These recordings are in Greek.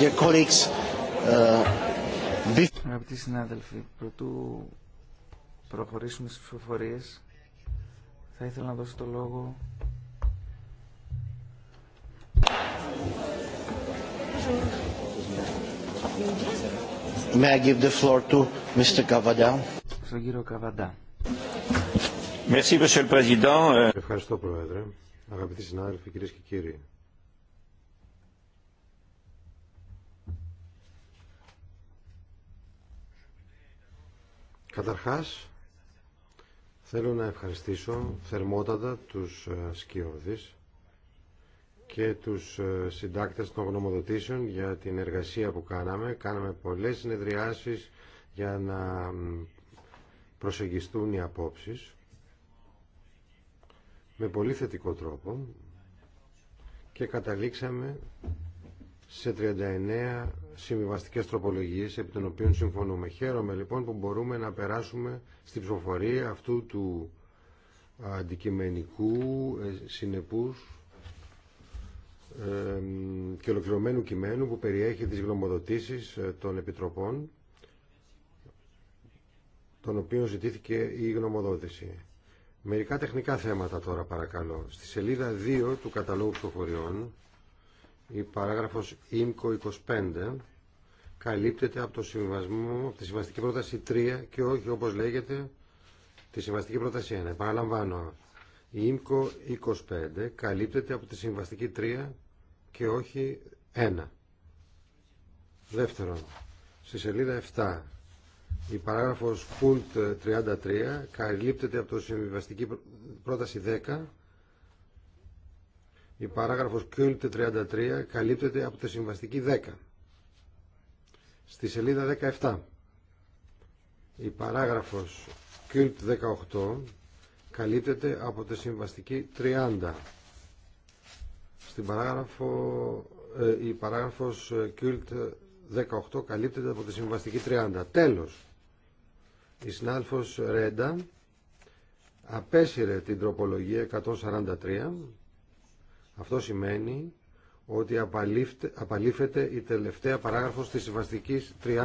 Dear colleagues, uh, Αγαπητοί συνάδελφοι, πρωτού προχωρήσουμε στις ψηφοφορίες, θα ήθελα να δώσω το λόγο May I give the floor to Mr. Cavada? Στον κύριο Καβαντά. Merci, Monsieur le Président. Ευχαριστώ, Πρόεδρε. Αγαπητοί συνάδελφοι, κυρίες και κύριοι. Καταρχάς, θέλω να ευχαριστήσω θερμότατα τους ε, σκιώδεις και τους ε, συντάκτες των γνωμοδοτήσεων για την εργασία που κάναμε. Κάναμε πολλές συνεδριάσεις για να προσεγγιστούν οι απόψεις με πολύ θετικό τρόπο και καταλήξαμε σε 39 συμβιβαστικέ τροπολογίε επί των οποίων συμφωνούμε. Χαίρομαι λοιπόν που μπορούμε να περάσουμε στην ψηφοφορία αυτού του αντικειμενικού, ε, συνεπούς και ολοκληρωμένου κειμένου που περιέχει τις γνωμοδοτήσεις ε, των επιτροπών των οποίων ζητήθηκε η γνωμοδότηση. Μερικά τεχνικά θέματα τώρα παρακαλώ. Στη σελίδα 2 του καταλόγου ψηφοφοριών η παράγραφος ΙΜΚΟ 25 καλύπτεται από, το συμβασμό, από τη συμβαστική πρόταση 3 και όχι όπως λέγεται τη συμβαστική πρόταση 1. Επαναλαμβάνω, η ΙΜΚΟ 25 καλύπτεται από τη συμβαστική 3 και όχι 1. Δεύτερον, στη σελίδα 7 η παράγραφος ΠΟΥΝΤ 33 καλύπτεται από τη συμβαστική πρόταση 10 η παράγραφος Κιούλτ 33 καλύπτεται από τη συμβαστική 10. Στη σελίδα 17 η παράγραφος Κιούλτ 18 καλύπτεται από τη συμβαστική 30. Στην παράγραφο, ε, η παράγραφος Κιούλτ 18 καλύπτεται από τη συμβαστική 30. Τέλος, η συνάδελφος Ρέντα απέσυρε την τροπολογία 143 αυτό σημαίνει ότι απαλήφεται η τελευταία παράγραφος της συμβαστικής 31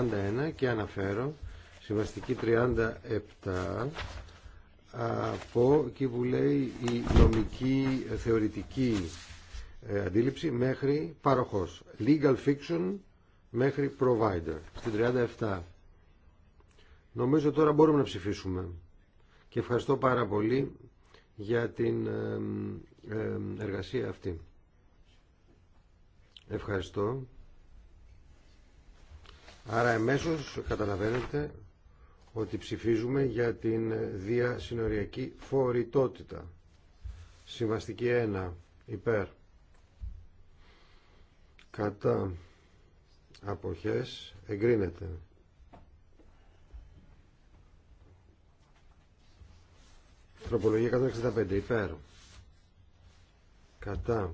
και αναφέρω συμβαστική 37 από εκεί που λέει η νομική θεωρητική ε, αντίληψη μέχρι παροχός legal fiction μέχρι provider στην 37 νομίζω τώρα μπορούμε να ψηφίσουμε και ευχαριστώ πάρα πολύ για την εργασία αυτή. Ευχαριστώ. Άρα εμέσως καταλαβαίνετε ότι ψηφίζουμε για την διασυνοριακή φορητότητα. Συμβαστική 1. Υπέρ. Κατά αποχές εγκρίνεται. Τροπολογία 165. Υπέρ. Κατά.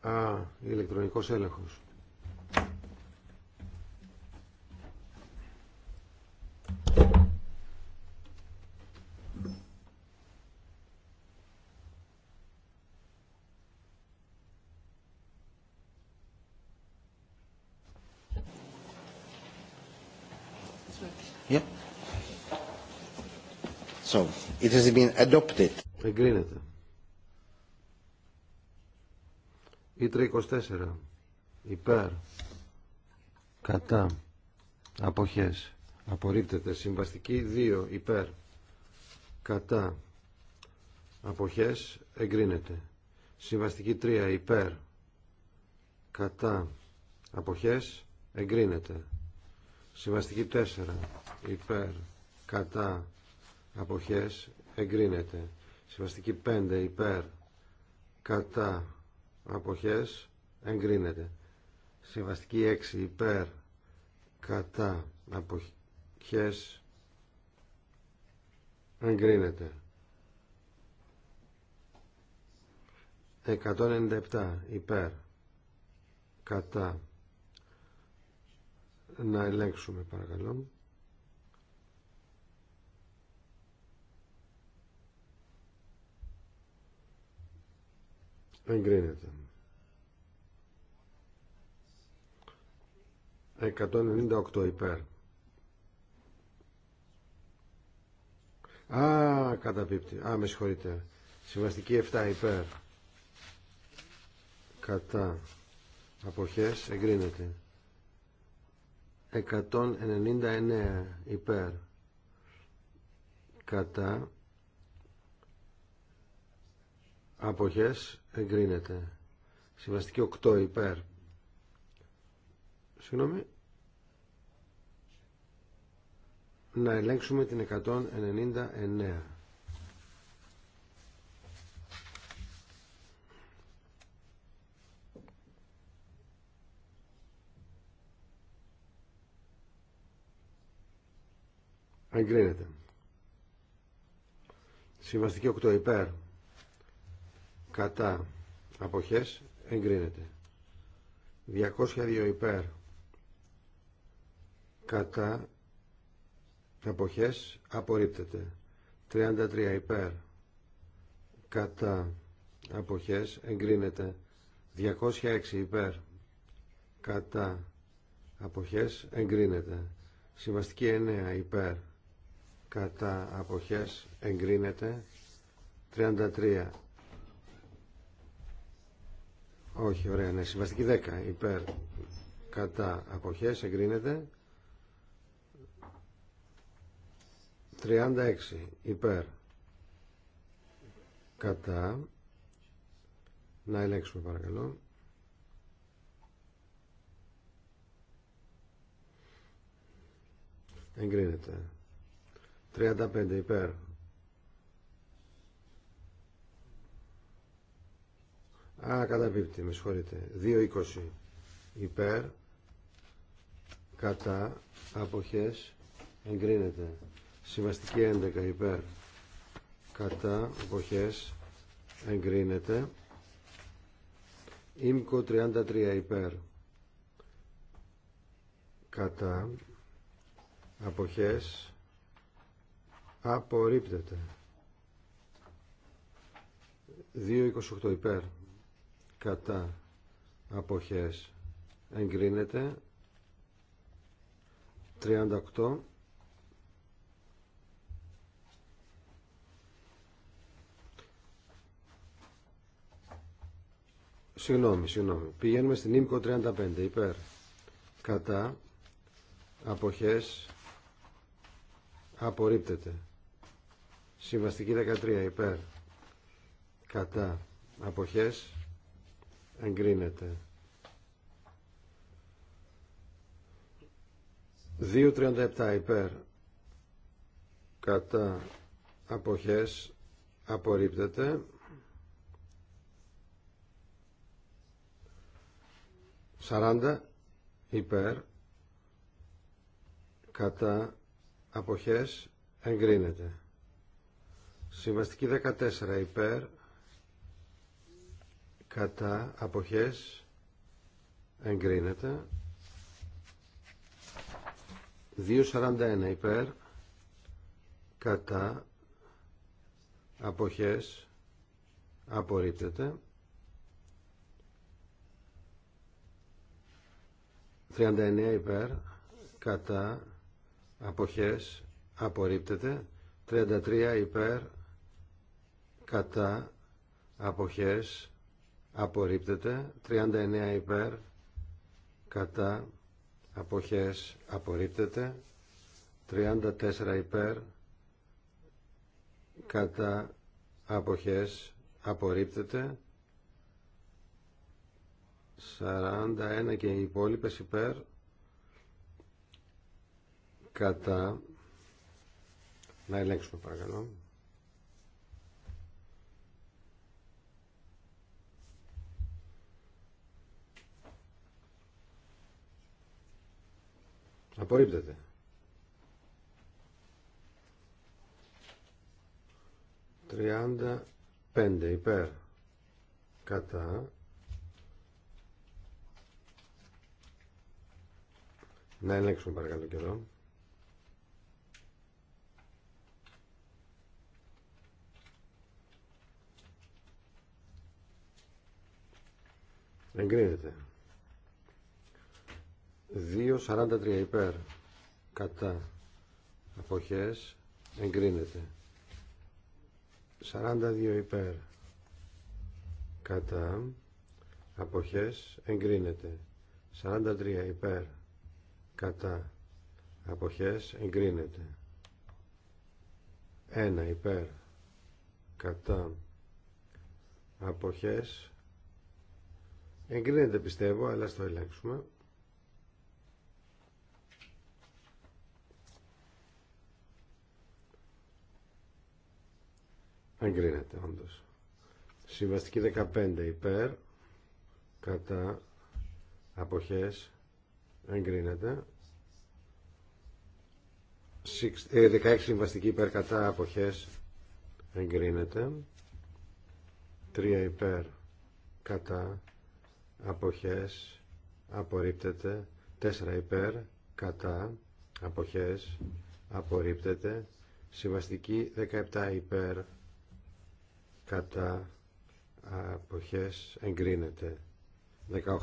Α, ηλεκτρονικός έλεγχος. Yeah. So, it has been adopted. Εγκρίνεται. Ή 24. Υπέρ. Κατά. Αποχές. Απορρίπτεται. Συμβαστική 2. Υπέρ. Κατά. Αποχές. Εγκρίνεται. Συμβαστική 3. Υπέρ. Κατά. Αποχές. Εγκρίνεται. Συμβαστική 4. Υπέρ. Κατά. Αποχές. Εγκρίνεται. Συμβαστική 5. Υπέρ. Κατά αποχές εγκρίνεται συμβαστική 6 υπέρ κατά αποχές εγκρίνεται 197 υπέρ κατά να ελέγξουμε παρακαλώ Εγκρίνεται. 198 υπέρ. Α, καταπίπτει. Α, με συγχωρείτε. Συμβαστική 7 υπέρ. Κατά. Αποχές εγκρίνεται. 199 υπέρ. Κατά. Αποχές εγκρίνεται. Συμβαστική 8 υπέρ. Συγγνώμη. Να ελέγξουμε την 199. Εγκρίνεται. Συμβαστική 8 υπέρ κατά αποχές εγκρίνεται 202 υπέρ κατά αποχές απορρίπτεται 33 υπέρ κατά αποχές εγκρίνεται 206 υπέρ κατά αποχές εγκρίνεται συμβαστική 9 υπέρ κατά αποχές εγκρίνεται 33 όχι, ωραία, ναι. Συμβαστική 10 υπέρ κατά αποχέ, εγκρίνεται. 36 υπέρ κατά να ελέγξουμε παρακαλώ εγκρίνεται 35 υπέρ Α, καταπίπτει, με συγχωρείτε. 2.20 υπέρ, κατά, αποχές, εγκρίνεται. Συμβαστική 11 υπέρ, κατά, αποχές, εγκρίνεται. Ήμκο 33 υπέρ, κατά, αποχές, απορρίπτεται. 2.28 υπέρ κατά αποχές εγκρίνεται 38 Συγγνώμη, συγγνώμη. Πηγαίνουμε στην ΙΜΚΟ 35 υπέρ κατά αποχές απορρίπτεται Συμβαστική 13 υπέρ κατά αποχές εγκρίνεται 2.37 υπέρ κατά αποχές απορρίπτεται 40 υπέρ κατά αποχές εγκρίνεται συμβαστική 14 υπέρ κατά αποχές εγκρίνεται 2.41 υπέρ κατά αποχές απορρίπτεται 39 υπέρ κατά αποχές απορρίπτεται 33 υπέρ κατά αποχές απορρίπτεται 39 υπέρ κατά αποχές απορρίπτεται 34 υπέρ κατά αποχές απορρίπτεται 41 και οι υπόλοιπες υπέρ κατά να ελέγξουμε παρακαλώ Απορρίπτεται. Τριάντα πέντε υπέρ κατά να ελέγξουμε παρακαλώ και εδώ εγκρίνεται 2.43 υπέρ κατά αποχές εγκρίνεται 42 υπέρ κατά αποχές εγκρίνεται 43 υπέρ κατά αποχές εγκρίνεται 1 υπέρ κατά αποχές εγκρίνεται πιστεύω αλλά στο ελέγξουμε Εγκρίνεται όντως. Συμβαστική 15 υπέρ κατά αποχές εγκρίνεται. 16 ε, συμβαστική υπέρ κατά αποχές εγκρίνεται. 3 υπέρ κατά αποχές απορρίπτεται. 4 υπέρ κατά αποχές απορρίπτεται. Συμβαστική 17 υπέρ κατά αποχές εγκρίνεται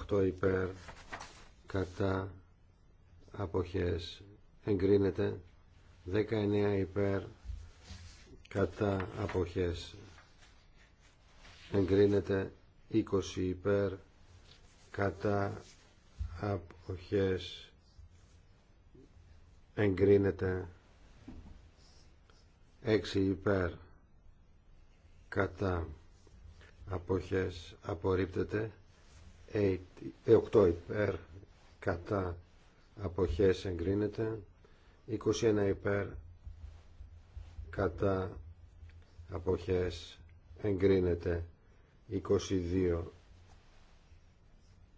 18 υπέρ κατά αποχές εγκρίνεται 19 υπέρ κατά αποχές εγκρίνεται 20 υπέρ κατά αποχές εγκρίνεται 6 υπέρ κατά αποχές απορρίπτεται 8 ε, υπέρ κατά αποχές εγκρίνεται 21 υπέρ κατά αποχές εγκρίνεται 22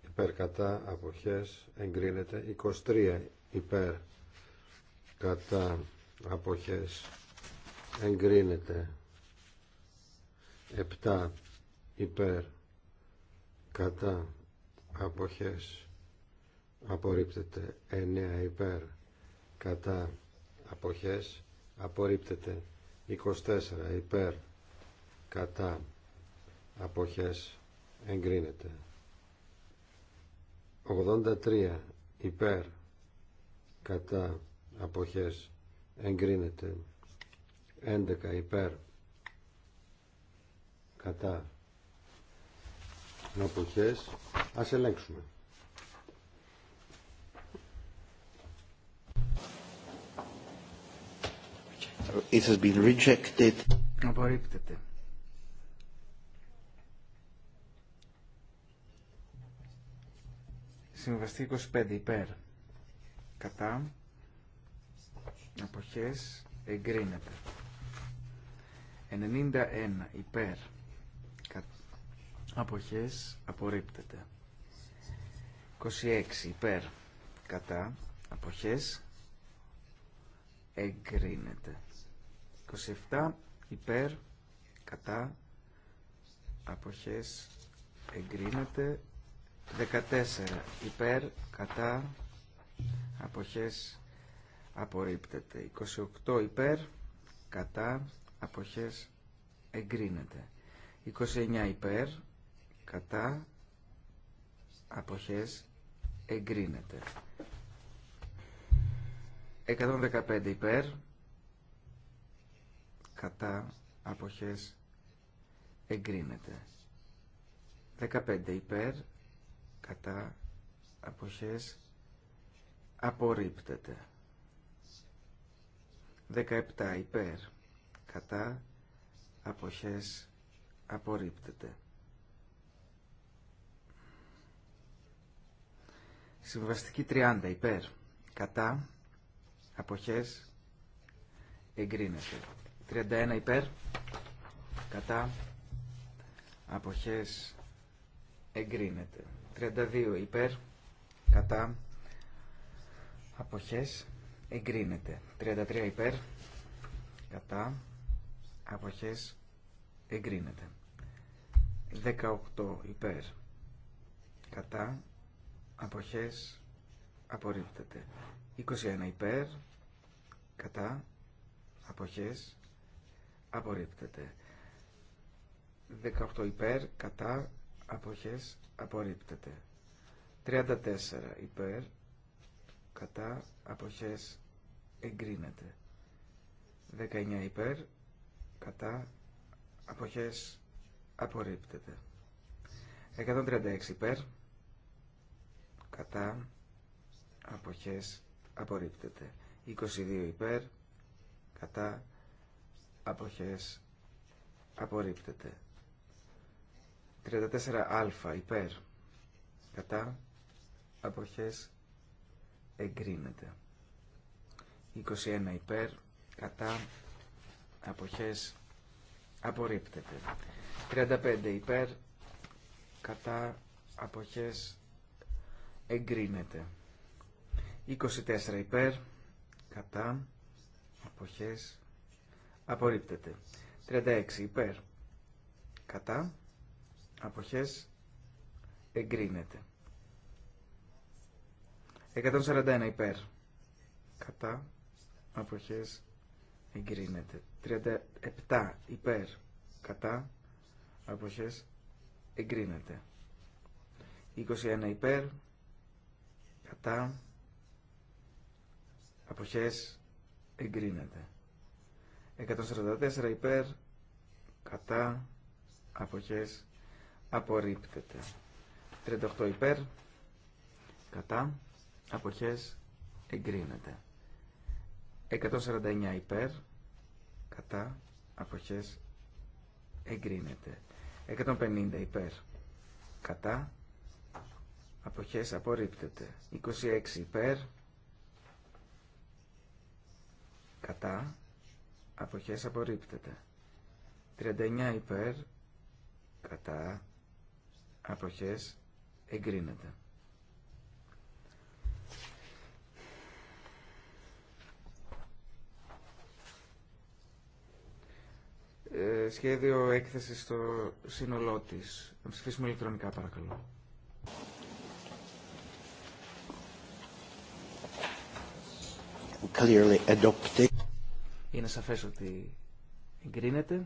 υπέρ κατά αποχές εγκρίνεται 23 υπέρ κατά αποχές εγκρίνεται 7 υπέρ κατά αποχές απορρίπτεται 9 υπέρ κατά αποχές απορρίπτεται 24 υπέρ κατά αποχές εγκρίνεται 83 υπέρ κατά αποχές εγκρίνεται 11 υπέρ κατά νοποχές ας ελέγξουμε It has been rejected. Απορρίπτεται. 25 υπέρ. Κατά. Αποχές εγκρίνεται. 91 υπέρ αποχές απορρίπτεται 26 υπέρ κατά αποχές εγκρίνεται 27 υπέρ κατά αποχές εγκρίνεται 14 υπέρ κατά αποχές απορρίπτεται 28 υπέρ κατά αποχές εγκρίνεται 29 υπέρ κατά αποχές εγκρίνεται 115 υπέρ κατά αποχές εγκρίνεται 15 υπέρ κατά αποχές απορρίπτεται 17 υπέρ κατά αποχές απορρίπτεται Συμβαστική 30 υπέρ. Κατά. Αποχές. Εγκρίνεται. 31 υπέρ. Κατά. Αποχές. Εγκρίνεται. 32 υπέρ. Κατά. Αποχές. Εγκρίνεται. 33 υπέρ. Κατά. Αποχές. Εγκρίνεται. 18 υπέρ. Κατά αποχές απορρίπτεται 21 υπέρ κατά αποχές απορρίπτεται 18 υπέρ κατά αποχές απορρίπτεται 34 υπέρ κατά αποχές εγκρίνεται 19 υπέρ κατά αποχές απορρίπτεται 136 υπέρ κατά αποχές απορρίπτεται 22 υπέρ κατά αποχές απορρίπτεται 34α υπέρ κατά αποχές εγκρίνεται 21 υπέρ κατά αποχές απορρίπτεται 35 υπέρ κατά αποχές εγκρίνεται. 24 υπέρ, κατά, αποχές, απορρίπτεται. 36 υπέρ, κατά, αποχές, εγκρίνεται. 141 υπέρ, κατά, αποχές, εγκρίνεται. 37 υπέρ, κατά, αποχές, εγκρίνεται. 21 υπέρ, Κατά. Αποχές εγκρίνεται. 144 υπέρ. Κατά. Αποχές απορρίπτεται. 38 υπέρ. Κατά. Αποχές εγκρίνεται. 149 υπέρ. Κατά. Αποχές εγκρίνεται. 150 υπέρ. Κατά αποχές απορρίπτεται. 26 υπέρ, κατά, αποχές απορρίπτεται. 39 υπέρ, κατά, αποχές εγκρίνεται. Ε, σχέδιο έκθεση στο σύνολό τη. Να ψηφίσουμε ηλεκτρονικά, παρακαλώ. clearly adopted. Είναι σαφές ότι εγκρίνεται.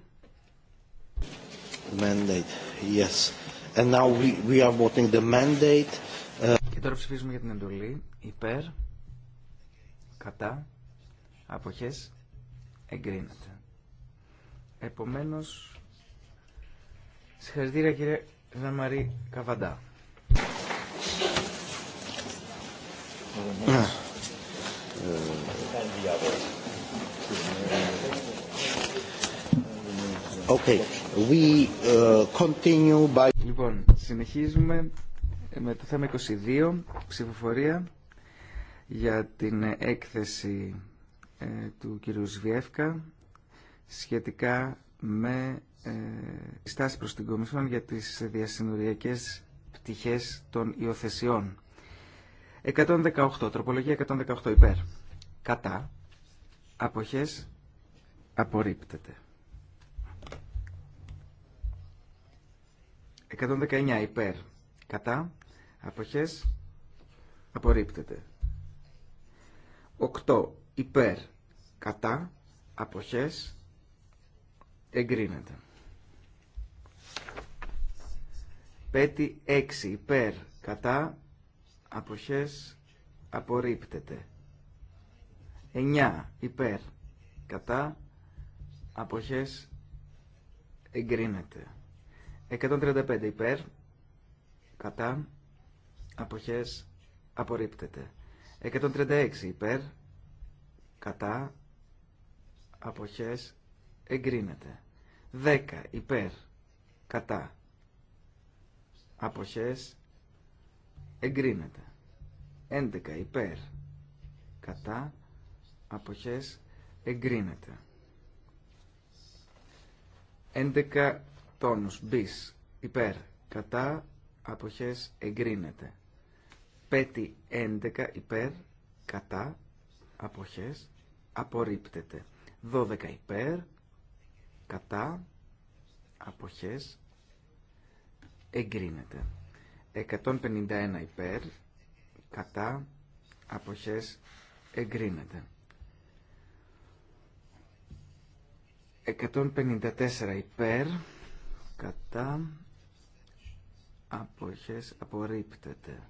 Mandate, yes. And now we, we are voting the mandate. Uh, Και τώρα ψηφίζουμε για την εντολή. Υπέρ, κατά, αποχές, εγκρίνεται. Επομένως, συγχαρητήρια κύριε Ζαμαρή Καβαντά. Uh, Okay. We uh, continue by... Λοιπόν, συνεχίζουμε με το θέμα 22, ψηφοφορία για την έκθεση ε, του κυρίου Σβιεύκα σχετικά με ε, στάση προς την Κομισιόν για τις διασυνοριακές πτυχές των υιοθεσιών. 118. Τροπολογία 118 υπέρ. Κατά. Αποχές. Απορρίπτεται. 119 υπέρ. Κατά. Αποχές. Απορρίπτεται. 8 υπέρ. Κατά. Αποχές. Εγκρίνεται. 5 6 υπέρ. Κατά αποχές απορρίπτεται. 9 υπέρ κατά αποχές εγκρίνεται. 135 υπέρ κατά αποχές απορρίπτεται. 136 υπέρ κατά αποχές εγκρίνεται. 10 υπέρ κατά αποχές εγκρίνεται. 11 υπέρ κατά αποχές εγκρίνεται. 11 τόνους μπις υπέρ κατά αποχές εγκρίνεται. 5 11 υπέρ κατά αποχές απορρίπτεται. 12 υπέρ κατά αποχές εγκρίνεται. 151 υπέρ, κατά, αποχές, εγκρίνεται. 154 υπέρ, κατά, αποχές, απορρίπτεται.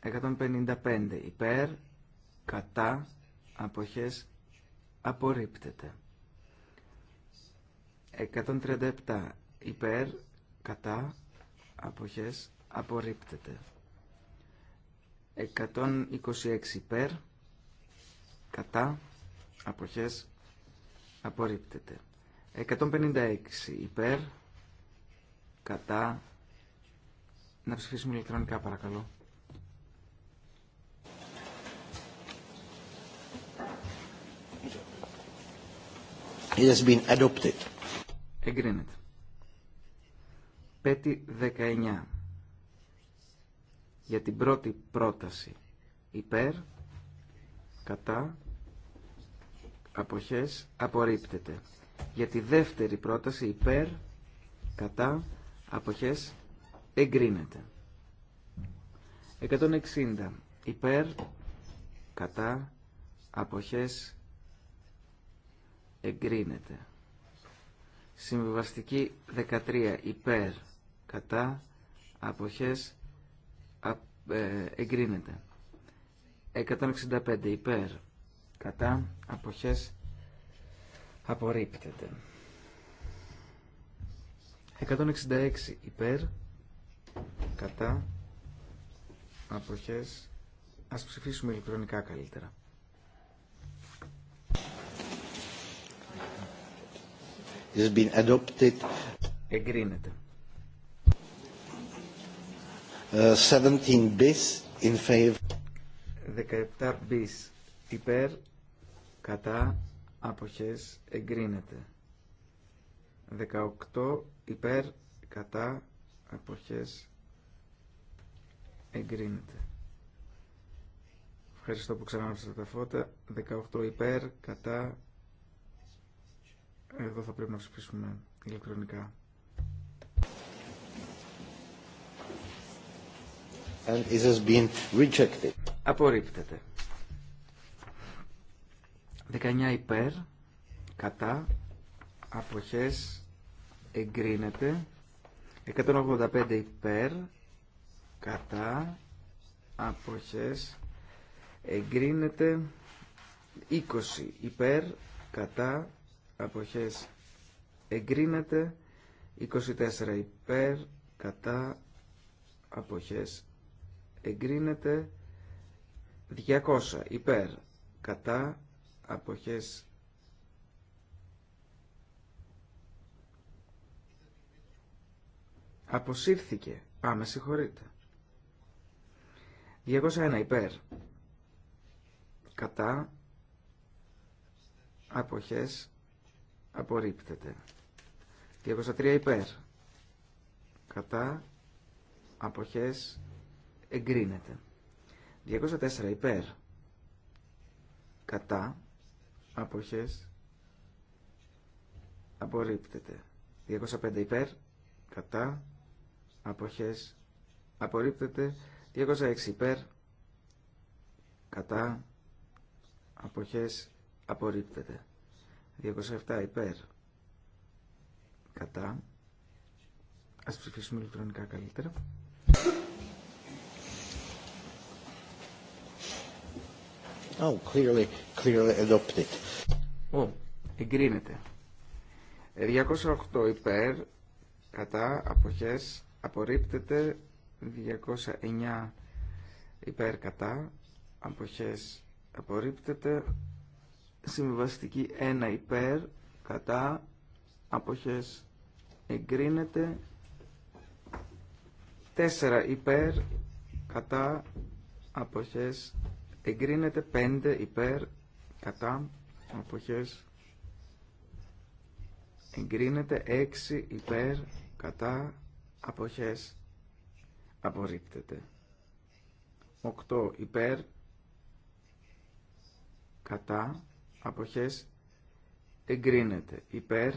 155 υπέρ, κατά, αποχές, απορρίπτεται. 137 υπέρ, κατά, αποχές απορρίπτεται 126 υπέρ κατά αποχές απορρίπτεται 156 υπέρ κατά να ψηφίσουμε ηλεκτρονικά παρακαλώ It has been adopted. Εγκρίνεται. Πέτη 19. Για την πρώτη πρόταση. Υπέρ, κατά, αποχές, απορρίπτεται. Για τη δεύτερη πρόταση υπέρ, κατά, αποχές, εγκρίνεται. 160. Υπέρ, κατά, αποχές, εγκρίνεται. Συμβιβαστική 13. Υπέρ, κατά αποχές ε, εγκρίνεται 165 υπέρ κατά αποχές απορρίπτεται 166 υπέρ κατά αποχές ας ψηφίσουμε ηλεκτρονικά καλύτερα Has been adopted. Εγκρίνεται. 17 bis in favor. 17 bis υπέρ κατά αποχές εγκρίνεται. 18 υπέρ κατά αποχές εγκρίνεται. Ευχαριστώ που ξανάμψατε τα φώτα. 18 υπέρ κατά εδώ θα πρέπει να ψηφίσουμε ηλεκτρονικά. and Απορρίπτεται. 19 υπέρ, κατά, αποχές, εγκρίνεται. 185 υπέρ, κατά, αποχές, εγκρίνεται. 20 υπέρ, κατά, αποχές, εγκρίνεται. 24 υπέρ, κατά, αποχές, εγκρίνεται 200 υπέρ κατά αποχές αποσύρθηκε πάμε συγχωρείτε 201 υπέρ κατά αποχές απορρίπτεται 203 υπέρ κατά αποχές εγκρίνεται. 204 υπέρ κατά αποχές απορρίπτεται. 205 υπέρ κατά αποχές απορρίπτεται. 206 υπέρ κατά αποχές απορρίπτεται. 207 υπέρ κατά. Ας ψηφίσουμε ηλεκτρονικά καλύτερα. Oh, εγκρίνεται. 208 υπέρ, κατά, αποχές, απορρίπτεται. 209 υπέρ, κατά, αποχές, απορρίπτεται. Συμβαστική 1 υπέρ, κατά, αποχές, εγκρίνεται. 4 υπέρ, κατά, αποχές, εγκρίνεται 5 υπέρ κατά αποχές εγκρίνεται 6 υπέρ κατά αποχές απορρίπτεται 8 υπέρ κατά αποχές εγκρίνεται υπέρ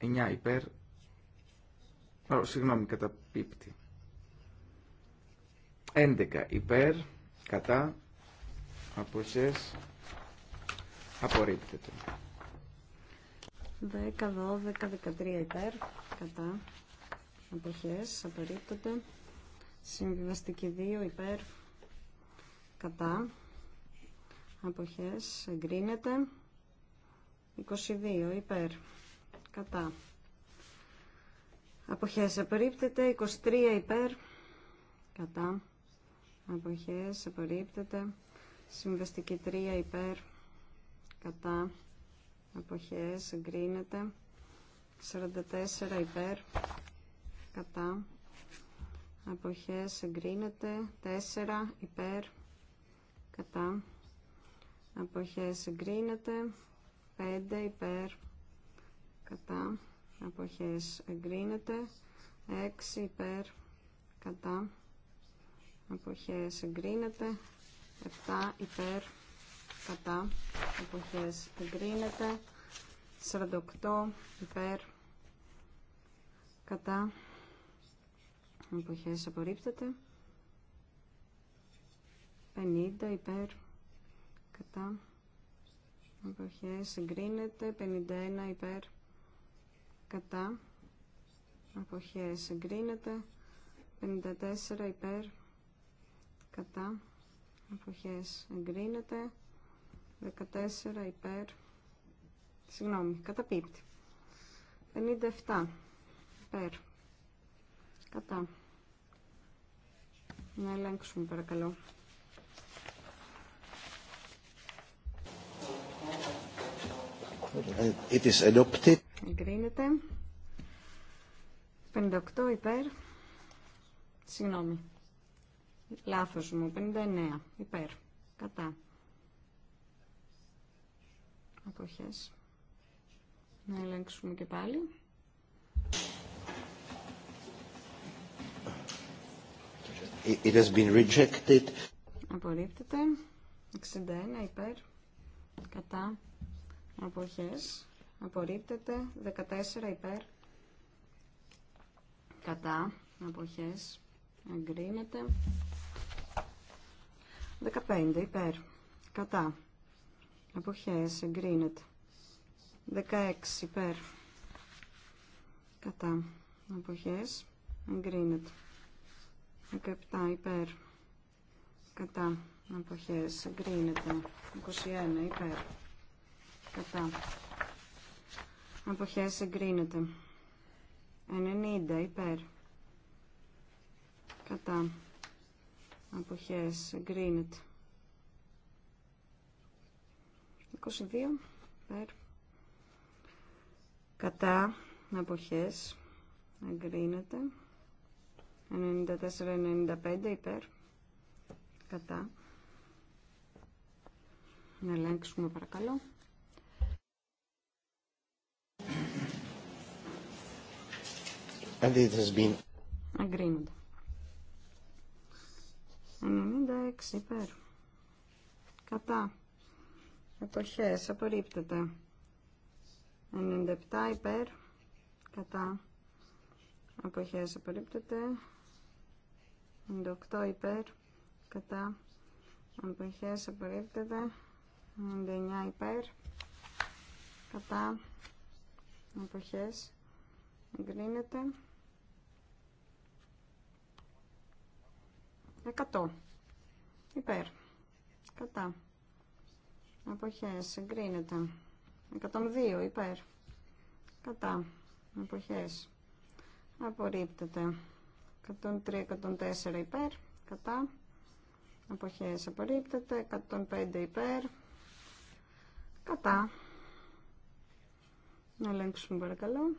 9 υπέρ συγγνώμη συγγνώμη καταπίπτει 11 υπέρ κατά αποχές απορρίπτεται 10, 12, 13 υπέρ κατά αποχές απορρίπτεται συμβιβαστική 2 υπέρ κατά αποχές εγκρίνεται 22 υπέρ κατά αποχές απορρίπτεται 23 υπέρ κατά αποχές απορρίπτεται συμβαστική 3 υπέρ κατά αποχές εγκρίνεται 44 υπέρ κατά αποχές εγκρίνεται 4 υπέρ κατά αποχές εγκρίνεται 5 υπέρ κατά αποχές εγκρίνεται 6 υπέρ κατά εποχές εγκρίνεται 7 υπέρ κατά εποχές εγκρίνεται 48 υπέρ κατά εποχές απορρίπτεται 50 υπέρ κατά εποχές εγκρίνεται 51 υπέρ κατά εποχές εγκρίνεται 54 υπέρ κατά εποχές εγκρίνεται 14 υπέρ συγγνώμη καταπίπτει 57 υπέρ κατά να ελέγξουμε παρακαλώ It is adopted. Εγκρίνεται 58 υπέρ συγγνώμη Λάθος μου. 59. Υπέρ. Κατά. Αποχές. Να ελέγξουμε και πάλι. It has been rejected. Απορρίπτεται. 61 υπέρ. Κατά. Αποχές. Απορρίπτεται. 14 υπέρ. Κατά. Αποχές. Εγκρίνεται. 15 υπέρ. Κατά. Αποχές εγκρίνεται. 16 υπέρ. Κατά. Αποχές εγκρίνεται. 17 υπέρ. Κατά. Αποχές εγκρίνεται. 21 υπέρ. Κατά. Αποχές εγκρίνεται. 90 υπέρ. Κατά αποχές εγκρίνεται 22 υπέρ κατά αποχές εγκρίνεται 94-95 υπέρ κατά να ελέγξουμε παρακαλώ And 96 υπέρ. Κατά. Εποχές. Απορρίπτεται. 97 υπέρ. Κατά. Αποχές. Απορρίπτεται. 98 υπέρ. Κατά. Αποχές. Απορρίπτεται. 99 υπέρ. Κατά. Αποχές. Εγκρίνεται. 100 υπέρ κατά αποχές εγκρίνεται 102 υπέρ κατά αποχές απορρίπτεται 103-104 υπέρ κατά αποχές απορρίπτεται 105 υπέρ κατά να ελέγξουμε παρακαλώ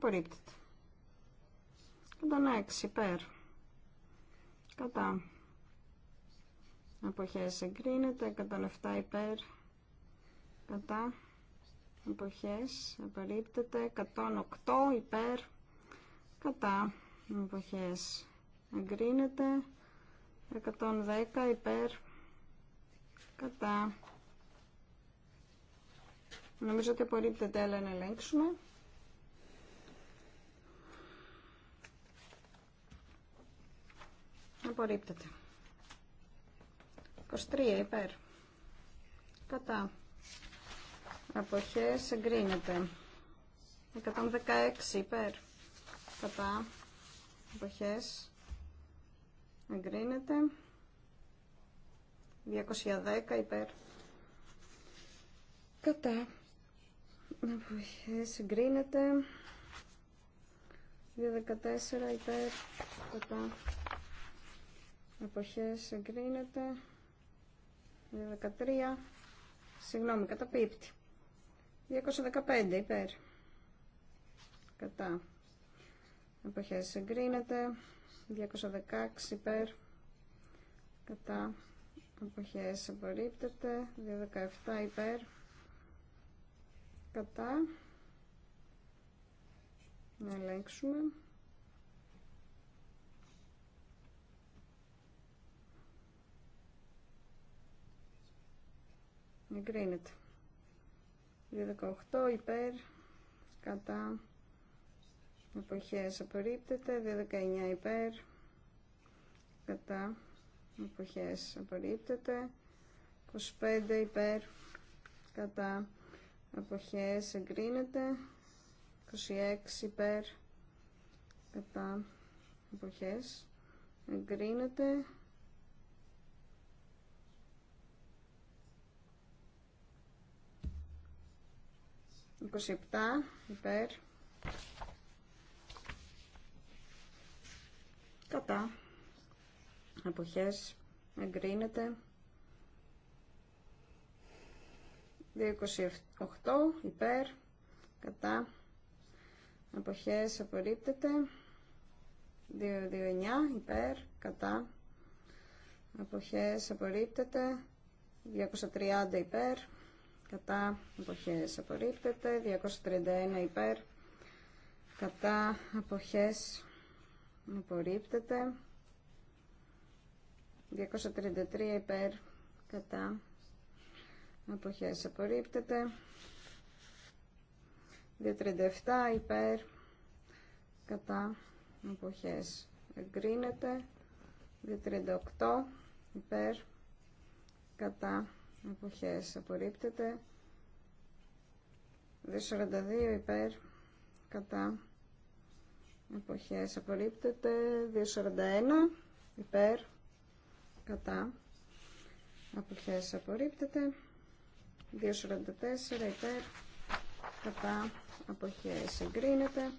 Απορρίπτεται. 6 υπέρ. Κατά. Αποχές εγκρίνεται. 107 υπέρ. Κατά. Αποχές απορρίπτεται. 108 υπέρ. Κατά. Αποχές εγκρίνεται. 110 υπέρ. Κατά. Νομίζω ότι απορρίπτεται, αλλά να ελέγξουμε. Απορρίπτεται. 23 υπέρ. Κατά. Αποχές εγκρίνεται. 116 υπέρ. Κατά. Αποχές εγκρίνεται. 210 υπέρ. Κατά. Αποχές εγκρίνεται. 214 υπέρ. Κατά εποχές εγκρίνεται 213, συγγνώμη καταπίπτει 215 υπέρ κατά εποχές εγκρίνεται 216 υπέρ κατά εποχές απορρίπτεται 217 υπέρ κατά να ελέγξουμε εγκρίνεται 218 υπέρ κατά εποχές απορρίπτεται 219 υπέρ κατά εποχές απορρίπτεται 25 υπέρ κατά εποχές εγκρίνεται 26 υπέρ κατά εποχές εγκρίνεται 27 υπέρ κατά αποχές εγκρίνεται 28 υπέρ κατά αποχές απορρίπτεται 229 υπέρ κατά αποχές απορρίπτεται 230 υπέρ κατά αποχές απορρίπτεται 231 υπέρ κατά αποχές απορρίπτεται 233 υπέρ κατά αποχές απορρίπτεται 237 υπέρ κατά αποχές εγκρίνεται 238 υπέρ κατά εποχές απορρίπτεται 2.42 υπέρ κατά εποχές απορρίπτεται 2.41 υπέρ κατά εποχές απορρίπτεται 2.44 υπέρ κατά εποχές εγκρίνεται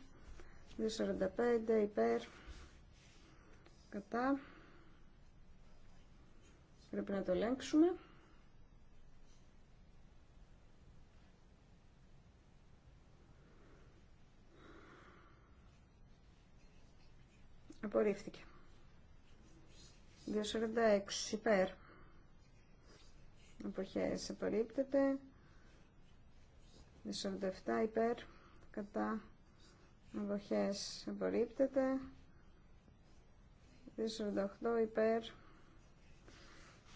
2.45 υπέρ κατά πρέπει να το ελέγξουμε Απορρίφθηκε. 2.46 υπέρ. Εποχές απορρίπτεται. 2.47 υπέρ. Κατά. εποχές απορρίπτεται. 2.48 υπέρ.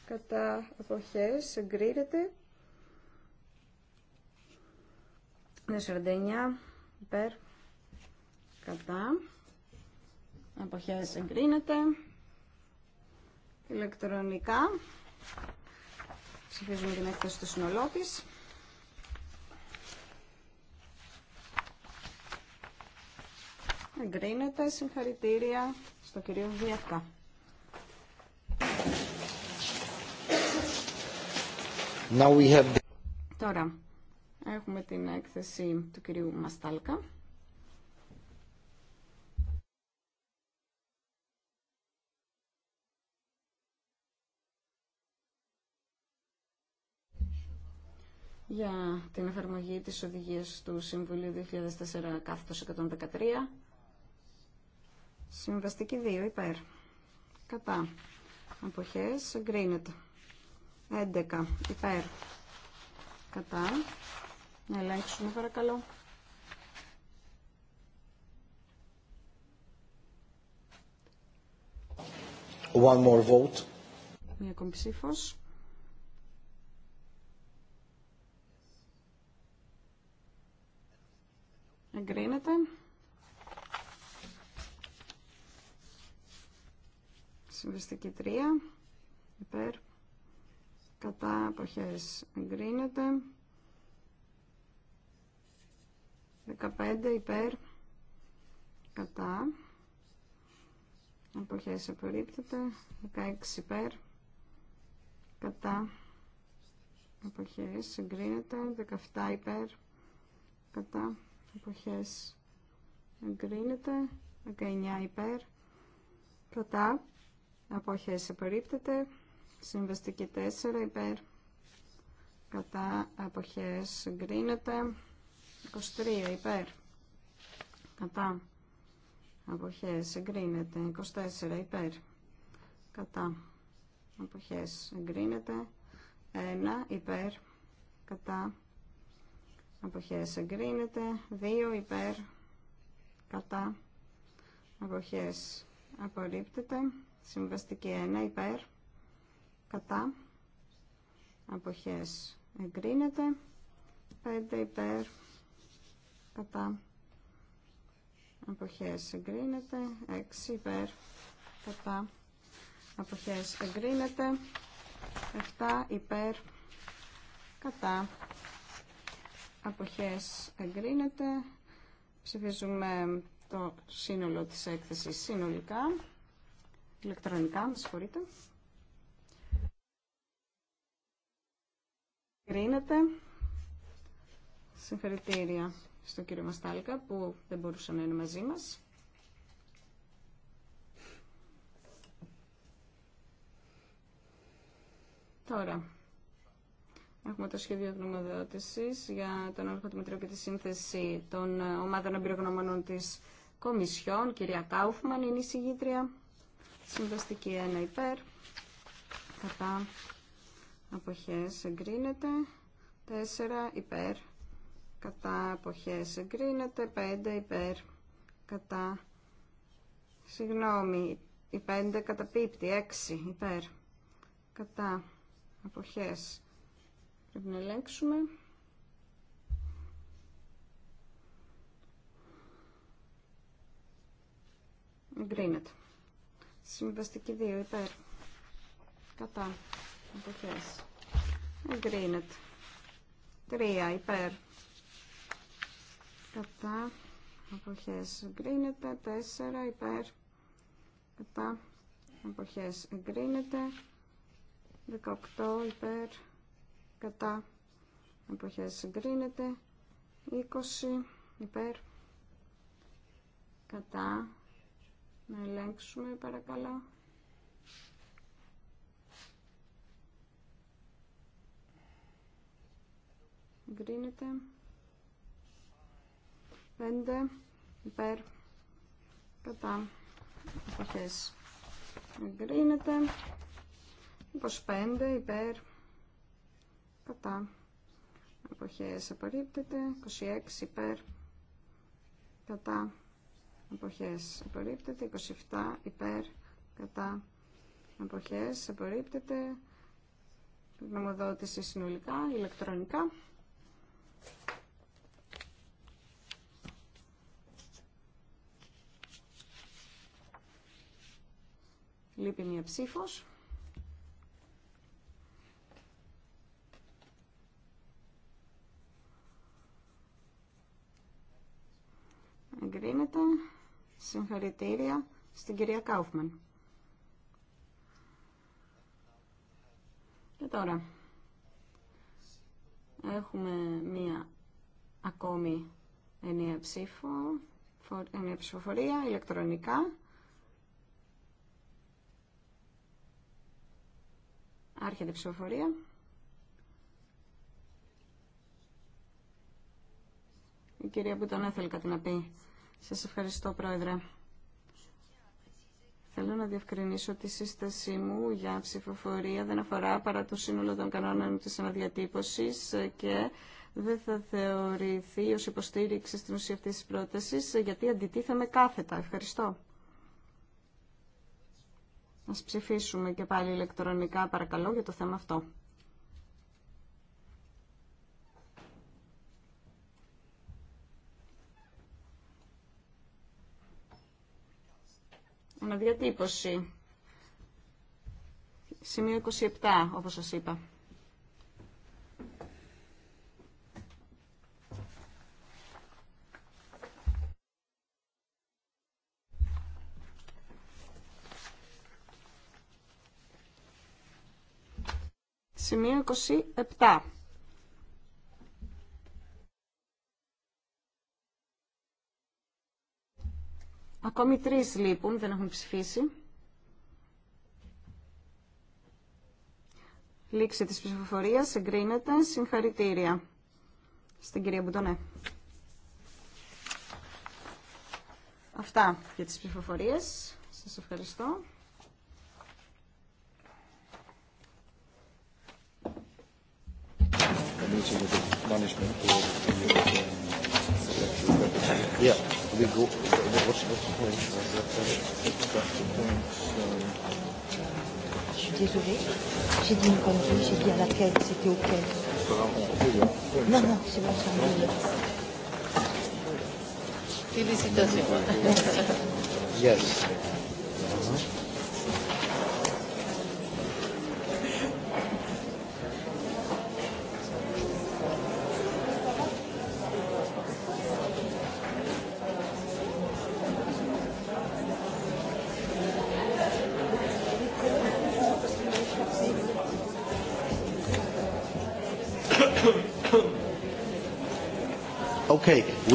Κατά. εποχές εγκρίνεται. 2.49 υπέρ. Κατά εποχές εγκρίνεται ηλεκτρονικά ψηφίζουμε την έκθεση του συνολό της εγκρίνεται συγχαρητήρια στο κυρίο Βιευκά Now we Τώρα έχουμε την έκθεση του κυρίου Μαστάλκα για την εφαρμογή της οδηγίας του Συμβουλίου 2004 κάθετος 113. Συμβαστική 2 υπέρ. Κατά. Αποχές εγκρίνεται. 11 υπέρ. Κατά. Να ελέγξουμε παρακαλώ. One more vote. Μία ακόμη Εγκρίνεται. Συμβαστική 3. Υπέρ. Κατά αποχές εγκρίνεται. 15 υπέρ. Κατά. Αποχές απορρίπτεται. 16 υπέρ. Κατά. Αποχές εγκρίνεται. 17 υπέρ. Κατά εποχές εγκρίνεται 19 υπέρ κατά αποχές απορρίπτεται συμβαστική 4 υπέρ κατά αποχές εγκρίνεται 23 υπέρ κατά αποχές εγκρίνεται 24 υπέρ κατά αποχές εγκρίνεται 1 υπέρ κατά αποχές εγκρίνεται 2 υπέρ κατά αποχές απορρίπτεται συμβαστική 1 υπέρ κατά αποχές εγκρίνεται 5 υπέρ κατά αποχές εγκρίνεται 6 υπέρ κατά αποχές εγκρίνεται 7 υπέρ κατά αποχές εγκρίνεται. Ψηφίζουμε το σύνολο της έκθεσης συνολικά, ηλεκτρονικά, με συγχωρείτε. Εγκρίνεται. Συγχαρητήρια στο κύριο Μαστάλκα που δεν μπορούσε να είναι μαζί μας. Τώρα, Έχουμε το σχέδιο γνωμοδότηση για τον έλεγχο τη Μητρώου και τη σύνθεση των ε, ομάδων εμπειρογνωμόνων τη Κομισιόν. Κυρία Κάουφμαν είναι η συγγήτρια. Συμβαστική 1 υπέρ. Κατά αποχέ εγκρίνεται. 4 υπέρ. Κατά αποχέ εγκρίνεται. 5 υπέρ. Κατά. Συγγνώμη. Η 5 καταπίπτει. 6 υπέρ. Κατά αποχές Πρέπει να ελέγξουμε. Εγκρίνεται. Συμβαστική 2 υπέρ. Κατά. Αποχές. Εγκρίνεται. 3 υπέρ. Κατά. Αποχές. Εγκρίνεται. 4 υπέρ. Κατά. Αποχές. Εγκρίνεται. 18 υπέρ κατά εποχές εγκρίνεται 20 υπέρ κατά να ελέγξουμε παρακαλώ εγκρίνεται 5 υπέρ κατά εποχές εγκρίνεται 25 υπέρ κατά εποχές απορρίπτεται 26 υπέρ κατά εποχές απορρίπτεται 27 υπέρ κατά εποχές απορρίπτεται γνωμοδότηση συνολικά ηλεκτρονικά λείπει μία ψήφος Εγκρίνεται. Συγχαρητήρια στην κυρία Κάουφμαν. Και τώρα έχουμε μία ακόμη ενιαία, ψήφο, ενιαία ψηφοφορία ηλεκτρονικά. Άρχεται η ψηφοφορία. Η κυρία που τον έθελε κάτι να πει. Σας ευχαριστώ, Πρόεδρε. Θέλω να διευκρινίσω ότι η σύστασή μου για ψηφοφορία δεν αφορά παρά το σύνολο των κανόνων της αναδιατύπωσης και δεν θα θεωρηθεί ως υποστήριξη στην ουσία αυτής της πρότασης γιατί αντιτίθεμαι κάθετα. Ευχαριστώ. Ας ψηφίσουμε και πάλι ηλεκτρονικά παρακαλώ για το θέμα αυτό. Αναδιατύπωση. Σημείο 27, όπως σας είπα. Σημείο 27. Ακόμη τρεις λείπουν, δεν έχουν ψηφίσει. Λήξη της ψηφοφορίας εγκρίνεται. Συγχαρητήρια στην κυρία Μπουτονέ. Αυτά για τις ψηφοφορίες. Σας ευχαριστώ we go j'ai dit une connerie j'ai dit à c'était non non c'est bon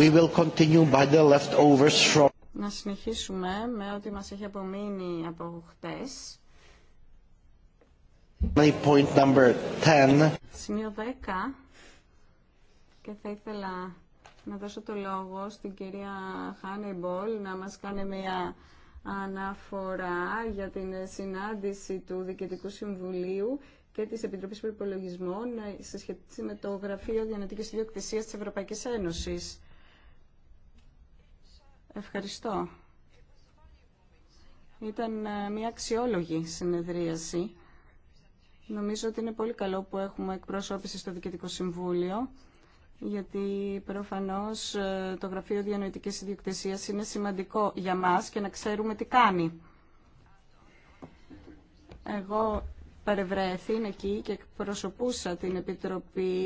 We will continue by the leftovers from... Να συνεχίσουμε με ό,τι μας έχει απομείνει από χτες. Point number 10. Σημείο 10. Και θα ήθελα να δώσω το λόγο στην κυρία Χάνιμπολ να μας κάνει μια αναφορά για την συνάντηση του Διοικητικού Συμβουλίου και της Επιτροπής Προπολογισμών σε σχέση με το Γραφείο Διανοτικής Ιδιοκτησίας της Ευρωπαϊκής Ένωσης. Ευχαριστώ. Ήταν ε, μια αξιόλογη συνεδρίαση. Νομίζω ότι είναι πολύ καλό που έχουμε εκπροσώπηση στο Διοικητικό Συμβούλιο, γιατί προφανώς ε, το Γραφείο Διανοητικής Ιδιοκτησίας είναι σημαντικό για μας και να ξέρουμε τι κάνει. Εγώ παρευρέθη εκεί και εκπροσωπούσα την Επιτροπή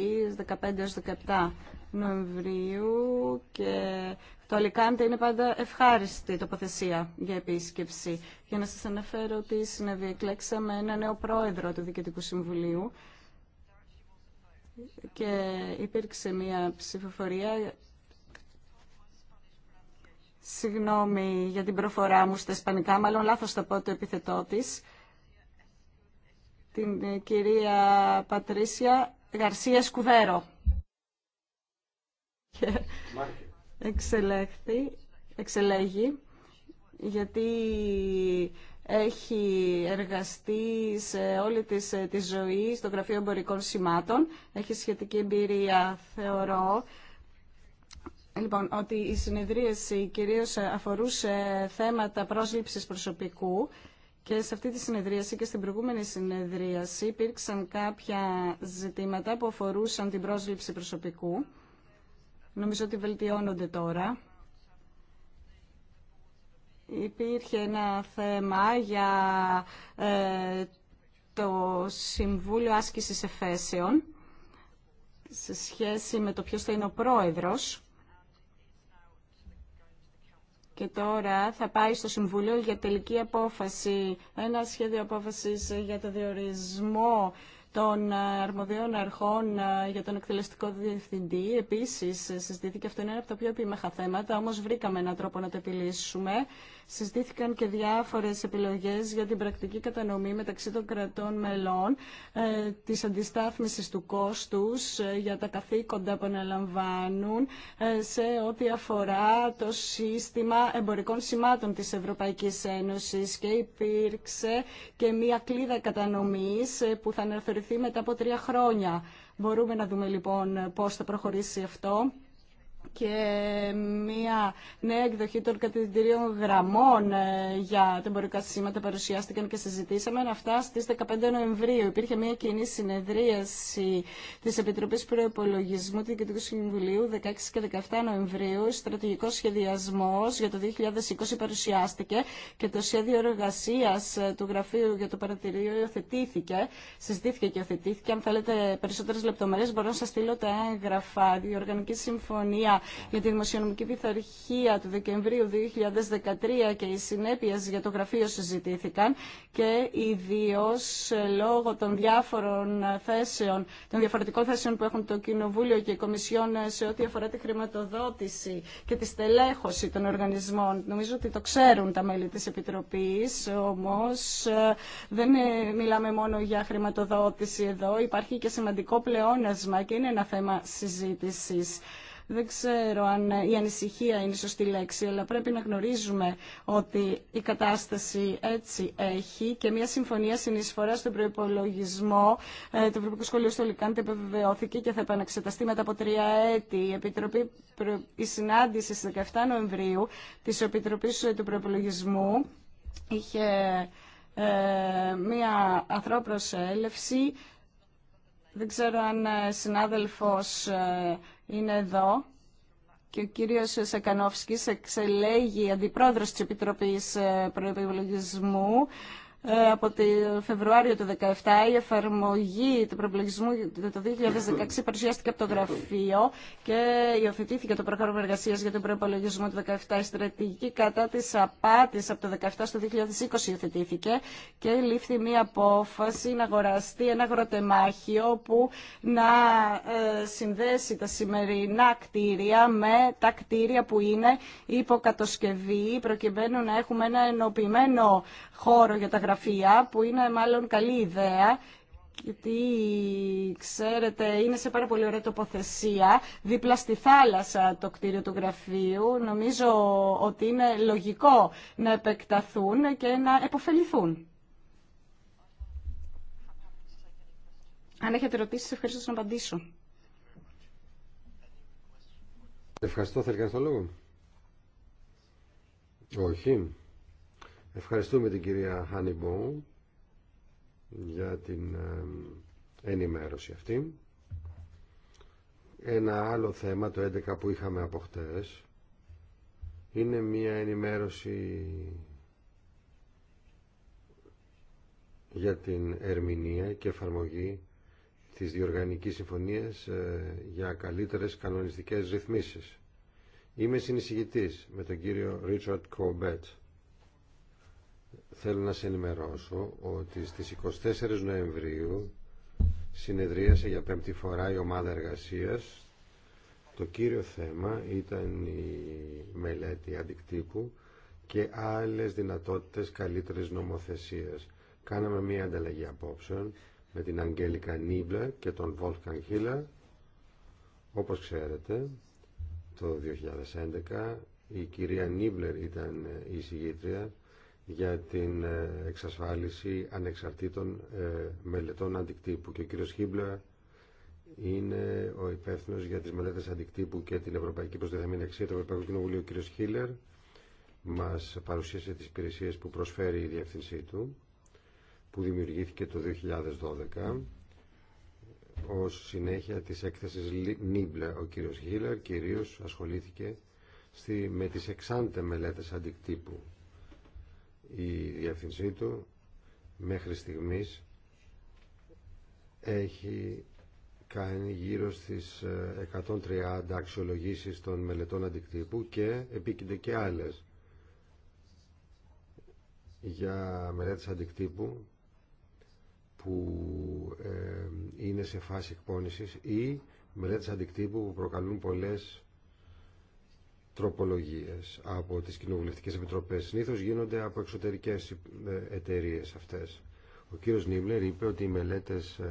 15 έως 17 Νοεμβρίου και το Αλικάντε είναι πάντα ευχάριστη τοποθεσία για επίσκεψη. Για να σας αναφέρω ότι συνεδριεκλέξαμε ένα νέο πρόεδρο του Διοικητικού Συμβουλίου και υπήρξε μια ψηφοφορία Συγγνώμη για την προφορά μου στα ισπανικά, μάλλον λάθος το πω το επιθετό της. Την κυρία Πατρίσια Γαρσία Σκουβέρο και εξελέγει γιατί έχει εργαστεί σε όλη της ε, τη ζωή στο Γραφείο Εμπορικών Σημάτων. Έχει σχετική εμπειρία, θεωρώ. Λοιπόν, ότι η συνεδρίαση κυρίως ε, αφορούσε θέματα πρόσληψης προσωπικού και σε αυτή τη συνεδρίαση και στην προηγούμενη συνεδρίαση υπήρξαν κάποια ζητήματα που αφορούσαν την πρόσληψη προσωπικού. Νομίζω ότι βελτιώνονται τώρα. Υπήρχε ένα θέμα για ε, το Συμβούλιο Άσκησης Εφέσεων σε σχέση με το ποιος θα είναι ο πρόεδρος και τώρα θα πάει στο Συμβουλίο για τελική απόφαση, ένα σχέδιο απόφασης για το διορισμό των ε, αρμοδίων αρχών ε, για τον εκτελεστικό διευθυντή. Επίσης, ε, συζητήθηκε αυτό είναι ένα από τα πιο επίμεχα θέματα, όμως βρήκαμε έναν τρόπο να το επιλύσουμε συζητήθηκαν και διάφορες επιλογές για την πρακτική κατανομή μεταξύ των κρατών μελών ε, της αντιστάθμισης του κόστους ε, για τα καθήκοντα που αναλαμβάνουν ε, σε ό,τι αφορά το σύστημα εμπορικών σημάτων της Ευρωπαϊκής Ένωσης και υπήρξε και μία κλίδα κατανομής που θα αναφερθεί μετά από τρία χρόνια. Μπορούμε να δούμε λοιπόν πώς θα προχωρήσει αυτό και μια νέα εκδοχή των κατευθυντηρίων γραμμών ε, για τα εμπορικά σήματα παρουσιάστηκαν και συζητήσαμε αυτά στι 15 Νοεμβρίου. Υπήρχε μια κοινή συνεδρίαση τη Επιτροπή Προπολογισμού του Διοικητικού Συμβουλίου 16 και 17 Νοεμβρίου. Στρατηγικό σχεδιασμό για το 2020 παρουσιάστηκε και το σχέδιο εργασία ε, του Γραφείου για το Παρατηρείο υιοθετήθηκε. Συζητήθηκε και υιοθετήθηκε. Αν θέλετε περισσότερε λεπτομέρειε, μπορώ να σα στείλω τα έγγραφα. Η Οργανική Συμφωνία για τη δημοσιονομική πειθαρχία του Δεκεμβρίου 2013 και οι συνέπειε για το γραφείο συζητήθηκαν και ιδίω λόγω των διάφορων θέσεων, των διαφορετικών θέσεων που έχουν το Κοινοβούλιο και η Κομισιόν σε ό,τι αφορά τη χρηματοδότηση και τη στελέχωση των οργανισμών. Νομίζω ότι το ξέρουν τα μέλη της Επιτροπής, όμως ε, δεν ε, μιλάμε μόνο για χρηματοδότηση εδώ, υπάρχει και σημαντικό πλεόνασμα και είναι ένα θέμα συζήτησης. Δεν ξέρω αν ε, η ανησυχία είναι η σωστή λέξη, αλλά πρέπει να γνωρίζουμε ότι η κατάσταση έτσι έχει και μια συμφωνία συνεισφορά στο προπολογισμό ε, του Ευρωπαϊκού Σχολείου στο Λικάντε επιβεβαιώθηκε και θα επαναξεταστεί μετά από τρία έτη. Η, Επιτροπή, η συνάντηση στις 17 Νοεμβρίου της Επιτροπής ε, του Προπολογισμού είχε μια μία έλευση. Δεν ξέρω αν συνάδελφος είναι εδώ και ο κύριος Σεκανόφσκης εξελέγει αντιπρόεδρος της Επιτροπής ε, Προεπιλογισμού ε, από το Φεβρουάριο του 2017 η εφαρμογή του προπλογισμού το 2016 παρουσιάστηκε από το γραφείο και υιοθετήθηκε το πρόγραμμα εργασία για τον προπολογισμό του 2017. στρατηγική κατά της απάτης από το 2017 στο 2020 υιοθετήθηκε και λήφθη μία απόφαση να αγοραστεί ένα αγροτεμάχιο που να ε, συνδέσει τα σημερινά κτίρια με τα κτίρια που είναι υποκατοσκευή προκειμένου να έχουμε ένα ενωπημένο χώρο για τα γραφεία που είναι μάλλον καλή ιδέα γιατί ξέρετε είναι σε πάρα πολύ ωραία τοποθεσία δίπλα στη θάλασσα το κτίριο του γραφείου νομίζω ότι είναι λογικό να επεκταθούν και να επωφεληθούν. Αν έχετε ρωτήσει, ευχαριστώ να απαντήσω. Ευχαριστώ. Θέλει κανένα το λόγο. Όχι. Ευχαριστούμε την κυρία Χάνιμπο για την ε, ενημέρωση αυτή. Ένα άλλο θέμα, το 11 που είχαμε από χτες, είναι μια ενημέρωση για την ερμηνεία και εφαρμογή της διοργανικής συμφωνίας ε, για καλύτερες κανονιστικές ρυθμίσεις. Είμαι συνεισηγητής με τον κύριο Ρίτσαρτ Κομπέτ Θέλω να σε ενημερώσω ότι στις 24 Νοεμβρίου συνεδρίασε για πέμπτη φορά η ομάδα εργασίας. Το κύριο θέμα ήταν η μελέτη αντικτύπου και άλλες δυνατότητες καλύτερης νομοθεσίας. Κάναμε μία ανταλλαγή απόψεων με την Αγγέλικα Νίμπλα και τον Βόλφκαν Χίλα. Όπως ξέρετε, το 2011 η κυρία Νίμπλερ ήταν η συγγήτρια για την ε, εξασφάλιση ανεξαρτήτων ε, μελετών αντικτύπου και ο κύριος Χίμπλερ είναι ο υπεύθυνο για τις μελέτες αντικτύπου και την Ευρωπαϊκή Προστιθέμενη Αξία του Ευρωπαϊκού Κοινοβουλίου, ο κύριος Χίλερ μας παρουσίασε τις υπηρεσίε που προσφέρει η διεύθυνσή του που δημιουργήθηκε το 2012 ως συνέχεια της έκθεσης Νίμπλε ο κύριος Χίλερ κυρίως ασχολήθηκε με τις εξάντε μελέτες αντικτύπου η διεύθυνσή του μέχρι στιγμής έχει κάνει γύρω στις 130 ε, αξιολογήσεις των μελετών αντικτύπου και επίκειται και άλλες για μελέτες αντικτύπου που ε, είναι σε φάση εκπόνησης ή μελέτες αντικτύπου που προκαλούν πολλές τροπολογίες από τις κοινοβουλευτικές επιτροπές. Συνήθω γίνονται από εξωτερικές ε, εταιρείες αυτές. Ο κύριος Νίμπλερ είπε ότι οι μελέτες ε,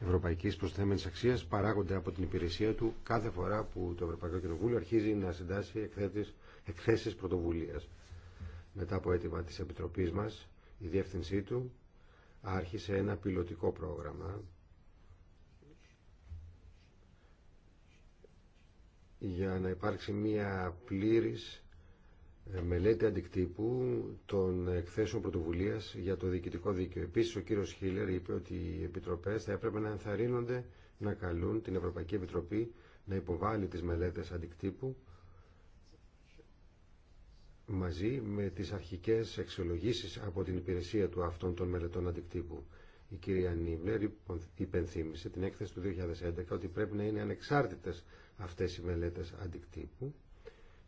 ευρωπαϊκής προσθέμενης αξίας παράγονται από την υπηρεσία του κάθε φορά που το Ευρωπαϊκό Κοινοβούλιο αρχίζει να συντάσσει εκθέσεις, εκθέσεις πρωτοβουλίας. Μετά από αίτημα της Επιτροπής μας, η διεύθυνσή του άρχισε ένα πιλωτικό πρόγραμμα για να υπάρξει μία πλήρης ε, μελέτη αντικτύπου των εκθέσεων πρωτοβουλίας για το διοικητικό δίκαιο. Επίσης, ο κύριος Χίλερ είπε ότι οι επιτροπές θα έπρεπε να ενθαρρύνονται να καλούν την Ευρωπαϊκή Επιτροπή να υποβάλει τις μελέτες αντικτύπου μαζί με τις αρχικές εξολογήσεις από την υπηρεσία του αυτών των μελετών αντικτύπου. Η κυρία Νίμλερ υπενθύμησε την έκθεση του 2011 ότι πρέπει να είναι ανεξάρτητες αυτές οι μελέτες αντικτύπου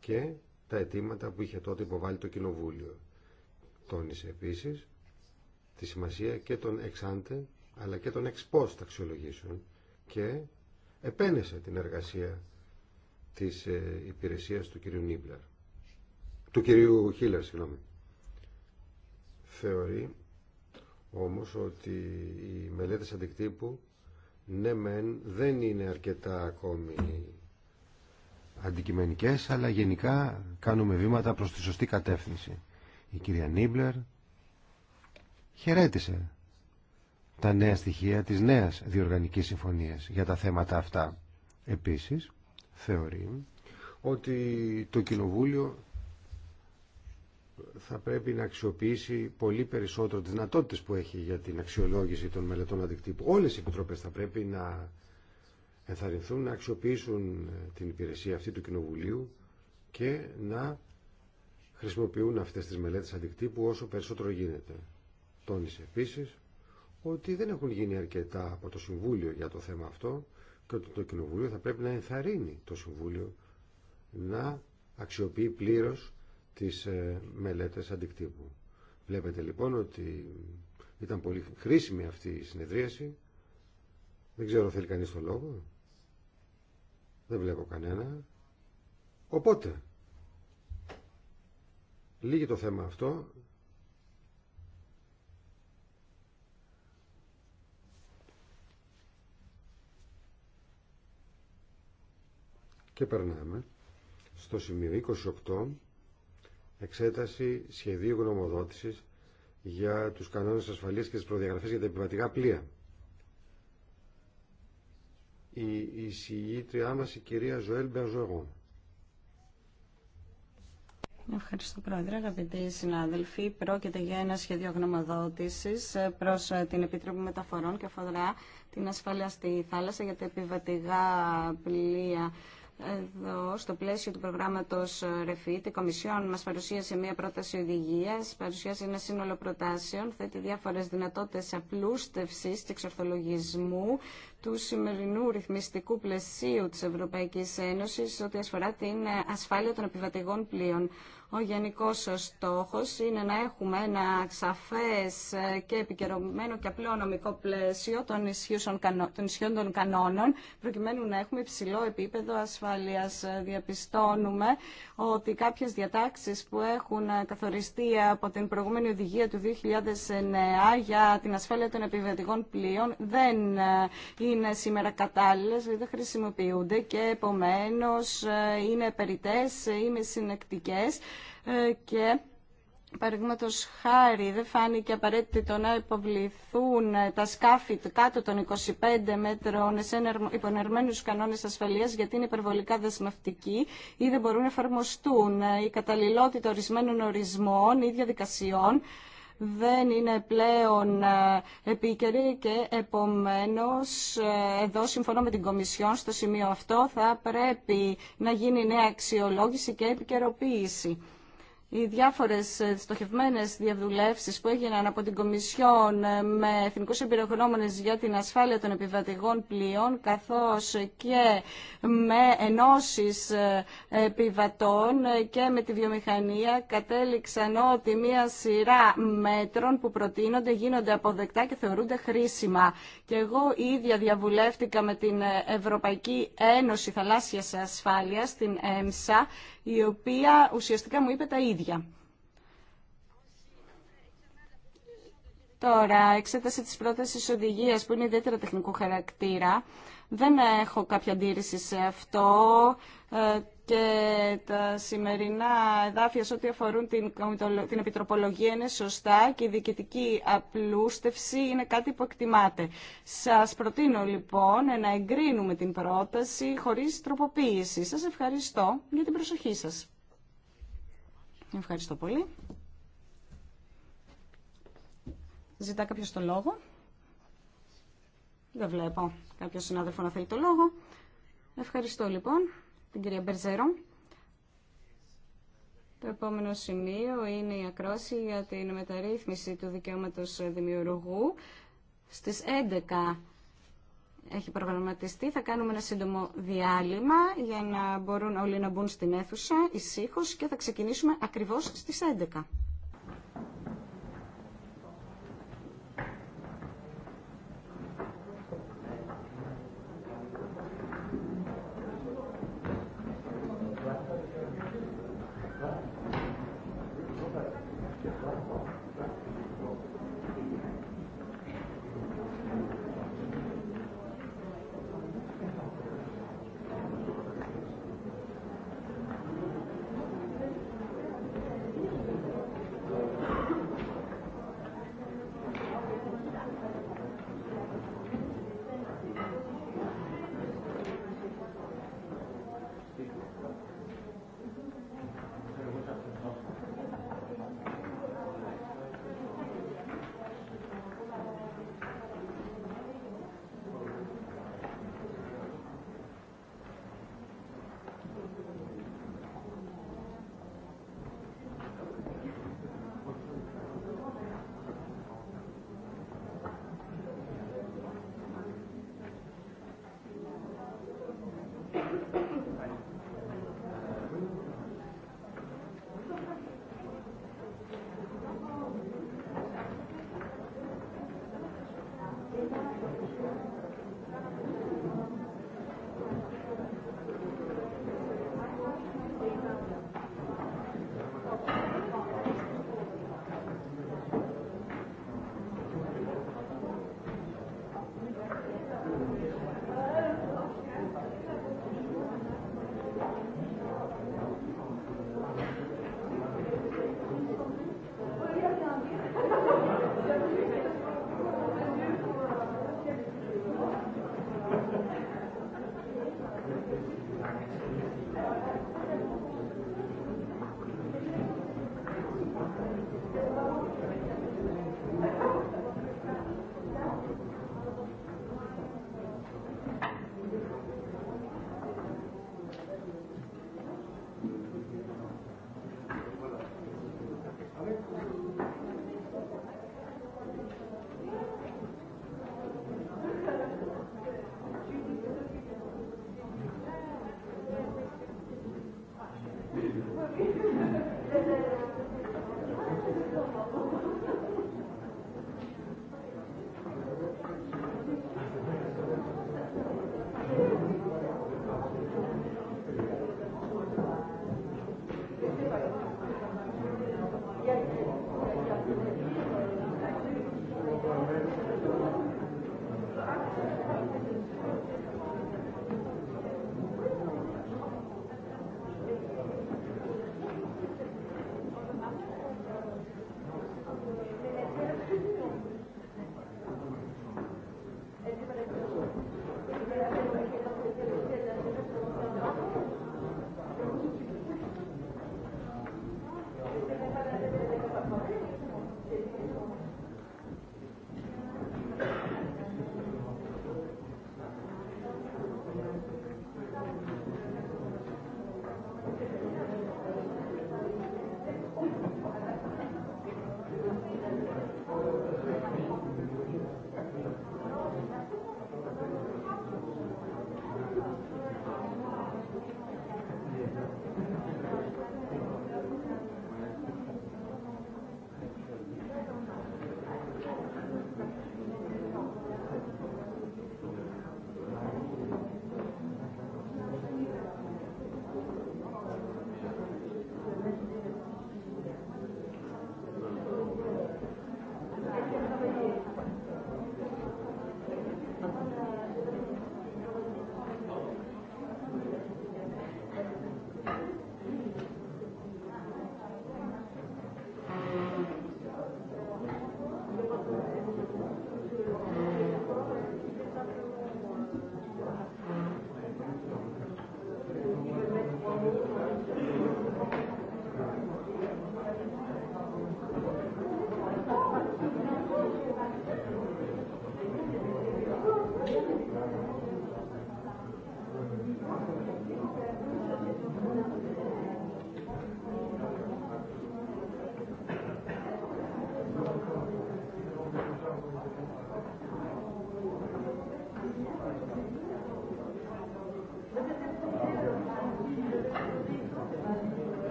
και τα αιτήματα που είχε τότε υποβάλει το Κοινοβούλιο. Τόνισε επίσης τη σημασία και των εξάντε αλλά και των εξπός αξιολογήσεων και επένεσε την εργασία της ε, υπηρεσίας του κυρίου Νίμπλερ του κυρίου Χίλερ συγγνώμη θεωρεί όμως ότι οι μελέτες αντικτύπου ναι μεν δεν είναι αρκετά ακόμη αντικειμενικές αλλά γενικά κάνουμε βήματα προς τη σωστή κατεύθυνση. Η κυρία Νίμπλερ χαιρέτησε τα νέα στοιχεία της νέας διοργανικής συμφωνίας για τα θέματα αυτά. Επίσης, θεωρεί ότι το Κοινοβούλιο θα πρέπει να αξιοποιήσει πολύ περισσότερο τις δυνατότητες που έχει για την αξιολόγηση των μελετών αντικτύπου. Όλες οι επιτροπές θα πρέπει να ενθαρρυνθούν να αξιοποιήσουν ε, την υπηρεσία αυτή του Κοινοβουλίου και να χρησιμοποιούν αυτές τις μελέτες αντικτύπου όσο περισσότερο γίνεται. Τόνισε επίσης ότι δεν έχουν γίνει αρκετά από το Συμβούλιο για το θέμα αυτό και ότι το Κοινοβούλιο θα πρέπει να ενθαρρύνει το Συμβούλιο να αξιοποιεί πλήρως τις ε, μελέτες αντικτύπου. Βλέπετε λοιπόν ότι ήταν πολύ χρήσιμη αυτή η συνεδρίαση. Δεν ξέρω θέλει κανείς το λόγο. Δεν βλέπω κανένα. Οπότε, λύγει το θέμα αυτό. Και περνάμε στο σημείο 28 εξέταση σχεδίου γνωμοδότησης για τους κανόνες ασφαλείας και τις προδιαγραφές για τα επιβατικά πλοία. Η εισηγήτριά μας η κυρία Ζωέλ Μπεαζουεγόν. Ευχαριστώ, Πρόεδρε. Αγαπητοί συνάδελφοι, πρόκειται για ένα σχέδιο γνωμοδότηση προ την Επιτροπή Μεταφορών και αφορά την ασφάλεια στη θάλασσα για τα επιβατικά πλοία εδώ, στο πλαίσιο του προγράμματο ε, REFIT, η Κομισιόν μα παρουσίασε μια πρόταση οδηγία, παρουσίασε ένα σύνολο προτάσεων, θέτει διάφορε δυνατότητε απλούστευση και εξορθολογισμού του σημερινού ρυθμιστικού πλαισίου της Ευρωπαϊκής Ένωσης ό,τι αφορά την ε, ασφάλεια των επιβατηγών πλοίων. Ο γενικός στόχος είναι να έχουμε ένα σαφές ε, και επικαιρωμένο και απλό νομικό πλαίσιο των ισχύων των κανόνων, προκειμένου να έχουμε υψηλό επίπεδο ασφάλειας. Ε, διαπιστώνουμε ότι κάποιες διατάξεις που έχουν καθοριστεί από την προηγούμενη οδηγία του 2009 για την ασφάλεια των επιβατηγών πλοίων δεν είναι είναι σήμερα κατάλληλες, δεν χρησιμοποιούνται και επομένως ε, είναι περιτές, είναι συνεκτικές ε, και Παραδείγματο χάρη, δεν φάνηκε απαραίτητο να υποβληθούν ε, τα σκάφη κάτω των 25 μέτρων σε υπονερμένου κανόνε ασφαλεία γιατί είναι υπερβολικά δεσμευτικοί ή δεν μπορούν να εφαρμοστούν. Η καταλληλότητα ορισμένων ορισμών ή διαδικασιών δεν είναι πλέον ε, επίκαιρη και επομένως ε, εδώ συμφωνώ με την Κομισιόν στο σημείο αυτό θα πρέπει να γίνει νέα αξιολόγηση και επικαιροποίηση οι διάφορες ε, στοχευμένες διαδουλεύσεις που έγιναν από την Κομισιόν ε, με εθνικούς εμπειρογνώμονες για την ασφάλεια των επιβατηγών πλοίων καθώς και με ενώσεις ε, επιβατών και με τη βιομηχανία κατέληξαν ότι μία σειρά μέτρων που προτείνονται γίνονται αποδεκτά και θεωρούνται χρήσιμα και εγώ ίδια διαβουλεύτηκα με την Ευρωπαϊκή Ένωση Θαλάσσιας Ασφάλειας, την ΕΜΣΑ, η οποία ουσιαστικά μου είπε τα ίδια. Τώρα, εξέταση της πρότασης οδηγίας που είναι ιδιαίτερα τεχνικού χαρακτήρα. Δεν έχω κάποια αντίρρηση σε αυτό. Ε, και τα σημερινά εδάφια σε ό,τι αφορούν την, την επιτροπολογία είναι σωστά και η διοικητική απλούστευση είναι κάτι που εκτιμάται. Σας προτείνω λοιπόν να εγκρίνουμε την πρόταση χωρίς τροποποίηση. Σας ευχαριστώ για την προσοχή σας. Ευχαριστώ πολύ. Ζητά κάποιος το λόγο. Δεν βλέπω κάποιο συνάδελφο να θέλει το λόγο. Ευχαριστώ λοιπόν την κυρία Μπερζέρο. Το επόμενο σημείο είναι η ακρόση για την μεταρρύθμιση του δικαιώματος δημιουργού. Στις 11 έχει προγραμματιστεί. Θα κάνουμε ένα σύντομο διάλειμμα για να μπορούν όλοι να μπουν στην αίθουσα ησύχως και θα ξεκινήσουμε ακριβώς στις 11.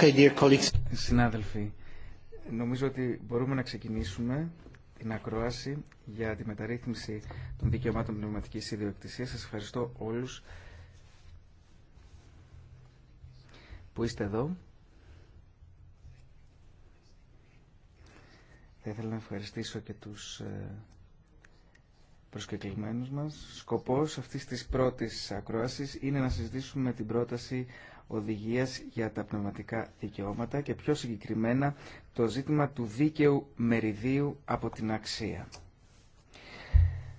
Okay, dear colleagues. Συνάδελφοι, νομίζω ότι μπορούμε να ξεκινήσουμε την ακρόαση για τη μεταρρύθμιση των δικαιωμάτων πνευματικής ιδιοκτησία. Σα ευχαριστώ όλους που είστε εδώ. Θα ήθελα να ευχαριστήσω και τους ε, προσκεκλημένους μας. Σκοπός αυτής της πρώτης ακρόασης είναι να συζητήσουμε την πρόταση οδηγίας για τα πνευματικά δικαιώματα και πιο συγκεκριμένα το ζήτημα του δίκαιου μεριδίου από την αξία.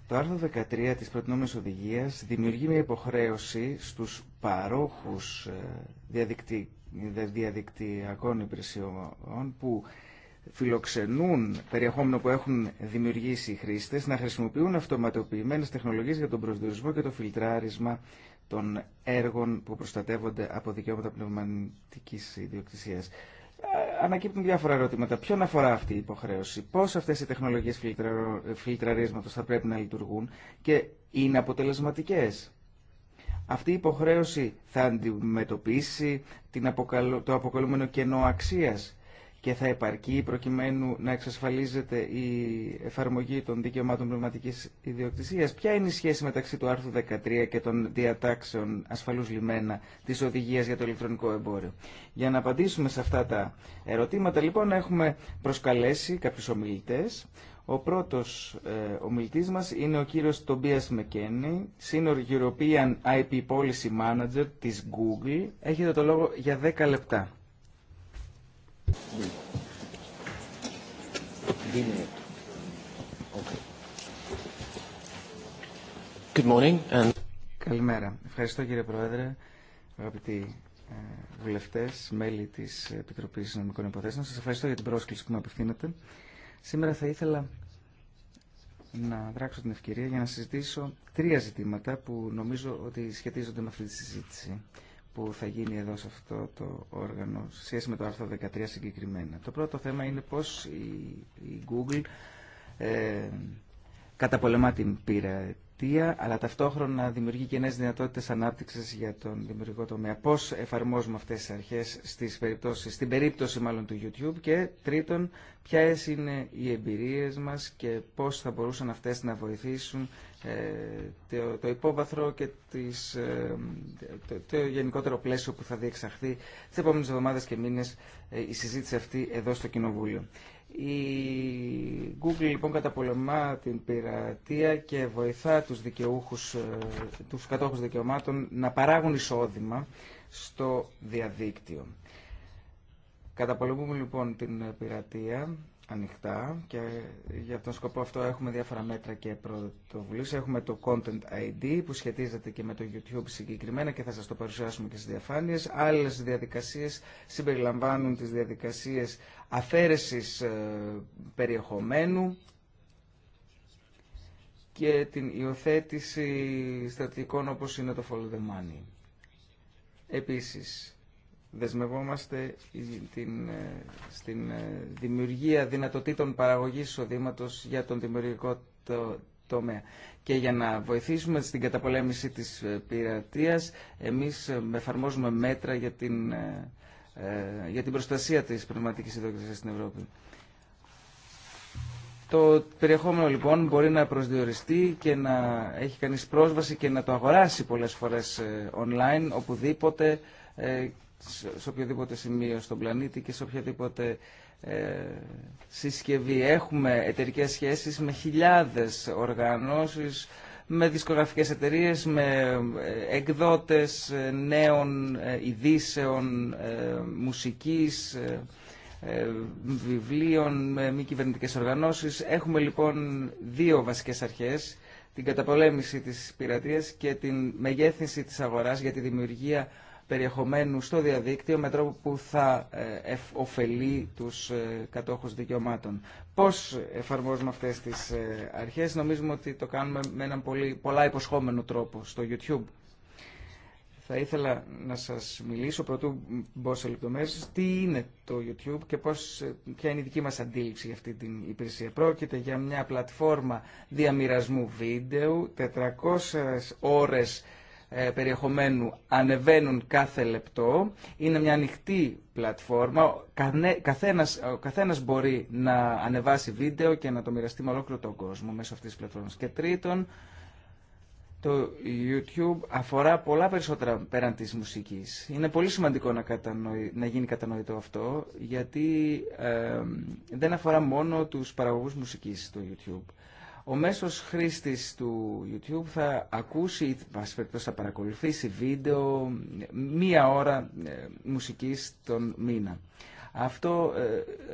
Το άρθρο 13 της προτινόμενης οδηγίας δημιουργεί μια υποχρέωση στους παρόχους ε, διαδικτυακών υπηρεσιών που φιλοξενούν περιεχόμενο που έχουν δημιουργήσει οι χρήστες να χρησιμοποιούν αυτοματοποιημένες τεχνολογίες για τον προσδιορισμό και το φιλτράρισμα των έργων που προστατεύονται από δικαιώματα πνευματική ιδιοκτησίας. Ε, ανακύπτουν διάφορα ερωτήματα. Ποιον αφορά αυτή η υποχρέωση, πώς αυτές οι τεχνολογίες φιλτραρίσματος θα πρέπει να λειτουργούν και είναι αποτελεσματικές. Αυτή η υποχρέωση θα αντιμετωπίσει την το αποκαλούμενο κενό αξίας και θα επαρκεί προκειμένου να εξασφαλίζεται η εφαρμογή των δικαιωμάτων πνευματική ιδιοκτησία. Ποια είναι η σχέση μεταξύ του άρθρου 13 και των διατάξεων ασφαλούς λιμένα της οδηγίας για το ηλεκτρονικό εμπόριο. Για να απαντήσουμε σε αυτά τα ερωτήματα λοιπόν έχουμε προσκαλέσει κάποιου ομιλητέ. Ο πρώτο ε, ομιλητής μας είναι ο κύριο Τομπία Μεκένι, Senior European IP Policy Manager τη Google. Έχετε το λόγο για 10 λεπτά. Καλημέρα. Ευχαριστώ κύριε Πρόεδρε, αγαπητοί ε, βουλευτέ, μέλη τη Επιτροπή Νομικών Υποθέσεων. Σα ευχαριστώ για την πρόσκληση που με απευθύνετε. Σήμερα θα ήθελα να δράξω την ευκαιρία για να συζητήσω τρία ζητήματα που νομίζω ότι σχετίζονται με αυτή τη συζήτηση που θα γίνει εδώ σε αυτό το όργανο σε σχέση με το άρθρο 13 συγκεκριμένα. Το πρώτο θέμα είναι πώς η Google ε, καταπολεμά την πειρατεία αλλά ταυτόχρονα δημιουργεί και νέες δυνατότητες ανάπτυξης για τον δημιουργικό τομέα. Πώς εφαρμόζουμε αυτές τις αρχές στις περιπτώσεις, στην περίπτωση μάλλον του YouTube και τρίτον ποιε είναι οι εμπειρίες μας και πώς θα μπορούσαν αυτές να βοηθήσουν ε, το υπόβαθρο και τις, ε, το, γενικότερο πλαίσιο που θα διεξαχθεί τις επόμενες εβδομάδες και μήνες ε, η συζήτηση αυτή εδώ στο Κοινοβούλιο. Η Google λοιπόν καταπολεμά την πειρατεία και βοηθά τους, δικαιούχους, τους κατόχους δικαιωμάτων να παράγουν εισόδημα στο διαδίκτυο. Καταπολεμούμε λοιπόν την πειρατεία ανοιχτά και για τον σκοπό αυτό έχουμε διάφορα μέτρα και πρωτοβουλίες. Έχουμε το Content ID που σχετίζεται και με το YouTube συγκεκριμένα και θα σας το παρουσιάσουμε και στις διαφάνειες. Άλλες διαδικασίες συμπεριλαμβάνουν τις διαδικασίες αφαίρεσης ε, περιεχομένου και την υιοθέτηση στρατηγικών όπως είναι το Follow the Money. Επίσης, δεσμευόμαστε την, ε, στην ε, δημιουργία δυνατοτήτων παραγωγής εισοδήματος για τον δημιουργικό τομέα. Και για να βοηθήσουμε στην καταπολέμηση της ε, πειρατείας, εμείς εφαρμόζουμε μέτρα για την, για την προστασία της πνευματικής ιδιοκτησίας στην Ευρώπη. Το περιεχόμενο λοιπόν μπορεί να προσδιοριστεί και να έχει κανείς πρόσβαση και να το αγοράσει πολλές φορές online, οπουδήποτε σε οποιοδήποτε σημείο στον πλανήτη και σε οποιαδήποτε ε, συσκευή. Έχουμε εταιρικέ σχέσεις με χιλιάδες οργανώσεις, με δισκογραφικές εταιρείε, με ε, εκδότες ε, νέων ε, ειδήσεων, μουσικής, βιβλίων, με μη κυβερνητικές οργανώσεις. Έχουμε λοιπόν δύο βασικές αρχές, την καταπολέμηση της πειρατείας και την μεγέθυνση της αγοράς για τη δημιουργία περιεχομένου στο διαδίκτυο με τρόπο που θα ε, ωφελεί τους ε, κατόχους δικαιωμάτων. Πώς εφαρμόζουμε αυτές τις ε, αρχές, νομίζουμε ότι το κάνουμε με έναν πολύ, πολλά υποσχόμενο τρόπο στο YouTube. Θα ήθελα να σας μιλήσω πρωτού μπω σε λεπτομέρειες τι είναι το YouTube και πώς, ποια είναι η δική μας αντίληψη για αυτή την υπηρεσία. Πρόκειται για μια πλατφόρμα διαμοιρασμού βίντεο, 400 ώρες ε, περιεχομένου ανεβαίνουν κάθε λεπτό. Είναι μια ανοιχτή πλατφόρμα. Καθένας, ο καθένας μπορεί να ανεβάσει βίντεο και να το μοιραστεί με ολόκληρο τον κόσμο μέσω αυτής της πλατφόρμας. Και τρίτον, το YouTube αφορά πολλά περισσότερα πέραν της μουσικής. Είναι πολύ σημαντικό να, κατανοη... να γίνει κατανοητό αυτό, γιατί ε, δεν αφορά μόνο τους παραγωγούς μουσικής το YouTube ο μέσος χρήστης του YouTube θα ακούσει ή θα παρακολουθήσει βίντεο μία ώρα ε, μουσικής τον μήνα. Αυτό ε,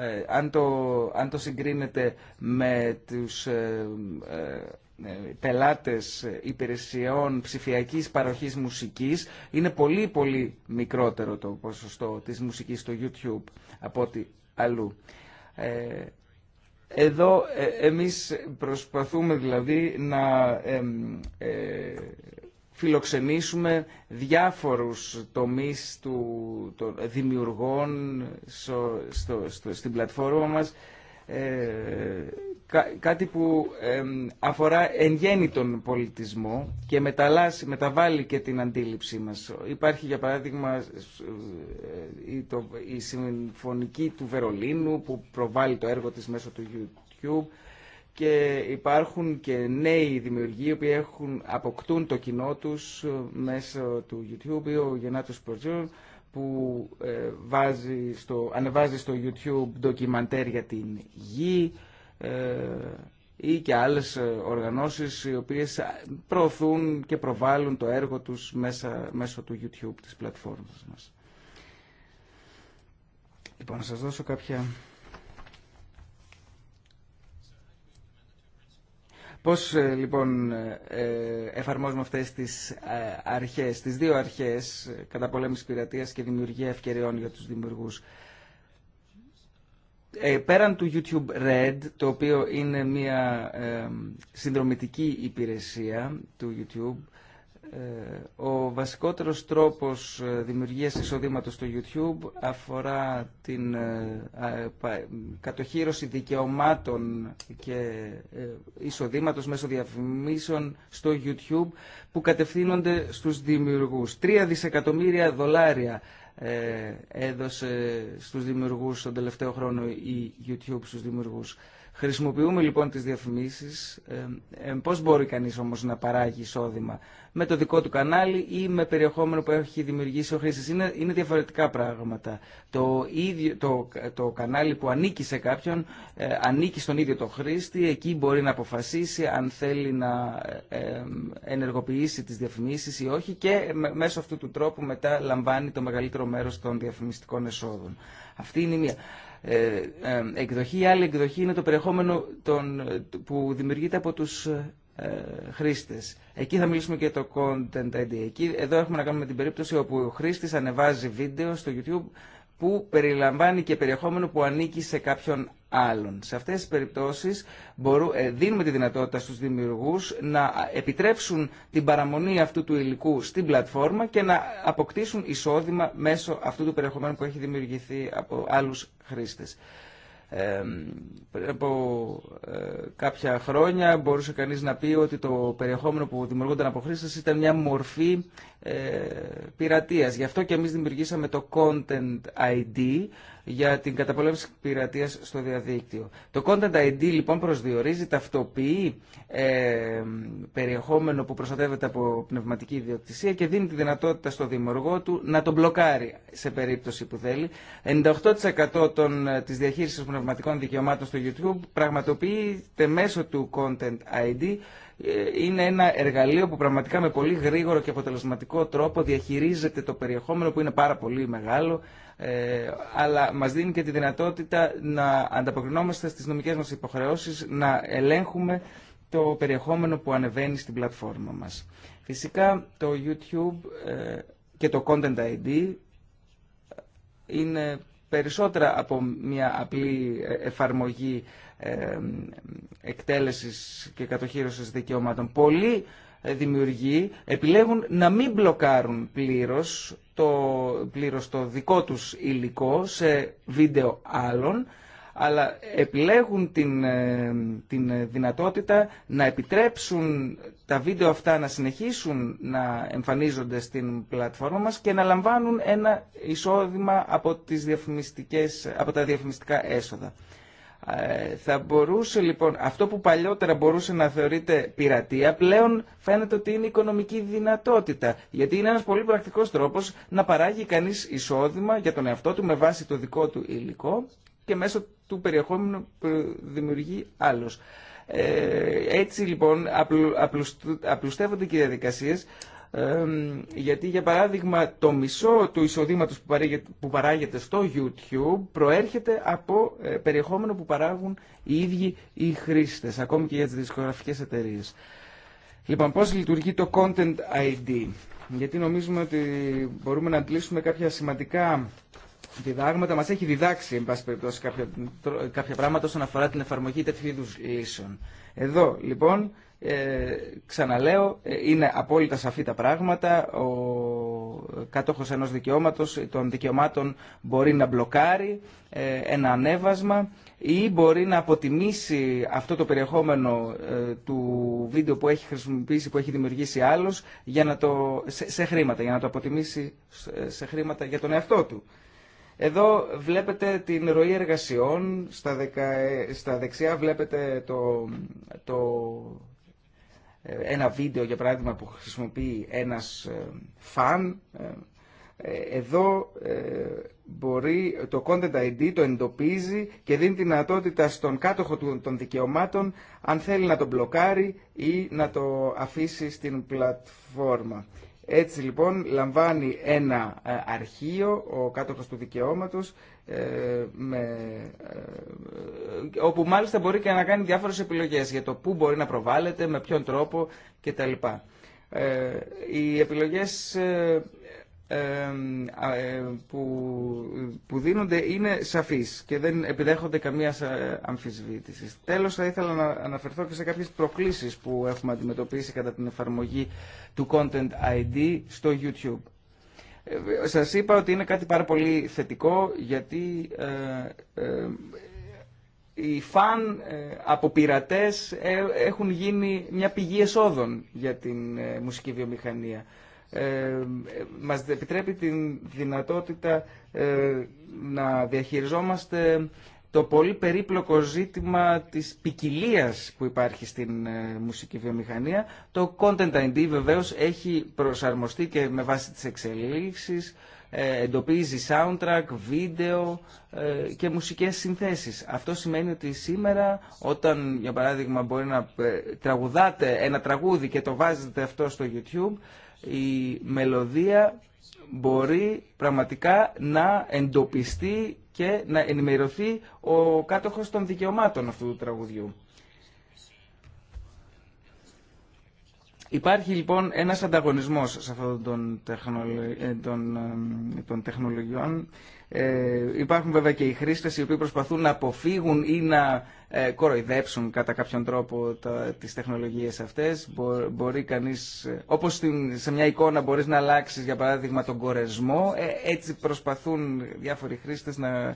ε, ε αν, το, αν το συγκρίνεται με τους ε, πελάτες υπηρεσιών ψηφιακής παροχής μουσικής είναι πολύ πολύ μικρότερο το ποσοστό της μουσικής στο YouTube από ό,τι αλλού. Εδώ ε, εμείς προσπαθούμε δηλαδή να ε, φιλοξενήσουμε διάφορους τομείς του, των δημιουργών στο, στο, στην πλατφόρμα μας ε, κάτι που αφορά εν γέννη τον πολιτισμό και μεταβάλλει και την αντίληψή μας. Υπάρχει για παράδειγμα ε, η, το, η συμφωνική του Βερολίνου που προβάλλει το έργο της μέσω του YouTube και υπάρχουν και νέοι δημιουργοί που έχουν, αποκτούν το κοινό τους μέσω του YouTube ή ο Γεννάτος Προτζούρ που ε, βάζει στο, ανεβάζει στο YouTube ντοκιμαντέρ για την γη ε, ή και άλλες ε, οργανώσεις οι οποίες προωθούν και προβάλλουν το έργο τους μέσα, μέσω του YouTube της πλατφόρμας μας. Λοιπόν, να σας δώσω κάποια Πώς ε, λοιπόν ε, εφαρμόζουμε αυτές τις ε, αρχές, τις δύο αρχές, πολέμηση πειρατείας και δημιουργία ευκαιριών για τους δημιουργούς. Ε, πέραν του YouTube Red, το οποίο είναι μια συνδρομητική υπηρεσία του YouTube, ε, ο βασικότερος τρόπος ε, δημιουργίας εισοδήματος στο YouTube αφορά την ε, κατοχήρωση δικαιωμάτων και εισοδήματος μέσω διαφημίσεων στο YouTube που κατευθύνονται στους δημιουργούς. Τρία δισεκατομμύρια δολάρια έδωσε στους δημιουργούς τον τελευταίο χρόνο η YouTube στους δημιουργούς. Χρησιμοποιούμε λοιπόν τις διαφημίσεις. Ε, ε, πώς μπορεί κανείς όμως να παράγει εισόδημα με το δικό του κανάλι ή με περιεχόμενο που έχει δημιουργήσει ο χρήστης. Είναι, είναι διαφορετικά πράγματα. Το, ίδιο, το, το κανάλι που ανήκει σε κάποιον ε, ανήκει στον ίδιο το χρήστη. Εκεί μπορεί να αποφασίσει αν θέλει να ε, ενεργοποιήσει τις διαφημίσεις ή όχι και μέσω αυτού του τρόπου μετά λαμβάνει το μεγαλύτερο μέρος των διαφημιστικών εσόδων. Αυτή είναι η μία. Ε, ε, εκδοχή. Η άλλη εκδοχή είναι το περιεχόμενο των, που δημιουργείται από τους ε, χρήστες. Εκεί θα μιλήσουμε και το Content ID. Εκεί, εδώ έχουμε να κάνουμε την περίπτωση όπου ο χρήστης ανεβάζει βίντεο στο YouTube που περιλαμβάνει και περιεχόμενο που ανήκει σε κάποιον άλλων. Σε αυτές τις περιπτώσεις ε, δίνουμε τη δυνατότητα στους δημιουργούς να επιτρέψουν την παραμονή αυτού του υλικού στην πλατφόρμα και να αποκτήσουν εισόδημα μέσω αυτού του περιεχομένου που έχει δημιουργηθεί από άλλους χρήστες. Ε, πριν από ε, κάποια χρόνια μπορούσε κανείς να πει ότι το περιεχόμενο που δημιουργούνταν από χρήστες ήταν μια μορφή ε, πειρατείας. Γι' αυτό και εμείς δημιουργήσαμε το Content ID για την καταπολέμηση πειρατείας στο διαδίκτυο. Το Content ID λοιπόν προσδιορίζει, ταυτοποιεί ε, περιεχόμενο που προστατεύεται από πνευματική ιδιοκτησία και δίνει τη δυνατότητα στο δημιουργό του να τον μπλοκάρει σε περίπτωση που θέλει. 98% των, ε, της διαχείρισης πνευματικών δικαιωμάτων στο YouTube πραγματοποιείται μέσω του Content ID ε, είναι ένα εργαλείο που πραγματικά με πολύ γρήγορο και αποτελεσματικό τρόπο διαχειρίζεται το περιεχόμενο που είναι πάρα πολύ μεγάλο ε, αλλά μας δίνει και τη δυνατότητα να ανταποκρινόμαστε στις νομικές μας υποχρεώσεις, να ελέγχουμε το περιεχόμενο που ανεβαίνει στην πλατφόρμα μας. Φυσικά το YouTube ε, και το Content ID είναι περισσότερα από μια απλή εφαρμογή ε, εκτέλεσης και κατοχύρωσης δικαιωμάτων. Πολλοί δημιουργοί επιλέγουν να μην μπλοκάρουν πλήρως το πλήρως το δικό τους υλικό σε βίντεο άλλων, αλλά επιλέγουν την, ε, την δυνατότητα να επιτρέψουν τα βίντεο αυτά να συνεχίσουν να εμφανίζονται στην πλατφόρμα μας και να λαμβάνουν ένα εισόδημα από, τις από τα διαφημιστικά έσοδα. Ε, θα μπορούσε λοιπόν αυτό που παλιότερα μπορούσε να θεωρείται πειρατεία πλέον φαίνεται ότι είναι οικονομική δυνατότητα γιατί είναι ένας πολύ πρακτικός τρόπος να παράγει κανείς εισόδημα για τον εαυτό του με βάση το δικό του υλικό και μέσω του περιεχόμενου που δημιουργεί άλλος. Ε, έτσι λοιπόν απλουστεύονται και οι διαδικασίες γιατί για παράδειγμα το μισό του εισοδήματος που παράγεται στο YouTube προέρχεται από ε, περιεχόμενο που παράγουν οι ίδιοι οι χρήστες, ακόμη και για τις δισκογραφικές εταιρείες. Λοιπόν, πώς λειτουργεί το Content ID, γιατί νομίζουμε ότι μπορούμε να αντλήσουμε κάποια σημαντικά διδάγματα, μας έχει διδάξει, εν πάση περιπτώσει, κάποια, πράγματα όσον αφορά την εφαρμογή τέτοιου λύσεων. Εδώ, λοιπόν, ε, ξαναλέω, ε, είναι απόλυτα σαφή τα πράγματα. Ο κατόχος ενός δικαιώματος των δικαιωμάτων μπορεί να μπλοκάρει ε, ένα ανέβασμα ή μπορεί να αποτιμήσει αυτό το περιεχόμενο του βίντεο που έχει χρησιμοποιήσει, που έχει δημιουργήσει άλλος για να το, σε, χρήματα, για να το αποτιμήσει σε, χρήματα για τον εαυτό του. Εδώ βλέπετε την ροή εργασιών, στα, δεξιά βλέπετε το, το ε, ένα βίντεο για παράδειγμα που χρησιμοποιεί ένας ε, φαν ε, εδώ μπορεί το Content ID το εντοπίζει και δίνει τη δυνατότητα στον κάτοχο των δικαιωμάτων αν θέλει να τον μπλοκάρει ή να το αφήσει στην πλατφόρμα. Έτσι λοιπόν λαμβάνει ένα ε, αρχείο ο κάτοχος του δικαιώματος ε, με, ε, όπου μάλιστα μπορεί και να κάνει διάφορες επιλογές για το πού μπορεί να προβάλλεται, με ποιον τρόπο κτλ. Ε, οι επιλογές ε, ε, που, που δίνονται είναι σαφείς και δεν επιδέχονται καμία αμφισβήτηση. Τέλος θα ήθελα να αναφερθώ και σε κάποιες προκλήσεις που έχουμε αντιμετωπίσει κατά την εφαρμογή του Content ID στο YouTube. Ε, σας είπα ότι είναι κάτι πάρα πολύ θετικό γιατί ε, οι φαν από πειρατέ έχουν γίνει μια πηγή εσόδων για την μουσική βιομηχανία ε, μας επιτρέπει την δυνατότητα ε, να διαχειριζόμαστε το πολύ περίπλοκο ζήτημα της ποικιλία που υπάρχει στην ε, μουσική βιομηχανία. Το Content ID βεβαίως έχει προσαρμοστεί και με βάση τις εξελίξεις, ε, εντοπίζει soundtrack, βίντεο και μουσικές συνθέσεις. Αυτό σημαίνει ότι σήμερα όταν για παράδειγμα μπορεί να τραγουδάτε ένα τραγούδι και το βάζετε αυτό στο YouTube η μελωδία μπορεί πραγματικά να εντοπιστεί και να ενημερωθεί ο κάτοχος των δικαιωμάτων αυτού του τραγουδιού. Υπάρχει λοιπόν ένας ανταγωνισμός σε αυτόν τον, ε, ε, τεχνολογιών. Ε, υπάρχουν βέβαια και οι χρήστες οι οποίοι προσπαθούν να αποφύγουν ή να ε, κοροϊδέψουν κατά κάποιον τρόπο τα, τις τεχνολογίες αυτές. μπορεί κανείς, ε, όπως στην, σε μια εικόνα μπορείς να αλλάξεις για παράδειγμα τον κορεσμό, ε, έτσι προσπαθούν διάφοροι χρήστες να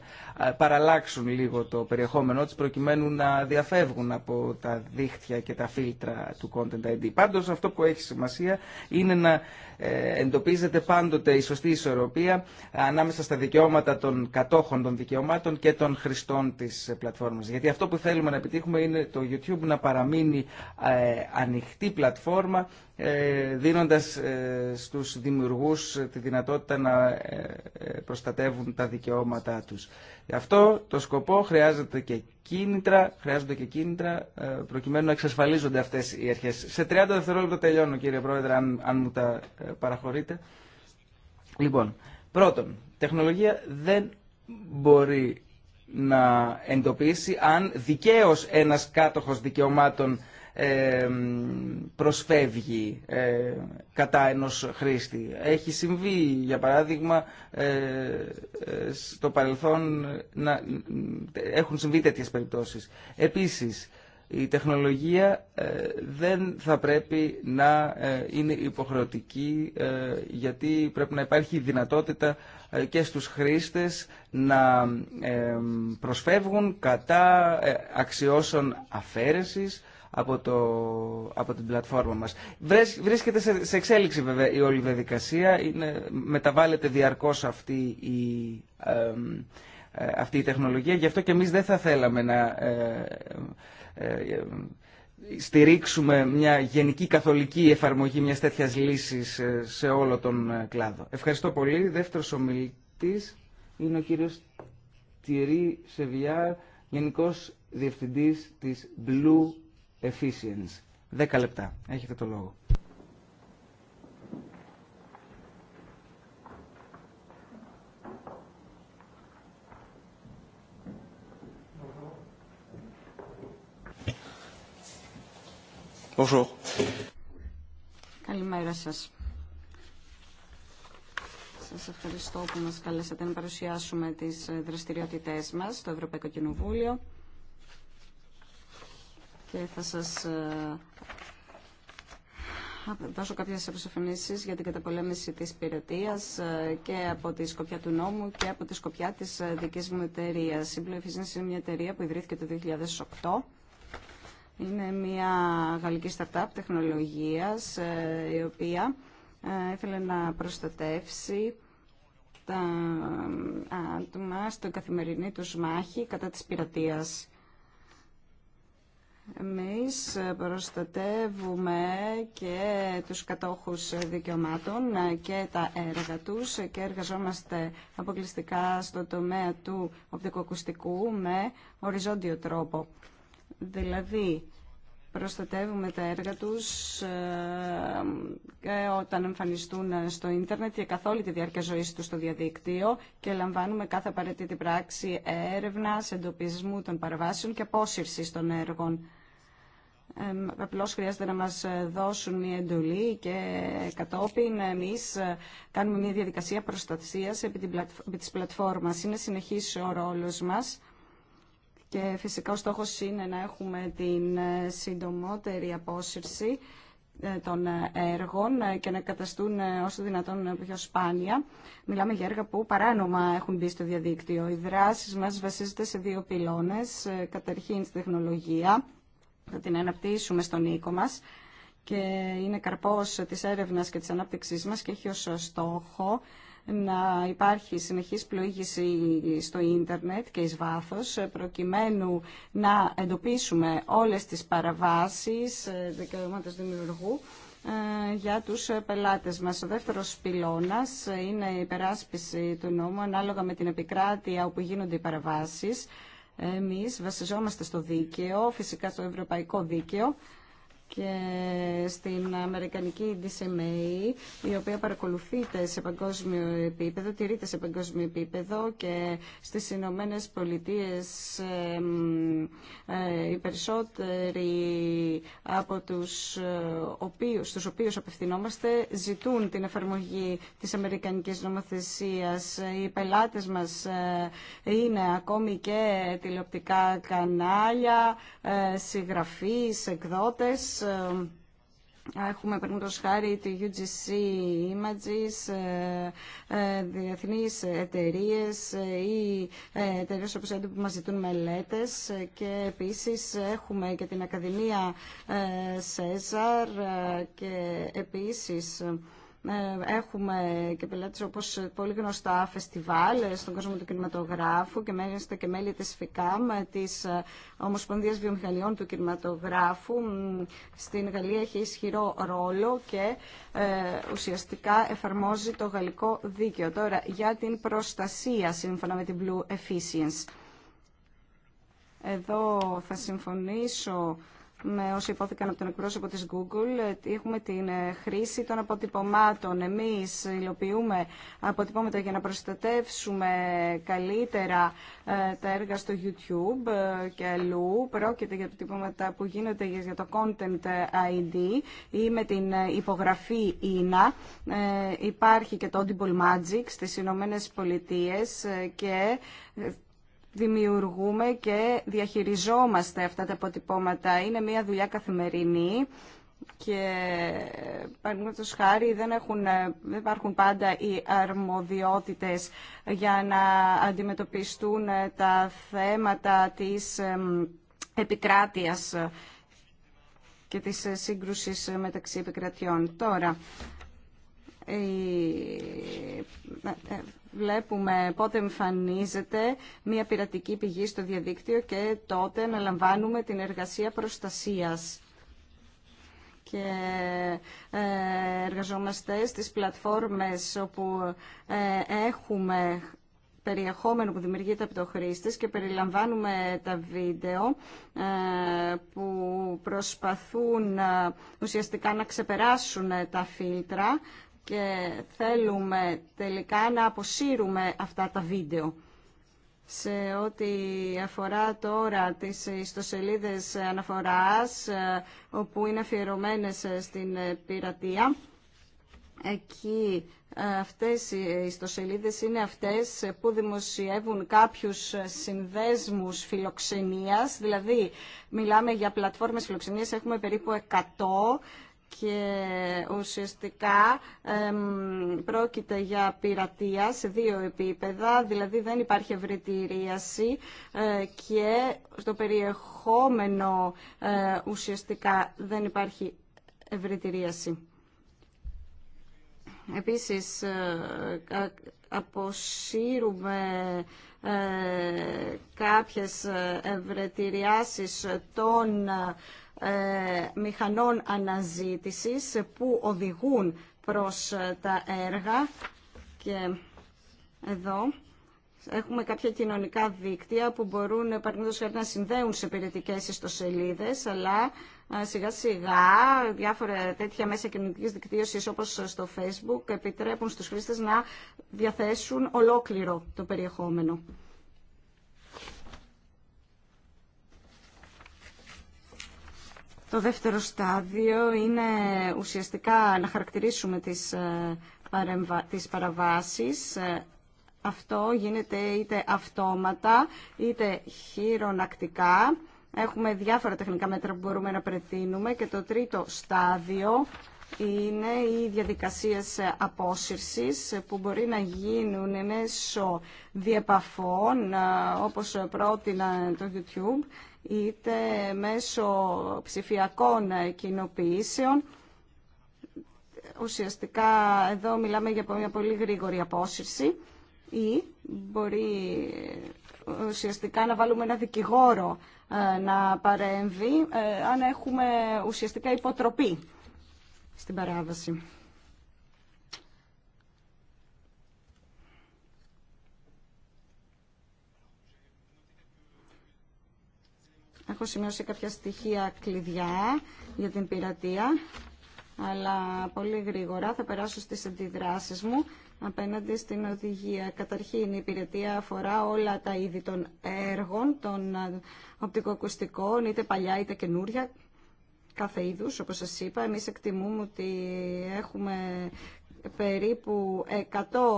παραλλάξουν λίγο το περιεχόμενό τους προκειμένου να διαφεύγουν από τα δίχτυα και τα φίλτρα του Content ID. Πάντως αυτό που έχει σημασία είναι να ε, εντοπίζεται πάντοτε η σωστή ισορροπία ανάμεσα στα δικαιώματα των κατόχων των δικαιωμάτων και των χρηστών της πλατφόρμας. Γιατί αυτό που θέλουμε να επιτύχουμε είναι το YouTube να παραμείνει ε, ανοιχτή πλατφόρμα ε, δίνοντας ε, στους δημιουργούς τη δυνατότητα να προστατεύουν τα δικαιώματά τους. Γι' αυτό το σκοπό χρειάζεται και κίνητρα, χρειάζονται και κίνητρα προκειμένου να εξασφαλίζονται αυτές οι αρχές. Σε 30 δευτερόλεπτα τελειώνω κύριε Πρόεδρε αν, αν μου τα παραχωρείτε. Λοιπόν, πρώτον, τεχνολογία δεν μπορεί να εντοπίσει αν δικαίως ένας κάτοχος δικαιωμάτων ε, προσφεύγει ε, κατά ενός χρήστη. Έχει συμβεί, για παράδειγμα, ε, στο παρελθόν να έχουν συμβεί τέτοιες περιπτώσεις. Επίσης, η τεχνολογία δεν θα πρέπει να είναι υποχρεωτική γιατί πρέπει να υπάρχει δυνατότητα και στους χρήστες να προσφεύγουν κατά ε, αξιώσεων αφαίρεσης από, το, από την πλατφόρμα μας. Βρίσκεται σε, σε εξέλιξη βέβαια η όλη διαδικασία, είναι, μεταβάλλεται διαρκώς αυτή η, ε, αυτή η τεχνολογία, γι' αυτό και εμείς δεν θα θέλαμε να... Ε, στηρίξουμε μια γενική καθολική εφαρμογή μιας τέτοιας λύσης ε, σε όλο τον ε, κλάδο. Ευχαριστώ πολύ. Δεύτερος ομιλητής είναι ο κύριος Τιρί Σεβιάρ, Γενικός Διευθυντής της Blue Efficiency. Δέκα λεπτά. Έχετε το λόγο. Bonjour. Καλημέρα σας. Σας ευχαριστώ που μας καλέσατε να παρουσιάσουμε τις δραστηριότητές μας στο Ευρωπαϊκό Κοινοβούλιο και θα σας ε, δώσω κάποιες αποσαφηνήσει για την καταπολέμηση της πειρατεία ε, και από τη σκοπιά του νόμου και από τη σκοπιά της ε, δικής μου εταιρείας. Η Blue είναι μια εταιρεία που ιδρύθηκε το 2008 είναι μια γαλλική startup τεχνολογίας ε, η οποία ε, ήθελε να προστατεύσει τα ε, άτομα στην καθημερινή τους μάχη κατά της πειρατείας. Εμείς προστατεύουμε και τους κατόχους δικαιωμάτων και τα έργα τους και εργαζόμαστε αποκλειστικά στο τομέα του οπτικοακουστικού με οριζόντιο τρόπο. Δηλαδή, προστατεύουμε τα έργα τους ε, ε, όταν εμφανιστούν στο ίντερνετ και καθ' όλη τη διάρκεια ζωής τους στο διαδίκτυο και λαμβάνουμε κάθε απαραίτητη πράξη έρευνα εντοπισμού των παραβάσεων και απόσυρσης των έργων. Ε, απλώς χρειάζεται να μας δώσουν μια εντολή και κατόπιν εμείς κάνουμε μια διαδικασία προστασίας επί, της πλατφόρμας. Είναι συνεχής ο ρόλος μας και φυσικά ο στόχος είναι να έχουμε την ε, συντομότερη απόσυρση ε, των ε, έργων και να καταστούν όσο δυνατόν πιο σπάνια. Μιλάμε για έργα που παράνομα έχουν μπει στο διαδίκτυο. Οι δράση μας βασίζονται σε δύο πυλώνες. Καταρχήν στη τεχνολογία, θα την αναπτύσσουμε στον οίκο μας και είναι καρπός της έρευνας και της ανάπτυξής μας και έχει ως στόχο να υπάρχει συνεχής πλοήγηση στο ίντερνετ και εις βάθος προκειμένου να εντοπίσουμε όλες τις παραβάσεις ε, δικαιωμάτων δημιουργού ε, για τους πελάτες μας. Ο δεύτερος πυλώνας είναι η περάσπιση του νόμου ανάλογα με την επικράτεια όπου γίνονται οι παραβάσεις. Εμείς βασιζόμαστε στο δίκαιο, φυσικά στο ευρωπαϊκό δίκαιο και στην Αμερικανική DCMA, η οποία παρακολουθείται σε παγκόσμιο επίπεδο, τηρείται σε παγκόσμιο επίπεδο και στις Ηνωμένε Πολιτείε ε, οι περισσότεροι από τους ε, οποίους, στους οποίους απευθυνόμαστε ζητούν την εφαρμογή της Αμερικανικής νομοθεσίας. Οι πελάτες μας ε, είναι ακόμη και τηλεοπτικά κανάλια, συγγραφείς, εκδότες ε, έχουμε το χάρη τη UGC Images, ε, ε, διεθνεί εταιρείε ή εταιρείε όπω που μας ζητούν μελέτες και επίσης έχουμε και την Ακαδημία Σέζαρ και επίσης ε, έχουμε και πελάτες όπως πολύ γνωστά φεστιβάλ στον κόσμο του κινηματογράφου και μέσα και μέλη της ΦΙΚΑΜ της ε, Ομοσπονδίας Βιομηχανιών του Κινηματογράφου στην Γαλλία έχει ισχυρό ρόλο και ε, ουσιαστικά εφαρμόζει το γαλλικό δίκαιο τώρα για την προστασία σύμφωνα με την Blue Efficiency εδώ θα συμφωνήσω με όσοι υπόθηκαν από τον εκπρόσωπο της Google. Έχουμε την ε, χρήση των αποτυπωμάτων. Εμείς υλοποιούμε αποτυπώματα για να προστατεύσουμε καλύτερα ε, τα έργα στο YouTube ε, και αλλού. Πρόκειται για αποτυπώματα που γίνονται για το Content ID ή με την υπογραφή INA. Υπάρχει και το Audible Magic στις Ηνωμένε Πολιτείε και δημιουργούμε και διαχειριζόμαστε αυτά τα αποτυπώματα. Είναι μια δουλειά καθημερινή και παραδείγματο χάρη δεν, έχουν, δεν υπάρχουν πάντα οι αρμοδιότητες για να αντιμετωπιστούν τα θέματα της επικράτειας και της σύγκρουσης μεταξύ επικρατιών. Τώρα, βλέπουμε πότε εμφανίζεται μια πειρατική πηγή στο διαδίκτυο και τότε αναλαμβάνουμε την εργασία προστασίας και ε, εργαζόμαστε στις πλατφόρμες όπου ε, έχουμε περιεχόμενο που δημιουργείται από το χρήστη και περιλαμβάνουμε τα βίντεο ε, που προσπαθούν ουσιαστικά να ξεπεράσουν τα φίλτρα και θέλουμε τελικά να αποσύρουμε αυτά τα βίντεο. Σε ό,τι αφορά τώρα τις ιστοσελίδες αναφοράς, ε, όπου είναι αφιερωμένες ε, στην ε, πειρατεία, εκεί αυτές οι ιστοσελίδες είναι αυτές που δημοσιεύουν κάποιους συνδέσμους φιλοξενίας, δηλαδή μιλάμε για πλατφόρμες φιλοξενίας, έχουμε περίπου 100 και ουσιαστικά πρόκειται για πειρατεία σε δύο επίπεδα, δηλαδή δεν υπάρχει ευρετηρίαση ε, και στο περιεχόμενο ε, ουσιαστικά δεν υπάρχει ευρετηρίαση. Επίσης, ε, αποσύρουμε κάποιες ευρετηριάσεις των ε, μηχανών αναζήτησης που οδηγούν προς ε, τα έργα και εδώ Έχουμε κάποια κοινωνικά δίκτυα που μπορούν να συνδέουν σε περιοδικές ιστοσελίδες, αλλά ε, σιγά σιγά διάφορα τέτοια μέσα κοινωνική δικτύωση, όπως στο Facebook επιτρέπουν στους χρήστες να διαθέσουν ολόκληρο το περιεχόμενο. Το δεύτερο στάδιο είναι ουσιαστικά να χαρακτηρίσουμε τις, ε, παρεμβα... τις παραβάσεις. Ε, αυτό γίνεται είτε αυτόματα είτε χειρονακτικά. Έχουμε διάφορα τεχνικά μέτρα που μπορούμε να προτείνουμε. και το τρίτο στάδιο είναι οι διαδικασίες απόσυρσης που μπορεί να γίνουν μέσω διεπαφών ε, όπως πρότεινα το YouTube είτε μέσω ψηφιακών ε, κοινοποιήσεων. Ουσιαστικά εδώ μιλάμε για μια πολύ γρήγορη απόσυρση ή μπορεί ε, ουσιαστικά να βάλουμε ένα δικηγόρο ε, να παρέμβει αν έχουμε ουσιαστικά υποτροπή στην παράβαση. Έχω σημειώσει κάποια στοιχεία κλειδιά για την πειρατεία, αλλά πολύ γρήγορα θα περάσω στις αντιδράσεις μου απέναντι στην οδηγία. Καταρχήν, η πειρατεία αφορά όλα τα είδη των έργων, των οπτικοακουστικών, είτε παλιά είτε καινούρια, κάθε είδους, όπως σας είπα. Εμείς εκτιμούμε ότι έχουμε περίπου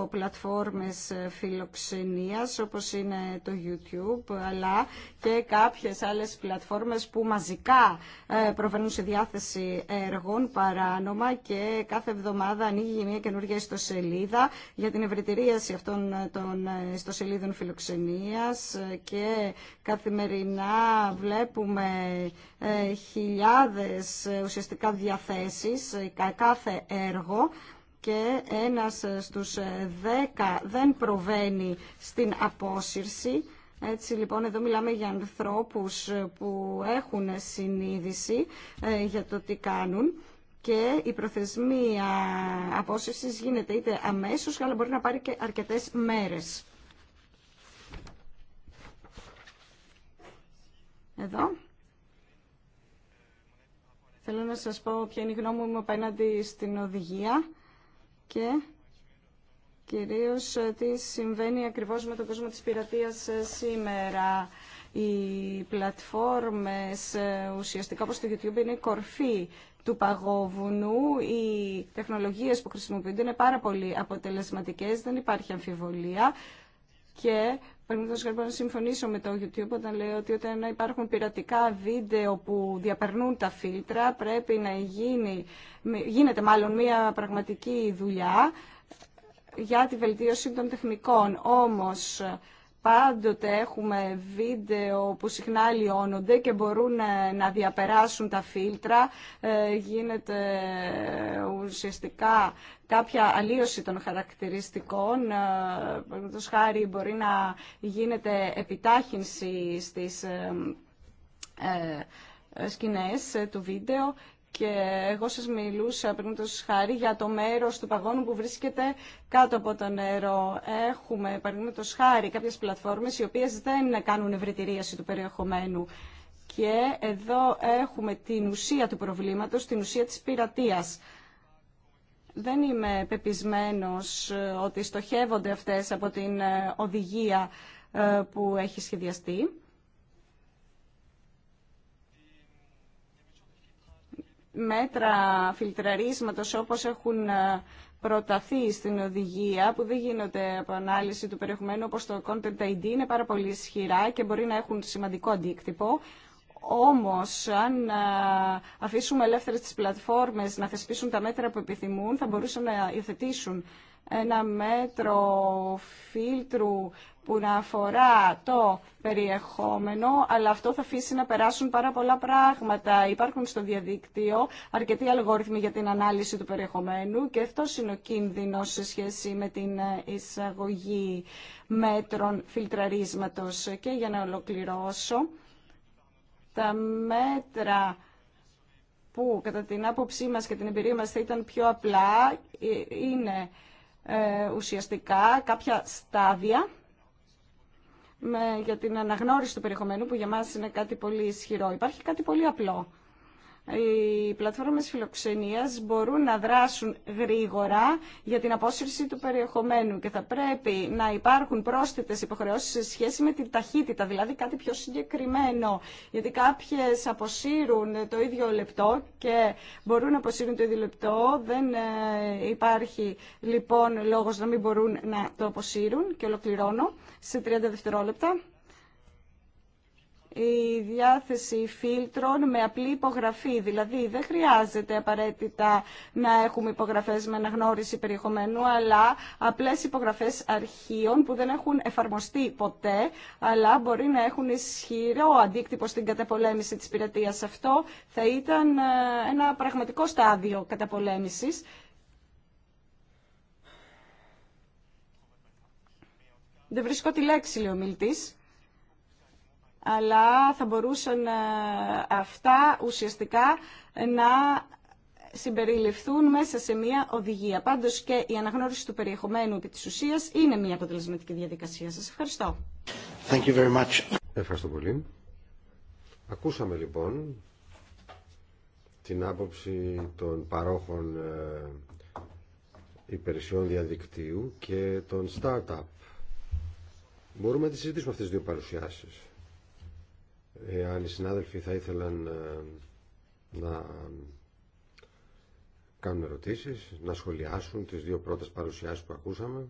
100 πλατφόρμες φιλοξενίας όπως είναι το YouTube αλλά και κάποιες άλλες πλατφόρμες που μαζικά ε, προβαίνουν σε διάθεση έργων παράνομα και κάθε εβδομάδα ανοίγει μια καινούργια ιστοσελίδα για την ευρετηρίαση αυτών των ιστοσελίδων φιλοξενίας και καθημερινά βλέπουμε ε, χιλιάδες ουσιαστικά διαθέσεις κάθε έργο και ένας στους δέκα δεν προβαίνει στην απόσυρση. Έτσι λοιπόν εδώ μιλάμε για ανθρώπους που έχουν συνείδηση ε, για το τι κάνουν και η προθεσμία απόσυρσης γίνεται είτε αμέσως αλλά μπορεί να πάρει και αρκετές μέρες. Εδώ. Θέλω να σας πω ποια είναι η γνώμη μου απέναντι στην οδηγία και κυρίως ε, τι συμβαίνει ακριβώς με τον κόσμο της πειρατείας ε, σήμερα. Οι πλατφόρμες ε, ουσιαστικά όπως το YouTube είναι η κορφή του παγόβουνου. Οι τεχνολογίες που χρησιμοποιούνται είναι πάρα πολύ αποτελεσματικές, δεν υπάρχει αμφιβολία και Πρέπει να συμφωνήσω με το YouTube όταν λέει ότι όταν υπάρχουν πειρατικά βίντεο που διαπερνούν τα φίλτρα πρέπει να γίνει, γίνεται μάλλον μια πραγματική δουλειά για τη βελτίωση των τεχνικών. Όμως πάντοτε έχουμε βίντεο που συχνά λιώνονται και μπορούν ε, να διαπεράσουν τα φίλτρα. Ε, γίνεται ε, ουσιαστικά κάποια αλλίωση των χαρακτηριστικών. το χάρη μπορεί να γίνεται επιτάχυνση στις σκηνές του βίντεο και εγώ σας μιλούσα πριν το χάρη για το μέρος του παγώνου που βρίσκεται κάτω από το νερό. Έχουμε, το χάρη, κάποιες πλατφόρμες οι οποίες δεν κάνουν ευρετηρίαση του περιεχομένου. Και εδώ έχουμε την ουσία του προβλήματος, την ουσία της πειρατείας. Δεν είμαι πεπισμένος ε, ότι στοχεύονται αυτές από την ε, οδηγία ε, που έχει σχεδιαστεί. μέτρα φιλτραρίσματος όπως έχουν ε, προταθεί στην οδηγία που δεν γίνονται από ανάλυση του περιεχομένου όπως το Content ID είναι πάρα πολύ ισχυρά και μπορεί να έχουν σημαντικό αντίκτυπο. Όμως, αν ε, αφήσουμε ελεύθερες τις πλατφόρμες να θεσπίσουν τα μέτρα που επιθυμούν, θα μπορούσαν να υιοθετήσουν ένα μέτρο φίλτρου που να αφορά το περιεχόμενο, αλλά αυτό θα αφήσει να περάσουν πάρα πολλά πράγματα. Υπάρχουν στο διαδίκτυο αρκετοί αλγόριθμοι για την ανάλυση του περιεχομένου και αυτό είναι ο κίνδυνο σε σχέση με την εισαγωγή μέτρων φιλτραρίσματος. Και για να ολοκληρώσω, τα μέτρα που κατά την άποψή μας και την εμπειρία μας θα ήταν πιο απλά ε, είναι ε, ουσιαστικά κάποια στάδια με, για την αναγνώριση του περιεχομένου που για μας είναι κάτι πολύ ισχυρό. Υπάρχει κάτι πολύ απλό οι πλατφόρμες φιλοξενίας μπορούν να δράσουν γρήγορα για την απόσυρση του περιεχομένου και θα πρέπει να υπάρχουν πρόσθετες υποχρεώσεις σε σχέση με την ταχύτητα, δηλαδή κάτι πιο συγκεκριμένο, γιατί κάποιες αποσύρουν το ίδιο λεπτό και μπορούν να αποσύρουν το ίδιο λεπτό, δεν ε, υπάρχει λοιπόν λόγος να μην μπορούν να το αποσύρουν και ολοκληρώνω σε 30 δευτερόλεπτα η διάθεση φίλτρων με απλή υπογραφή. Δηλαδή δεν χρειάζεται απαραίτητα να έχουμε υπογραφές με αναγνώριση περιεχομένου, αλλά απλές υπογραφές αρχείων που δεν έχουν εφαρμοστεί ποτέ, αλλά μπορεί να έχουν ισχυρό αντίκτυπο στην καταπολέμηση της πειρατείας. Αυτό θα ήταν ε, ένα πραγματικό στάδιο καταπολέμησης. Δεν βρίσκω τη λέξη, λέει ο μιλτής αλλά θα μπορούσαν ε, αυτά ουσιαστικά να συμπεριληφθούν μέσα σε μια οδηγία. Πάντως και η αναγνώριση του περιεχομένου επί της ουσίας είναι μια αποτελεσματική διαδικασία. Σας ευχαριστώ. Thank you very much. Ευχαριστώ πολύ. Ακούσαμε λοιπόν την άποψη των παρόχων ε, υπηρεσιών διαδικτύου και των startup. Μπορούμε να τις συζητήσουμε αυτές τις δύο παρουσιάσεις αν οι συνάδελφοι θα ήθελαν ε, να κάνουν ερωτήσεις, να σχολιάσουν τις δύο πρώτες παρουσιάσεις που ακούσαμε.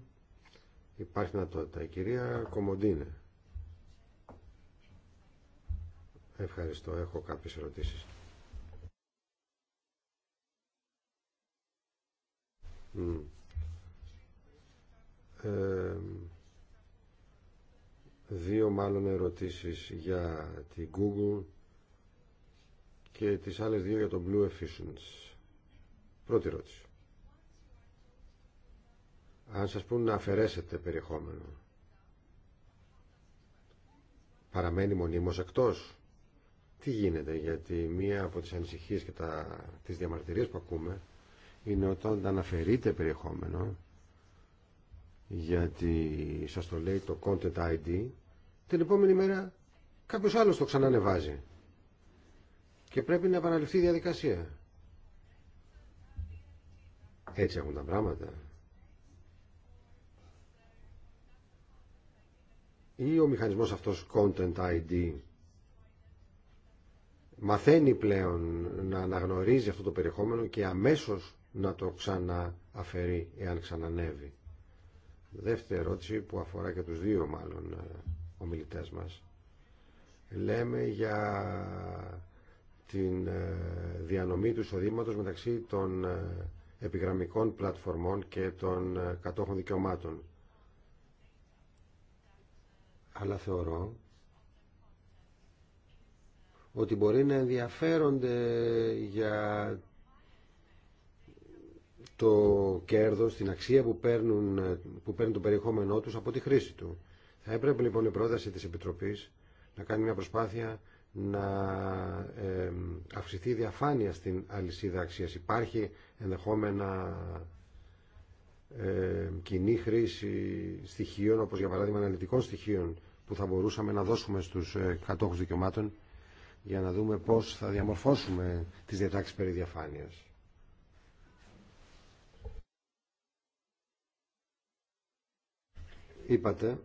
Υπάρχει να δυνατότητα. Η κυρία Κομοντίνε. Ευχαριστώ. Έχω κάποιες ερωτήσεις δύο μάλλον ερωτήσεις για την Google και τις άλλες δύο για το Blue Efficiency. Πρώτη ερώτηση. Αν σας πούν να αφαιρέσετε περιεχόμενο, παραμένει μονίμως εκτός. Τι γίνεται, γιατί μία από τις ανησυχίες και τα, τις διαμαρτυρίες που ακούμε είναι όταν αναφερείτε περιεχόμενο, γιατί σας το λέει το Content ID, την επόμενη μέρα κάποιος άλλος το ξανανεβάζει. Και πρέπει να επαναληφθεί η διαδικασία. Έτσι έχουν τα πράγματα. Ή ο μηχανισμός αυτός Content ID μαθαίνει πλέον να αναγνωρίζει αυτό το περιεχόμενο και αμέσως να το ξανααφαιρεί εάν ξανανεύει. Δεύτερη ερώτηση που αφορά και τους δύο μάλλον ε, ομιλητές μας. Λέμε για την ε, διανομή του εισοδήματο μεταξύ των ε, επιγραμμικών πλατφορμών και των ε, κατόχων δικαιωμάτων. Αλλά θεωρώ ότι μπορεί να ενδιαφέρονται για το κέρδος, την αξία που παίρνουν, που παίρνουν το περιεχόμενό τους από τη χρήση του. Θα έπρεπε λοιπόν η πρόταση της Επιτροπής να κάνει μια προσπάθεια να ε, αυξηθεί η διαφάνεια στην αλυσίδα αξίας. Υπάρχει ενδεχόμενα ε, κοινή χρήση στοιχείων, όπως για παράδειγμα αναλυτικών στοιχείων, που θα μπορούσαμε να δώσουμε στους ε, κατόχους δικαιωμάτων για να δούμε πώς θα διαμορφώσουμε τις διατάξεις περί διαφάνειας. Είπατε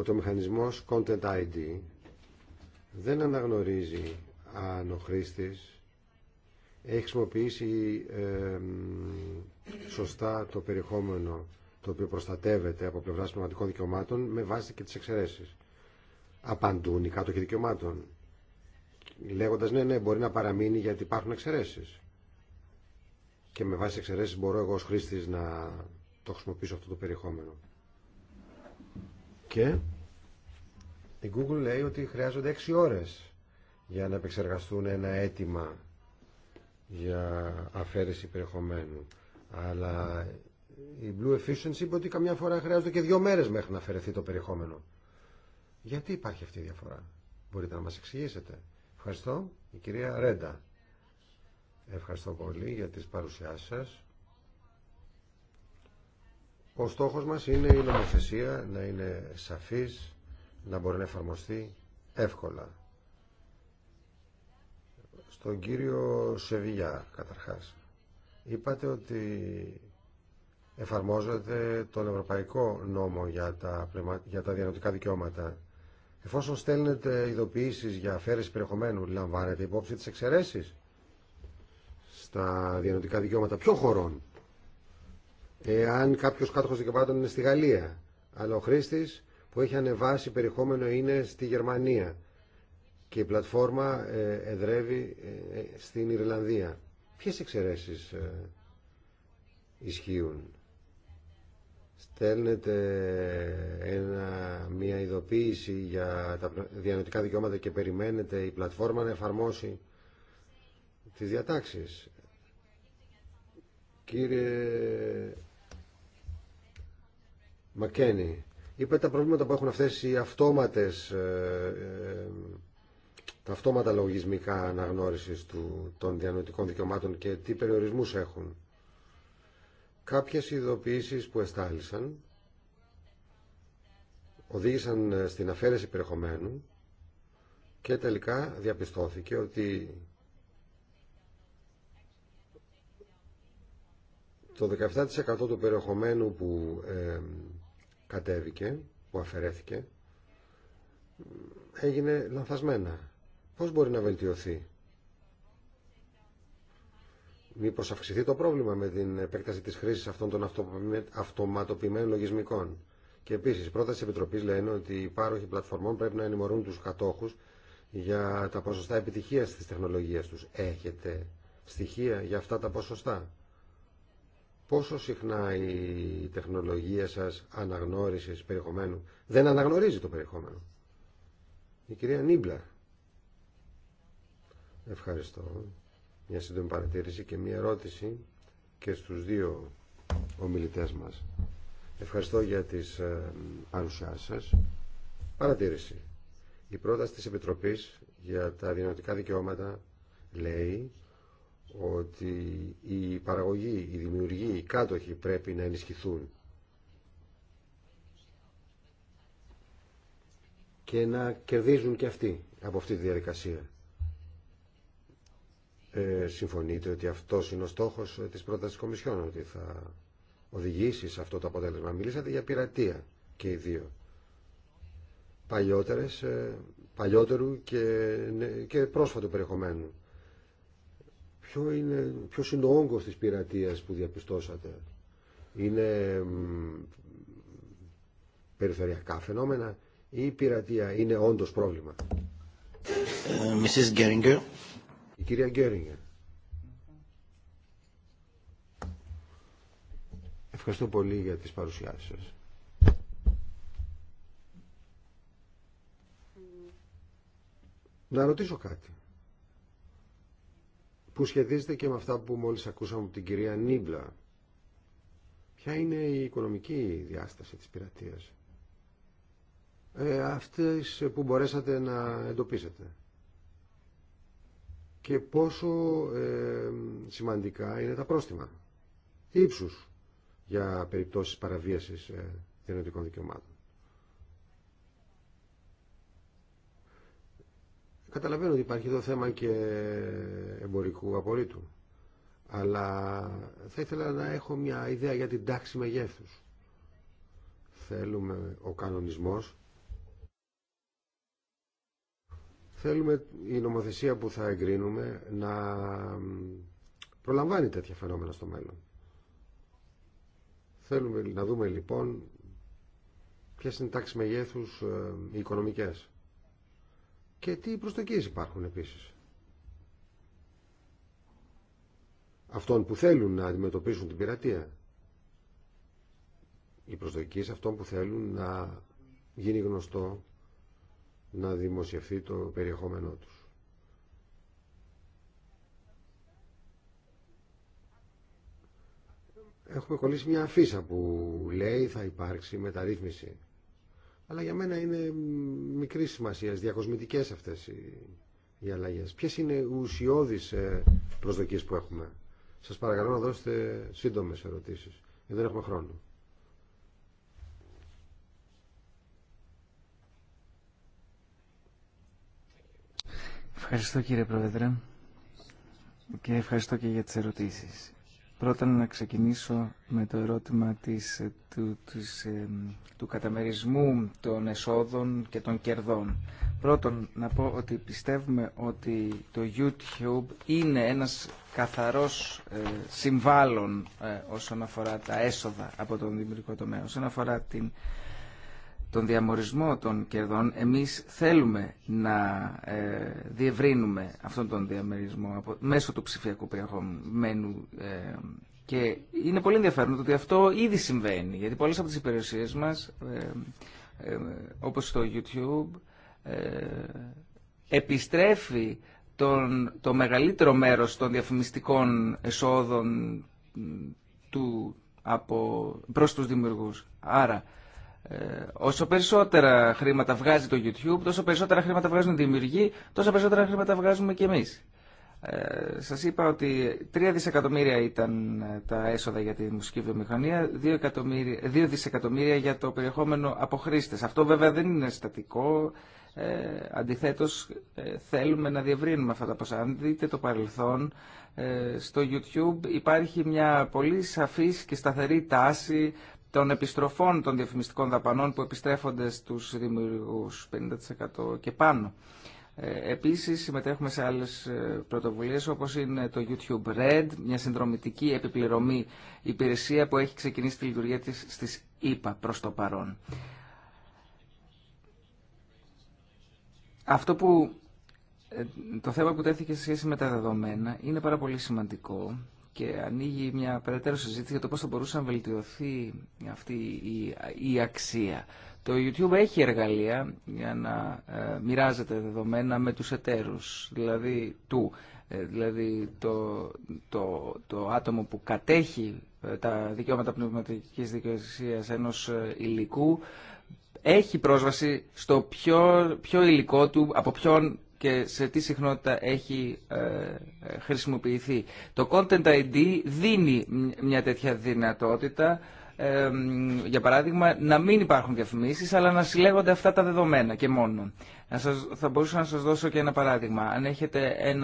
ότι ο μηχανισμός Content ID δεν αναγνωρίζει αν ο χρήστης έχει χρησιμοποιήσει σωστά το περιεχόμενο το οποίο προστατεύεται από πλευρά πνευματικών δικαιωμάτων με βάση και τις εξαιρέσεις. Απαντούν οι κάτοχοι δικαιωμάτων λέγοντας ναι, ναι, μπορεί να παραμείνει γιατί υπάρχουν εξαιρέσεις. Και με βάση εξαιρέσεις μπορώ εγώ ως χρήστης να το χρησιμοποιήσω αυτό το περιεχόμενο. Και η Google λέει ότι χρειάζονται 6 ώρες για να επεξεργαστούν ένα αίτημα για αφαίρεση περιεχομένου. Αλλά η Blue Efficiency είπε ότι καμιά φορά χρειάζονται και δύο μέρες μέχρι να αφαιρεθεί το περιεχόμενο. Γιατί υπάρχει αυτή η διαφορά. Μπορείτε να μας εξηγήσετε. Ευχαριστώ. Η κυρία Ρέντα. Ευχαριστώ πολύ για τις παρουσιάσεις σας. Ο στόχος μας είναι η νομοθεσία να είναι σαφής, να μπορεί να εφαρμοστεί εύκολα. Στον κύριο Σεβιλιά, καταρχάς. Είπατε ότι εφαρμόζεται τον Ευρωπαϊκό Νόμο για τα, για τα διανοτικά δικαιώματα. Εφόσον στέλνετε ειδοποιήσεις για αφαίρεση περιεχομένου, λαμβάνετε υπόψη τις εξαιρέσεις στα διανοτικά δικαιώματα ποιων χωρών εάν κάποιο κάτοχο δικαιωμάτων είναι στη Γαλλία, αλλά ο χρήστη που έχει ανεβάσει περιεχόμενο είναι στη Γερμανία και η πλατφόρμα ε, εδρεύει ε, ε, στην Ιρλανδία. Ποιες εξαιρέσεις ισχύουν. Στέλνετε ένα, μια ειδοποίηση για τα διανοητικά δικαιώματα και περιμένετε η πλατφόρμα να εφαρμόσει τις διατάξεις. Κύριε Μακένι, είπε τα προβλήματα που έχουν αυτές οι αυτόματες, ε, ε, τα αυτόματα λογισμικά αναγνώρισης του, των διανοητικών δικαιωμάτων και τι περιορισμούς έχουν. Κάποιες ειδοποιήσεις που εστάλησαν οδήγησαν ε, στην αφαίρεση περιεχομένου και τελικά διαπιστώθηκε ότι το 17% του περιεχομένου που κατέβηκε, που αφαιρέθηκε, έγινε λανθασμένα. Πώς μπορεί να βελτιωθεί. Μήπως αυξηθεί το πρόβλημα με την επέκταση της χρήσης αυτών των αυτοματοποιημένων λογισμικών. Και επίσης, η πρόταση της Επιτροπής λένε ότι οι πάροχοι πλατφορμών πρέπει να ενημερώνουν τους κατόχους για τα ποσοστά επιτυχίας της τεχνολογίας τους. Έχετε στοιχεία για αυτά τα ποσοστά πόσο συχνά η τεχνολογία σας αναγνώρισης περιεχομένου δεν αναγνωρίζει το περιεχόμενο. Η κυρία Νίμπλα. Ευχαριστώ. Μια σύντομη παρατήρηση και μια ερώτηση και στους δύο ομιλητές μας. Ευχαριστώ για τις ε, παρουσιάσεις σας. Παρατήρηση. Η πρόταση της Επιτροπής για τα δυνατικά δικαιώματα λέει ότι η παραγωγή, η δημιουργή, οι κάτοχοι πρέπει να ενισχυθούν και να κερδίζουν και αυτοί από αυτή τη διαδικασία. Ε, συμφωνείτε ότι αυτός είναι ο στόχος της πρότασης της Κομισιόν, ότι θα οδηγήσει σε αυτό το αποτέλεσμα. Μιλήσατε για πειρατεία και οι δύο. Παλιότερες, ε, παλιότερου και, ναι, και πρόσφατου περιεχομένου ποιο είναι, ποιος είναι ο όγκος της πειρατείας που διαπιστώσατε. Είναι περιφερειακά φαινόμενα ή η πειρατεία είναι όντως πρόβλημα. Ε, Mrs. Η κυρία Γκέριγκερ. Ευχαριστώ πολύ για τις παρουσιάσεις σας. Να ρωτήσω κάτι που σχετίζεται και με αυτά που μόλις ακούσαμε από την κυρία Νίμπλα. Ποια είναι η οικονομική διάσταση της πειρατείας. Ε, αυτές που μπορέσατε να εντοπίσετε. Και πόσο ε, σημαντικά είναι τα πρόστιμα. ύψους για περιπτώσεις παραβίασης ε, δικαιωμάτων. Καταλαβαίνω ότι υπάρχει εδώ θέμα και εμπορικού απορρίτου. Αλλά θα ήθελα να έχω μια ιδέα για την τάξη μεγέθους. Θέλουμε ο κανονισμός. Θέλουμε η νομοθεσία που θα εγκρίνουμε να προλαμβάνει τέτοια φαινόμενα στο μέλλον. Θέλουμε να δούμε λοιπόν ποιες είναι οι τάξεις μεγέθους ε, οικονομικές και τι προσδοκίες υπάρχουν επίσης. Αυτών που θέλουν να αντιμετωπίσουν την πειρατεία. Οι προσδοκίες αυτών που θέλουν να γίνει γνωστό, να δημοσιευθεί το περιεχόμενό τους. Έχουμε κολλήσει μια αφίσα που λέει θα υπάρξει μεταρρύθμιση αλλά για μένα είναι μικρή σημασία, διακοσμητικές αυτές οι, οι αλλαγές. Ποιες είναι οι ουσιώδεις ε, προσδοκίε που έχουμε. Σας παρακαλώ να δώσετε σύντομες ερωτήσει. γιατί δεν έχουμε χρόνο. Ευχαριστώ κύριε Πρόεδρε και ευχαριστώ και για τις ερωτήσεις. Πρώτα να ξεκινήσω με το ερώτημα της, του, του καταμερισμού των εσόδων και των κερδών. Πρώτον, να πω ότι πιστεύουμε ότι το YouTube είναι ένας καθαρός ε, συμβάλλον ε, όσον αφορά τα έσοδα από τον δημιουργικό τομέα. Όσον αφορά την τον διαμορισμό των κερδών εμείς θέλουμε να ε, διευρύνουμε αυτόν τον διαμερισμό μέσω του ψηφιακού περιεχομένου ε, και είναι πολύ ενδιαφέρον ότι αυτό ήδη συμβαίνει γιατί πολλές από τις υπηρεσίες μας ε, ε, όπως το YouTube ε, επιστρέφει τον, το μεγαλύτερο μέρος των διαφημιστικών εσόδων του, από, προς τους δημιουργούς. Άρα ε, όσο περισσότερα χρήματα βγάζει το YouTube, τόσο περισσότερα χρήματα βγάζουν οι δημιουργοί, τόσο περισσότερα χρήματα βγάζουμε και εμείς. Ε, σας είπα ότι 3 δισεκατομμύρια ήταν ε, τα έσοδα για τη μουσική βιομηχανία, 2, 2 δισεκατομμύρια για το περιεχόμενο από χρήστες. Αυτό βέβαια δεν είναι στατικό, ε, αντιθέτως ε, θέλουμε να διευρύνουμε αυτά τα ποσά. Αν δείτε το παρελθόν, στο YouTube υπάρχει μια πολύ σαφή και σταθερή τάση των επιστροφών των διαφημιστικών δαπανών που επιστρέφονται στους δημιουργούς 50% και πάνω. Ε, επίσης συμμετέχουμε σε άλλες ε, πρωτοβουλίες όπως είναι το YouTube Red, μια συνδρομητική επιπληρωμή υπηρεσία που έχει ξεκινήσει τη λειτουργία της στις ΕΠΑ προς το παρόν. Αυτό που, ε, το θέμα που τέθηκε σε σχέση με τα δεδομένα είναι πάρα πολύ σημαντικό και ανοίγει μια περαιτέρω συζήτηση για το πώς θα μπορούσε να βελτιωθεί αυτή η, η αξία. Το YouTube έχει εργαλεία για να ε, μοιράζεται δεδομένα με τους εταίρους, δηλαδή του, ε, δηλαδή το, άτομο που κατέχει ε, τα δικαιώματα πνευματικής δικαιοσύνης ενός υλικού, έχει πρόσβαση στο ποιο, ποιο υλικό του, από ποιον και σε τι συχνότητα έχει ε, ε, χρησιμοποιηθεί. Το Content ID δίνει μια τέτοια δυνατότητα για παράδειγμα, να μην υπάρχουν διαφημίσεις, αλλά να συλλέγονται αυτά τα δεδομένα και μόνο. Θα μπορούσα να σας δώσω και ένα παράδειγμα. Αν έχετε ε,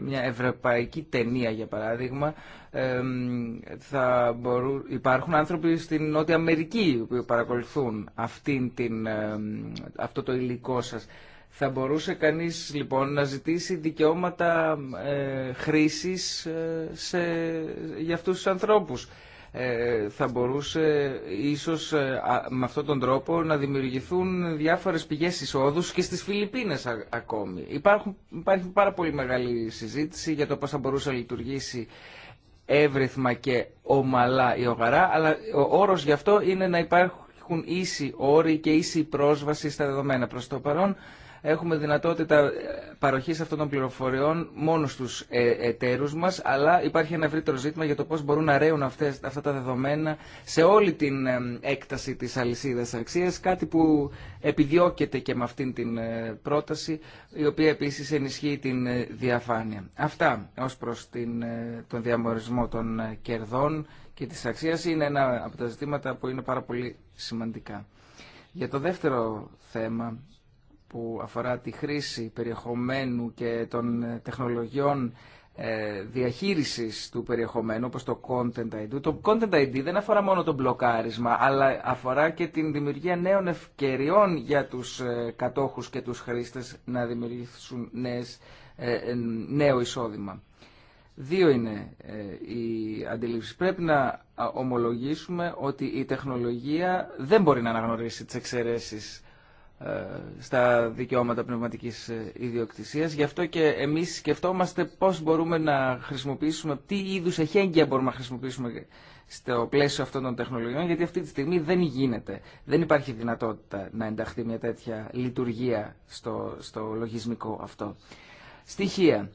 μια ευρωπαϊκή ταινία, για παράδειγμα, θα υπάρχουν άνθρωποι στην Νότια Αμερική που παρακολουθούν αυτό το υλικό σας. Θα μπορούσε κανείς λοιπόν να ζητήσει δικαιώματα ε, χρήσης ε, σε, για αυτούς τους ανθρώπους. Ε, θα μπορούσε ίσως ε, με αυτόν τον τρόπο να δημιουργηθούν διάφορες πηγές εισόδου και στις Φιλιππίνες ακόμη. Υπάρχουν, υπάρχει πάρα πολύ μεγάλη συζήτηση για το πώς θα μπορούσε να λειτουργήσει εύρυθμα και ομαλά η ογαρά, αλλά ο όρος γι' αυτό είναι να υπάρχουν ίση όροι και ίση πρόσβαση στα δεδομένα. Προς το παρόν έχουμε δυνατότητα ε, παροχής αυτών των πληροφοριών μόνο στους ε, εταίρους μας, αλλά υπάρχει ένα ευρύτερο ζήτημα για το πώς μπορούν να ρέουν αυτές, αυτά τα δεδομένα σε όλη την ε, έκταση της αλυσίδας αξίας, κάτι που επιδιώκεται και με αυτή την πρόταση, η οποία επίση ενισχύει την διαφάνεια. Αυτά ως προς τον διαμορισμό των κερδών και της αξία είναι ένα από τα ζητήματα που είναι πάρα πολύ σημαντικά. Για το δεύτερο θέμα, που αφορά τη χρήση περιεχομένου και των ε, τεχνολογιών ε, διαχείρισης του περιεχομένου όπως το Content ID. Το Content ID δεν αφορά μόνο το μπλοκάρισμα αλλά αφορά και την δημιουργία νέων ευκαιριών για τους ε, κατόχους και τους χρήστες να δημιουργήσουν νέες, νέο εισόδημα. Δύο είναι οι αντιλήψεις. Πρέπει να ομολογήσουμε ότι η τεχνολογία δεν μπορεί να αναγνωρίσει τις εξαιρέσεις ε, στα δικαιώματα πνευματικής ε, ιδιοκτησίας. Γι' αυτό και εμείς σκεφτόμαστε πώς μπορούμε να χρησιμοποιήσουμε, τι είδους εχέγγυα μπορούμε να χρησιμοποιήσουμε στο πλαίσιο αυτών των τεχνολογιών, γιατί αυτή τη στιγμή δεν γίνεται. Δεν υπάρχει δυνατότητα να ενταχθεί μια τέτοια λειτουργία στο, στο λογισμικό αυτό. Στοιχεία.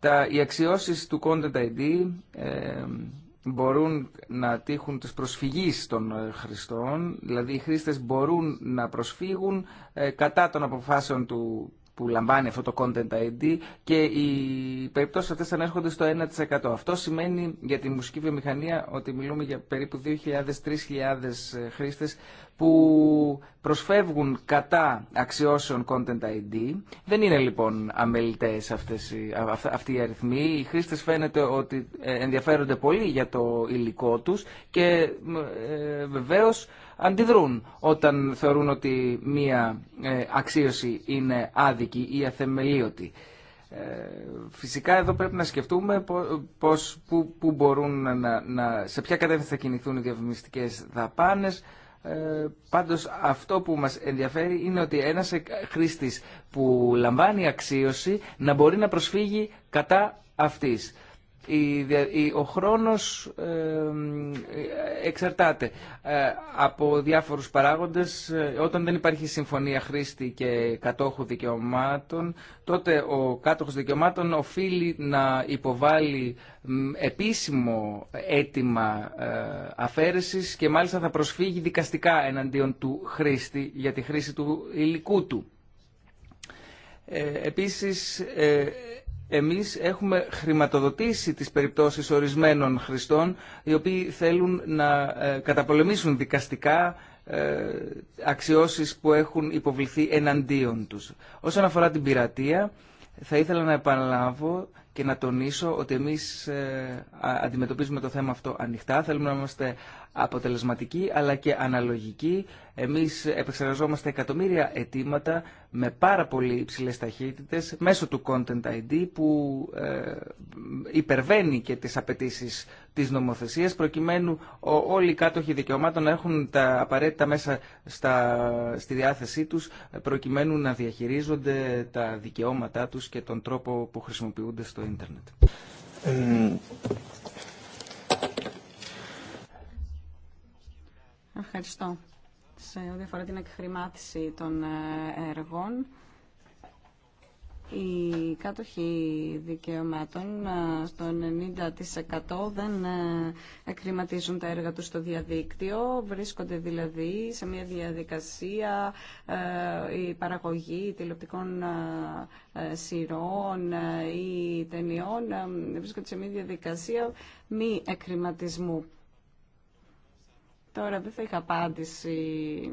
Τα, οι αξιώσεις του Content ID ε, μπορούν να τύχουν τις προσφυγής των ε, χρηστών, δηλαδή οι χρήστες μπορούν να προσφύγουν ε, κατά των αποφάσεων του που λαμβάνει αυτό το Content ID και οι περιπτώσει αυτές ανέρχονται στο 1%. Αυτό σημαίνει για τη μουσική βιομηχανία ότι μιλούμε για περίπου 2.000-3.000 ε, χρήστες που προσφεύγουν κατά αξιώσεων Content ID. Δεν είναι λοιπόν αμελητέ αυτές, αυτοί οι αριθμοί. Οι χρήστες φαίνεται ότι ε, ενδιαφέρονται πολύ για το υλικό του και ε, βεβαίως αντιδρούν όταν θεωρούν ότι μία ε, αξίωση είναι άδικη ή αθεμελίωτη. Ε, φυσικά εδώ πρέπει να σκεφτούμε πώς, που, που μπορούν να, να, σε ποια κατεύθυνση θα κινηθούν οι διαφημιστικές δαπάνες. Ε, πάντως αυτό που μας ενδιαφέρει είναι ότι ένας χρήστης που λαμβάνει αξίωση να μπορεί να προσφύγει κατά αυτής. Ο χρόνος εξαρτάται ε, από διάφορους παράγοντες. Ε, όταν δεν υπάρχει συμφωνία χρήστη και κατόχου δικαιωμάτων, τότε ο κάτοχος δικαιωμάτων οφείλει να υποβάλει επίσημο αίτημα ε, αφαίρεσης και μάλιστα θα προσφύγει δικαστικά εναντίον του χρήστη για τη χρήση του υλικού του. Ε, επίσης, ε, εμείς έχουμε χρηματοδοτήσει τις περιπτώσεις ορισμένων χρηστών οι οποίοι θέλουν να ε, καταπολεμήσουν δικαστικά αξιώσεις που έχουν υποβληθεί εναντίον τους. Όσον αφορά την πειρατεία, θα ήθελα να επαναλάβω και να τονίσω ότι εμείς ε, αντιμετωπίζουμε το θέμα αυτό ανοιχτά. Θέλουμε να είμαστε αποτελεσματικοί αλλά και αναλογικοί. Εμείς επεξεργαζόμαστε εκατομμύρια αιτήματα με πάρα πολύ υψηλε ταχύτητες μέσω του Content ID που ε, υπερβαίνει και τις απαιτήσει της νομοθεσίας προκειμένου όλοι οι κάτοχοι δικαιωμάτων να έχουν τα απαραίτητα μέσα στα, στη διάθεσή τους προκειμένου να διαχειρίζονται τα δικαιώματά τους και τον τρόπο που χρησιμοποιούνται στο ίντερνετ. Ευχαριστώ. Σε ό,τι αφορά την εκχρημάτιση των ε, έργων, οι κάτοχοι δικαιωμάτων ε, στο 90% δεν ε, εκκληματίζουν τα έργα τους στο διαδίκτυο. Βρίσκονται δηλαδή σε μια διαδικασία ε, η παραγωγή τηλεοπτικών σειρών ή ταινιών βρίσκονται σε μια διαδικασία μη εκκληματισμού. Τώρα δεν θα είχα απάντηση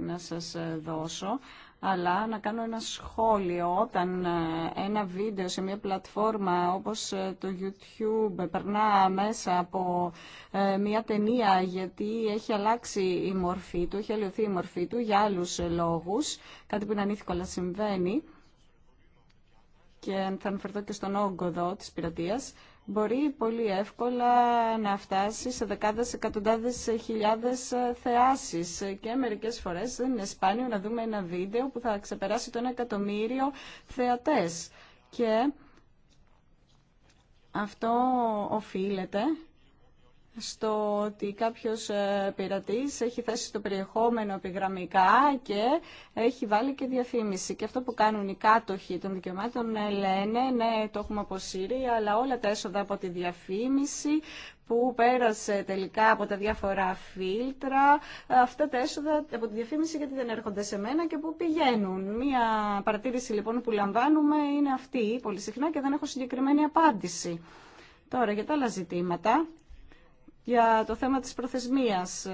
να σας δώσω αλλά να κάνω ένα σχόλιο όταν ε, ένα βίντεο σε μια πλατφόρμα όπως ε, το YouTube περνά μέσα από ε, μια ταινία γιατί έχει αλλάξει η μορφή του, έχει αλλοιωθεί η μορφή του για άλλους λόγους, κάτι που είναι ανήθικο αλλά συμβαίνει και θα αναφερθώ και στον όγκο εδώ της πειρατείας, μπορεί πολύ εύκολα να φτάσει σε δεκάδες, εκατοντάδες χιλιάδες θεάσεις και μερικές φορές δεν είναι σπάνιο να δούμε ένα βίντεο που θα ξεπεράσει το εκατομμύριο θεατές. Και αυτό οφείλεται στο ότι κάποιος ε, πειρατής έχει θέσει το περιεχόμενο επιγραμμικά και έχει βάλει και διαφήμιση. Και αυτό που κάνουν οι κάτοχοι των δικαιωμάτων ε, λένε ναι το έχουμε αποσύρει αλλά όλα τα έσοδα από τη διαφήμιση που πέρασε τελικά από τα διάφορα φίλτρα, αυτά τα έσοδα από τη διαφήμιση γιατί δεν έρχονται σε μένα και πού πηγαίνουν. Μία παρατήρηση λοιπόν που λαμβάνουμε είναι αυτή πολύ συχνά και δεν έχω συγκεκριμένη απάντηση. Τώρα για τα άλλα ζητήματα για το θέμα της προθεσμίας,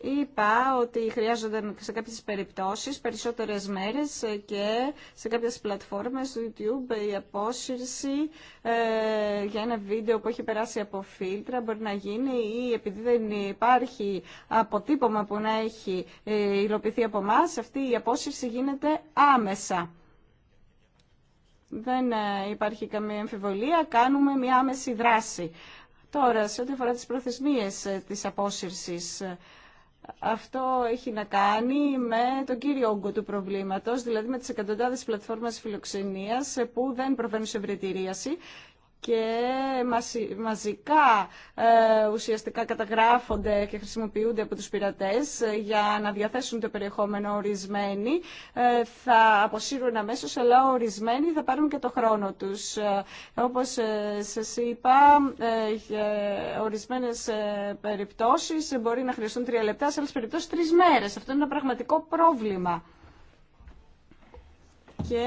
είπα ότι χρειάζονται σε κάποιες περιπτώσεις περισσότερες μέρες και σε κάποιες πλατφόρμες του YouTube η απόσυρση ε, για ένα βίντεο που έχει περάσει από φίλτρα μπορεί να γίνει ή επειδή δεν υπάρχει αποτύπωμα που να έχει ε, υλοποιηθεί από εμά, αυτή η απόσυρση γίνεται άμεσα. Δεν ε, υπάρχει καμία εμφιβολία, κάνουμε μια άμεση δράση. Τώρα, σε ό,τι αφορά τις προθεσμίες ε, της απόσυρσης, ε, αυτό έχει να κάνει με τον κύριο όγκο του προβλήματος, δηλαδή με τις εκατοντάδες πλατφόρμες φιλοξενίας ε, που δεν προβαίνουν σε ευρετηρίαση και μαζικά ε, ουσιαστικά καταγράφονται και χρησιμοποιούνται από τους πειρατές ε, για να διαθέσουν το περιεχόμενο ορισμένοι ε, θα αποσύρουν αμέσως αλλά ορισμένοι θα πάρουν και το χρόνο τους. Όπως σας είπα, ορισμένες περιπτώσεις μπορεί να χρειαστούν τρία λεπτά, σε άλλες περιπτώσεις τρεις μέρες. Αυτό είναι ένα πραγματικό πρόβλημα. Και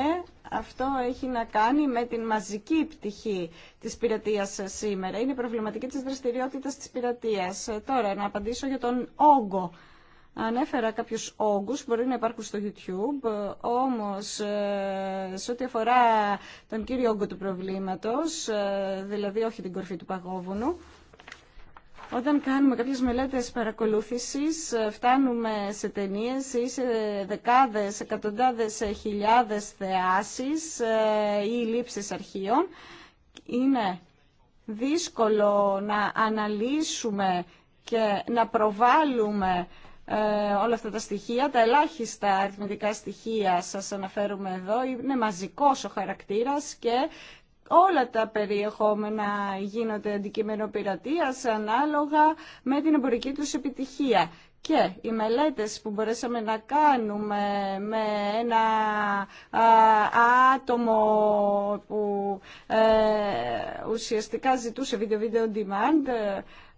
αυτό έχει να κάνει με την μαζική πτυχή της πειρατείας σήμερα. Είναι η προβληματική της δραστηριότητας της πειρατείας. Ε, τώρα, να απαντήσω για τον όγκο. Ανέφερα κάποιους όγκους, μπορεί να υπάρχουν στο YouTube, όμως ε, σε ό,τι αφορά τον κύριο όγκο του προβλήματος, ε, δηλαδή όχι την κορφή του παγόβουνου, όταν κάνουμε κάποιες μελέτες παρακολούθησης ε, φτάνουμε σε ταινίες ή σε δεκάδες, εκατοντάδες ε, χιλιάδες θεάσεις ε, ή λήψεις αρχείων. Είναι δύσκολο να αναλύσουμε και να προβάλλουμε όλα αυτά τα στοιχεία, τα ελάχιστα αριθμητικά στοιχεία σας αναφέρουμε εδώ, είναι μαζικός ο χαρακτήρας και όλα τα περιεχόμενα γίνονται αντικείμενο πειρατείας ανάλογα με την εμπορική τους επιτυχία. Και οι μελέτες που μπορέσαμε να κάνουμε με ένα άτομο που ε, ουσιαστικά ζητούσε βίντεο video demand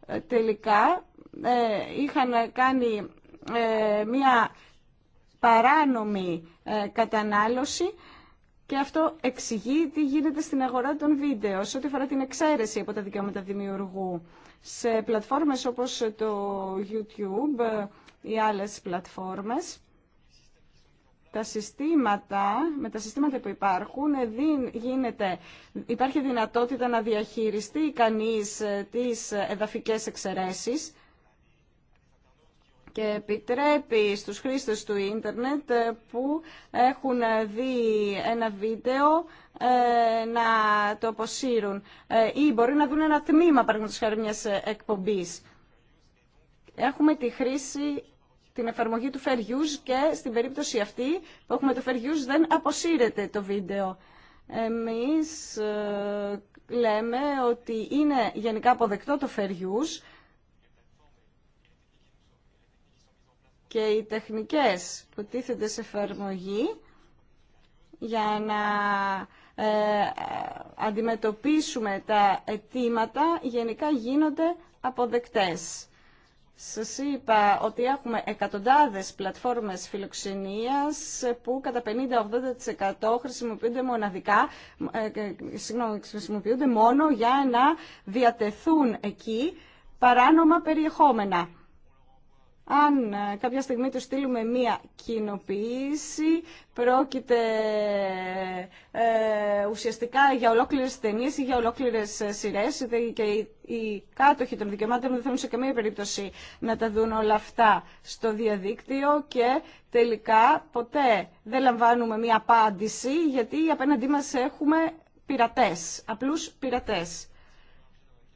ε, τελικά ε, είχαν κάνει μια παράνομη κατανάλωση και αυτό εξηγεί τι γίνεται στην αγορά των βίντεο, σε ό,τι αφορά την εξαίρεση από τα δικαιώματα δημιουργού. Σε πλατφόρμες όπως το YouTube ή άλλες πλατφόρμες, τα συστήματα, με τα συστήματα που υπάρχουν, γίνεται, υπάρχει δυνατότητα να διαχειριστεί κανείς ε, τις ε, εδαφικές εξαιρέσεις και επιτρέπει στους χρήστες του ίντερνετ ε, που έχουν δει ένα βίντεο ε, να το αποσύρουν ε, ή μπορεί να δουν ένα τμήμα παραδείγματος χάρη μιας εκπομπής. Έχουμε τη χρήση την εφαρμογή του Fair και στην περίπτωση αυτή που έχουμε το Fair δεν αποσύρεται το βίντεο. Εμείς λέμε ότι είναι γενικά αποδεκτό το Fair και οι τεχνικές που τίθενται σε εφαρμογή για να ε, ε, αντιμετωπίσουμε τα αιτήματα γενικά γίνονται αποδεκτές. Σας είπα ότι έχουμε εκατοντάδες πλατφόρμες φιλοξενίας που κατά 50-80% χρησιμοποιούνται μοναδικά, ε, συγγνώμη, χρησιμοποιούνται μόνο για να διατεθούν εκεί παράνομα περιεχόμενα αν ε, κάποια στιγμή του στείλουμε μία κοινοποίηση, πρόκειται ε, ουσιαστικά για ολόκληρε ταινίε ή για ολόκληρε ε, σειρέ, και οι, κάτοχοι των δικαιωμάτων δεν θέλουν σε καμία περίπτωση να τα δουν όλα αυτά στο διαδίκτυο και τελικά ποτέ δεν λαμβάνουμε μία απάντηση, γιατί απέναντί μα έχουμε πειρατές, απλού πειρατέ.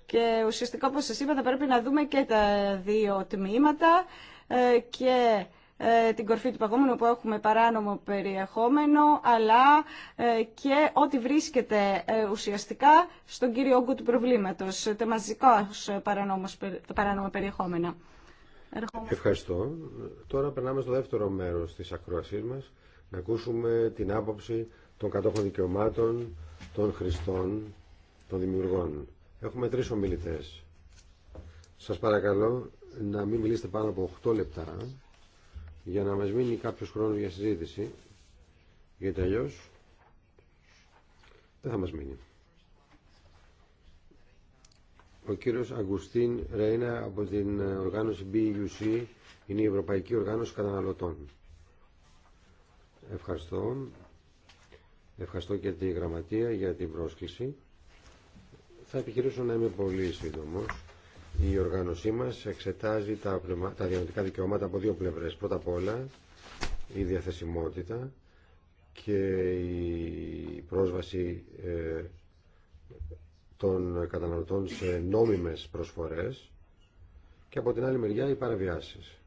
Και ουσιαστικά, όπως σας είπα, θα πρέπει να δούμε και τα δύο τμήματα ε, και ε, την κορφή του παγόμενου που έχουμε παράνομο περιεχόμενο, αλλά ε, και ό,τι βρίσκεται ουσιαστικά στον κύριο όγκο του προβλήματος, τα μαζικά τα παράνομα περιεχόμενα. Ευχαριστώ. Τώρα περνάμε στο δεύτερο μέρος της ακροασής μας, να ακούσουμε την άποψη των κατόχων δικαιωμάτων, των χρηστών, των δημιουργών. Έχουμε τρει ομιλητέ. Σας παρακαλώ να μην μιλήσετε πάνω από 8 λεπτά για να μας μείνει κάποιος χρόνο για συζήτηση γιατί αλλιώ δεν θα μας μείνει. Ο κύριος Αγκουστίν Ρέινα από την οργάνωση BUC είναι η Ευρωπαϊκή Οργάνωση Καταναλωτών. Ευχαριστώ. Ευχαριστώ και τη Γραμματεία για την πρόσκληση. Θα επιχειρήσω να είμαι πολύ σύντομο. Η οργάνωσή μα εξετάζει τα, τα διανοητικά δικαιώματα από δύο πλευρές. Πρώτα απ' όλα η διαθεσιμότητα και η πρόσβαση ε, των καταναλωτών σε νόμιμες προσφορές και από την άλλη μεριά οι παραβιάσεις.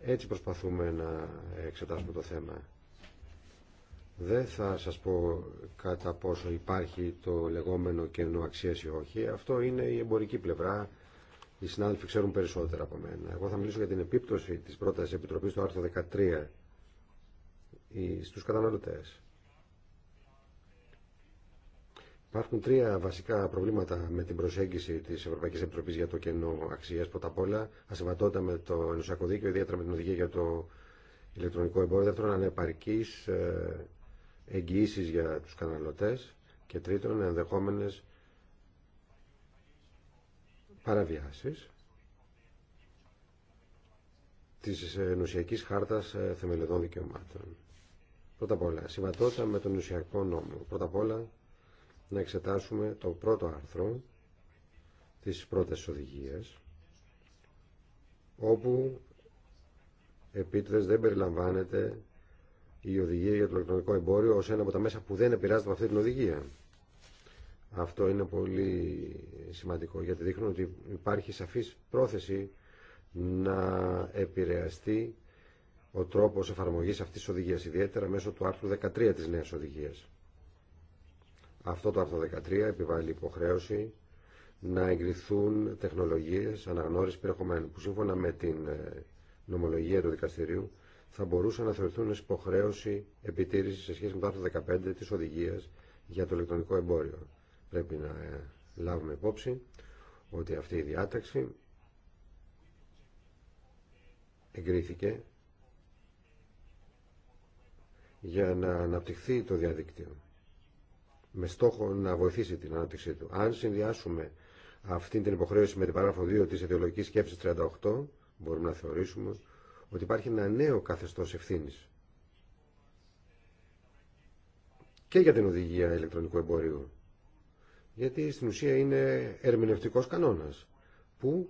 Έτσι προσπαθούμε να εξετάσουμε το θέμα. Δεν θα σας πω κατά πόσο υπάρχει το λεγόμενο κενό αξίας ή όχι. Αυτό είναι η εμπορική πλευρά. Οι συνάδελφοι ξέρουν περισσότερα από μένα. Εγώ θα μιλήσω για την επίπτωση της πρότασης Επιτροπής του άρθρο 13 στους καταναλωτές. Υπάρχουν τρία βασικά προβλήματα με την προσέγγιση τη Ευρωπαϊκή Επιτροπή για το κενό αξία. Πρώτα απ' όλα, ασυμβατότητα με το ενωσιακό δίκαιο, ιδιαίτερα με την οδηγία για το ηλεκτρονικό εμπόριο. Δεύτερον, ανεπαρκή ε, εγγυήσει για τους καναλωτές και τρίτον ενδεχόμενες παραβιάσεις της νοσιακής χάρτας ε, θεμελιωδών δικαιωμάτων. Πρώτα απ' όλα, συμβατότητα με τον νοσιακό νόμο. Πρώτα απ' όλα, να εξετάσουμε το πρώτο άρθρο της πρώτης οδηγίας, όπου επίτρες δεν περιλαμβάνεται η οδηγία για το ηλεκτρονικό εμπόριο ως ένα από τα μέσα που δεν επηρεάζεται από αυτή την οδηγία. Αυτό είναι πολύ σημαντικό γιατί δείχνουν ότι υπάρχει σαφής πρόθεση να επηρεαστεί ο τρόπος εφαρμογής αυτής της οδηγίας, ιδιαίτερα μέσω του άρθρου 13 της νέας οδηγίας. Αυτό το άρθρο 13 επιβάλλει υποχρέωση να εγκριθούν τεχνολογίες αναγνώρισης περιεχομένου που σύμφωνα με την ε, νομολογία του δικαστηρίου θα μπορούσαν να θεωρηθούν ως υποχρέωση επιτήρηση σε σχέση με το άρθρο 15 της οδηγίας για το ηλεκτρονικό εμπόριο. Πρέπει να ε, λάβουμε υπόψη ότι αυτή η διάταξη εγκρίθηκε για να αναπτυχθεί το διαδίκτυο με στόχο να βοηθήσει την ανάπτυξή του. Αν συνδυάσουμε αυτή την υποχρέωση με την παράγραφο 2 της αιτιολογικής σκέψης 38, μπορούμε να θεωρήσουμε ότι υπάρχει ένα νέο καθεστώς ευθύνης και για την οδηγία ηλεκτρονικού εμπορίου. Γιατί στην ουσία είναι ερμηνευτικός κανόνας που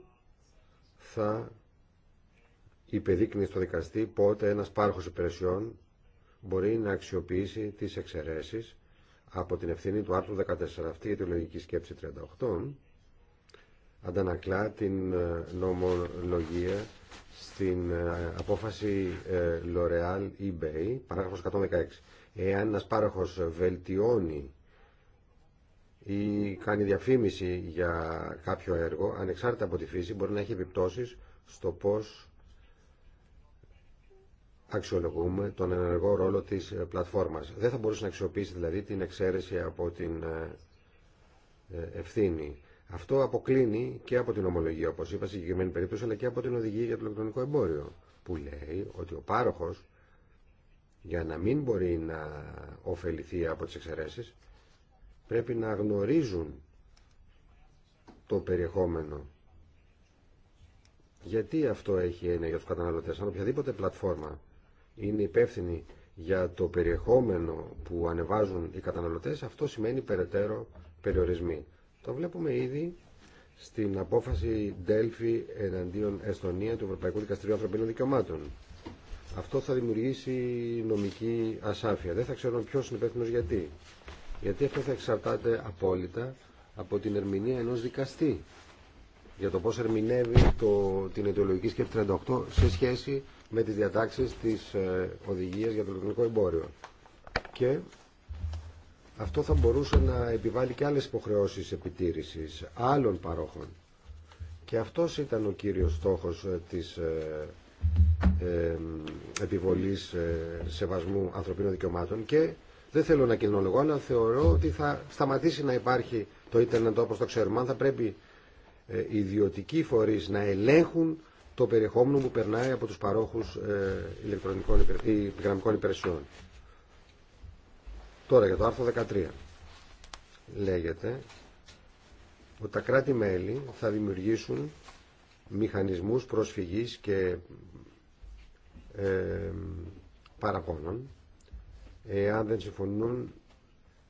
θα υπεδείκνει στο δικαστή πότε ένας πάροχος υπηρεσιών μπορεί να αξιοποιήσει τις εξαιρέσεις από την ευθύνη του άρθρου 14. Αυτή η αιτιολογική σκέψη 38 αντανακλά την ε, νομολογία στην ε, απόφαση ε, L'Oreal eBay, παράγραφος 116. Εάν ένας πάροχος βελτιώνει ή κάνει διαφήμιση για κάποιο έργο, ανεξάρτητα από τη φύση, μπορεί να έχει επιπτώσεις στο πώς αξιολογούμε τον ενεργό ρόλο της πλατφόρμας. Δεν θα μπορούσε να αξιοποιήσει δηλαδή την εξαίρεση από την ε, ευθύνη. Αυτό αποκλίνει και από την ομολογία, όπως είπα, σε συγκεκριμένη περίπτωση, αλλά και από την οδηγία για το ηλεκτρονικό εμπόριο, που λέει ότι ο πάροχος, για να μην μπορεί να ωφεληθεί από τις εξαιρεσει, πρέπει να γνωρίζουν το περιεχόμενο. Γιατί αυτό έχει έννοια για του καταναλωτές. Αν οποιαδήποτε πλατφόρμα είναι υπεύθυνη για το περιεχόμενο που ανεβάζουν οι καταναλωτές, αυτό σημαίνει περαιτέρω περιορισμοί. Το βλέπουμε ήδη στην απόφαση Δέλφη εναντίον Εστονία του Ευρωπαϊκού Δικαστηρίου Ανθρωπίνων Δικαιωμάτων. Αυτό θα δημιουργήσει νομική ασάφεια. Δεν θα ξέρω ποιο είναι υπεύθυνο γιατί. Γιατί αυτό θα εξαρτάται απόλυτα από την ερμηνεία ενό δικαστή για το πώ ερμηνεύει το, την αιτιολογική σκέψη 38 σε σχέση με τι διατάξει τη ε, οδηγίας για το ηλεκτρονικό εμπόριο. Και αυτό θα μπορούσε να επιβάλλει και άλλες υποχρεώσεις επιτήρησης άλλων παρόχων. Και αυτός ήταν ο κύριος στόχος ε, της ε, ε, επιβολής σεβασμού ανθρωπίνων δικαιωμάτων και δεν θέλω να κοινολογώ, αλλά θεωρώ ότι θα σταματήσει να υπάρχει το ίντερνετ όπως το ξέρουμε. Αν θα πρέπει οι ιδιωτικοί φορείς να ελέγχουν το περιεχόμενο που περνάει από τους παρόχους ηλεκτρονικών υπηρεσιών. Τώρα για το άρθρο 13 λέγεται ότι τα κράτη-μέλη θα δημιουργήσουν μηχανισμούς προσφυγής και ε, παραπώνων εάν δεν συμφωνούν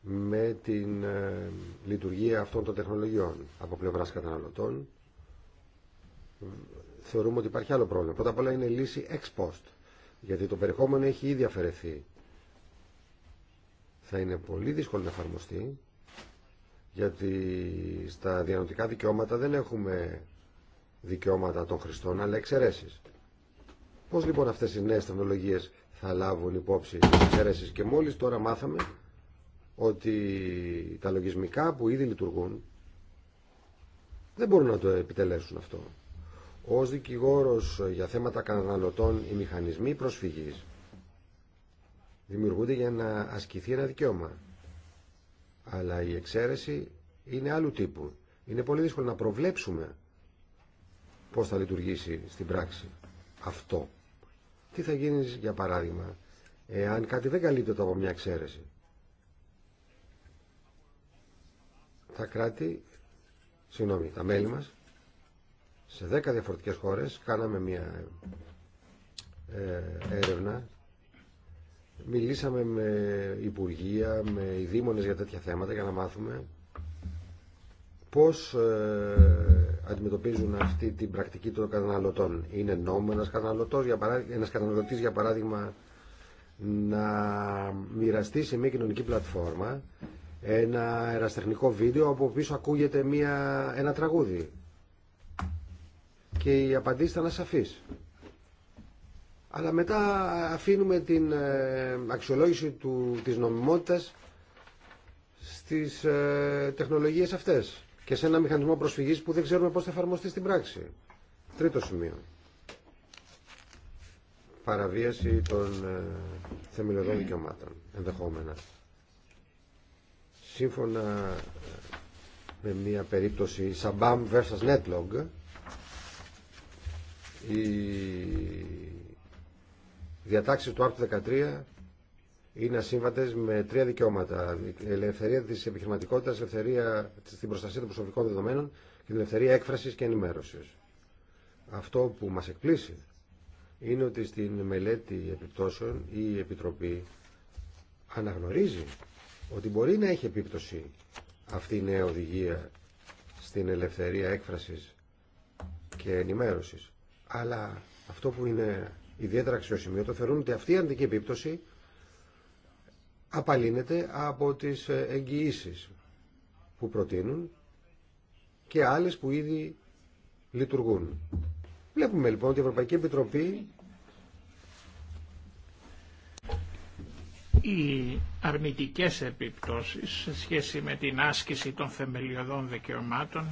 με την ε, λειτουργία αυτών των τεχνολογιών από πλευράς καταναλωτών θεωρούμε ότι υπάρχει άλλο πρόβλημα. Πρώτα απ' όλα είναι λύση ex post, γιατί το περιεχόμενο έχει ήδη αφαιρεθεί θα είναι πολύ δύσκολο να εφαρμοστεί γιατί στα διανοτικά δικαιώματα δεν έχουμε δικαιώματα των χρηστών αλλά εξαιρέσεις. Πώς λοιπόν αυτές οι νέες τεχνολογίες θα λάβουν υπόψη τις εξαιρέσεις και μόλις τώρα μάθαμε ότι τα λογισμικά που ήδη λειτουργούν δεν μπορούν να το επιτελέσουν αυτό. Ως δικηγόρος για θέματα καταναλωτών οι μηχανισμοί προσφυγής δημιουργούνται για να ασκηθεί ένα δικαίωμα. Αλλά η εξαίρεση είναι άλλου τύπου. Είναι πολύ δύσκολο να προβλέψουμε πώς θα λειτουργήσει στην πράξη αυτό. Τι θα γίνει για παράδειγμα εάν κάτι δεν καλύπτεται από μια εξαίρεση. Τα κράτη, συγγνώμη, τα μέλη μας σε 10 διαφορετικές χώρες κάναμε μια ε, έρευνα Μιλήσαμε με υπουργεία, με ειδήμονες για τέτοια θέματα για να μάθουμε πώς ε, αντιμετωπίζουν αυτή την πρακτική των καταναλωτών. Είναι νόμο ένας καταναλωτής, για παράδειγμα, ένας για παράδειγμα να μοιραστεί σε μια κοινωνική πλατφόρμα ένα αεραστεχνικό βίντεο από πίσω ακούγεται μια, ένα τραγούδι. Και η απαντήση ήταν σαφής αλλά μετά αφήνουμε την ε, αξιολόγηση του, της νομιμότητας στις ε, τεχνολογίες αυτές και σε ένα μηχανισμό προσφυγής που δεν ξέρουμε πώς θα εφαρμοστεί στην πράξη. Τρίτο σημείο. Παραβίαση των ε, θεμελιωδών δικαιωμάτων, ενδεχόμενα. Σύμφωνα με μια περίπτωση Σαμπάμ vs. Netlog, η διατάξεις του άρθρου 13 είναι ασύμβατες με τρία δικαιώματα. Ελευθερία της επιχειρηματικότητας, ελευθερία στην προστασία των προσωπικών δεδομένων και η ελευθερία έκφρασης και ενημέρωσης. Αυτό που μας εκπλήσει είναι ότι στην μελέτη επιπτώσεων η Επιτροπή αναγνωρίζει ότι μπορεί να έχει επίπτωση αυτή η νέα οδηγία στην ελευθερία έκφρασης και ενημέρωσης. Αλλά αυτό που είναι ιδιαίτερα αξιοσημείωτο, θεωρούν ότι αυτή η αρνητική επίπτωση απαλύνεται από τις εγγυήσει που προτείνουν και άλλες που ήδη λειτουργούν. Βλέπουμε λοιπόν ότι η Ευρωπαϊκή Επιτροπή οι αρνητικές επιπτώσεις σε σχέση με την άσκηση των θεμελιωδών δικαιωμάτων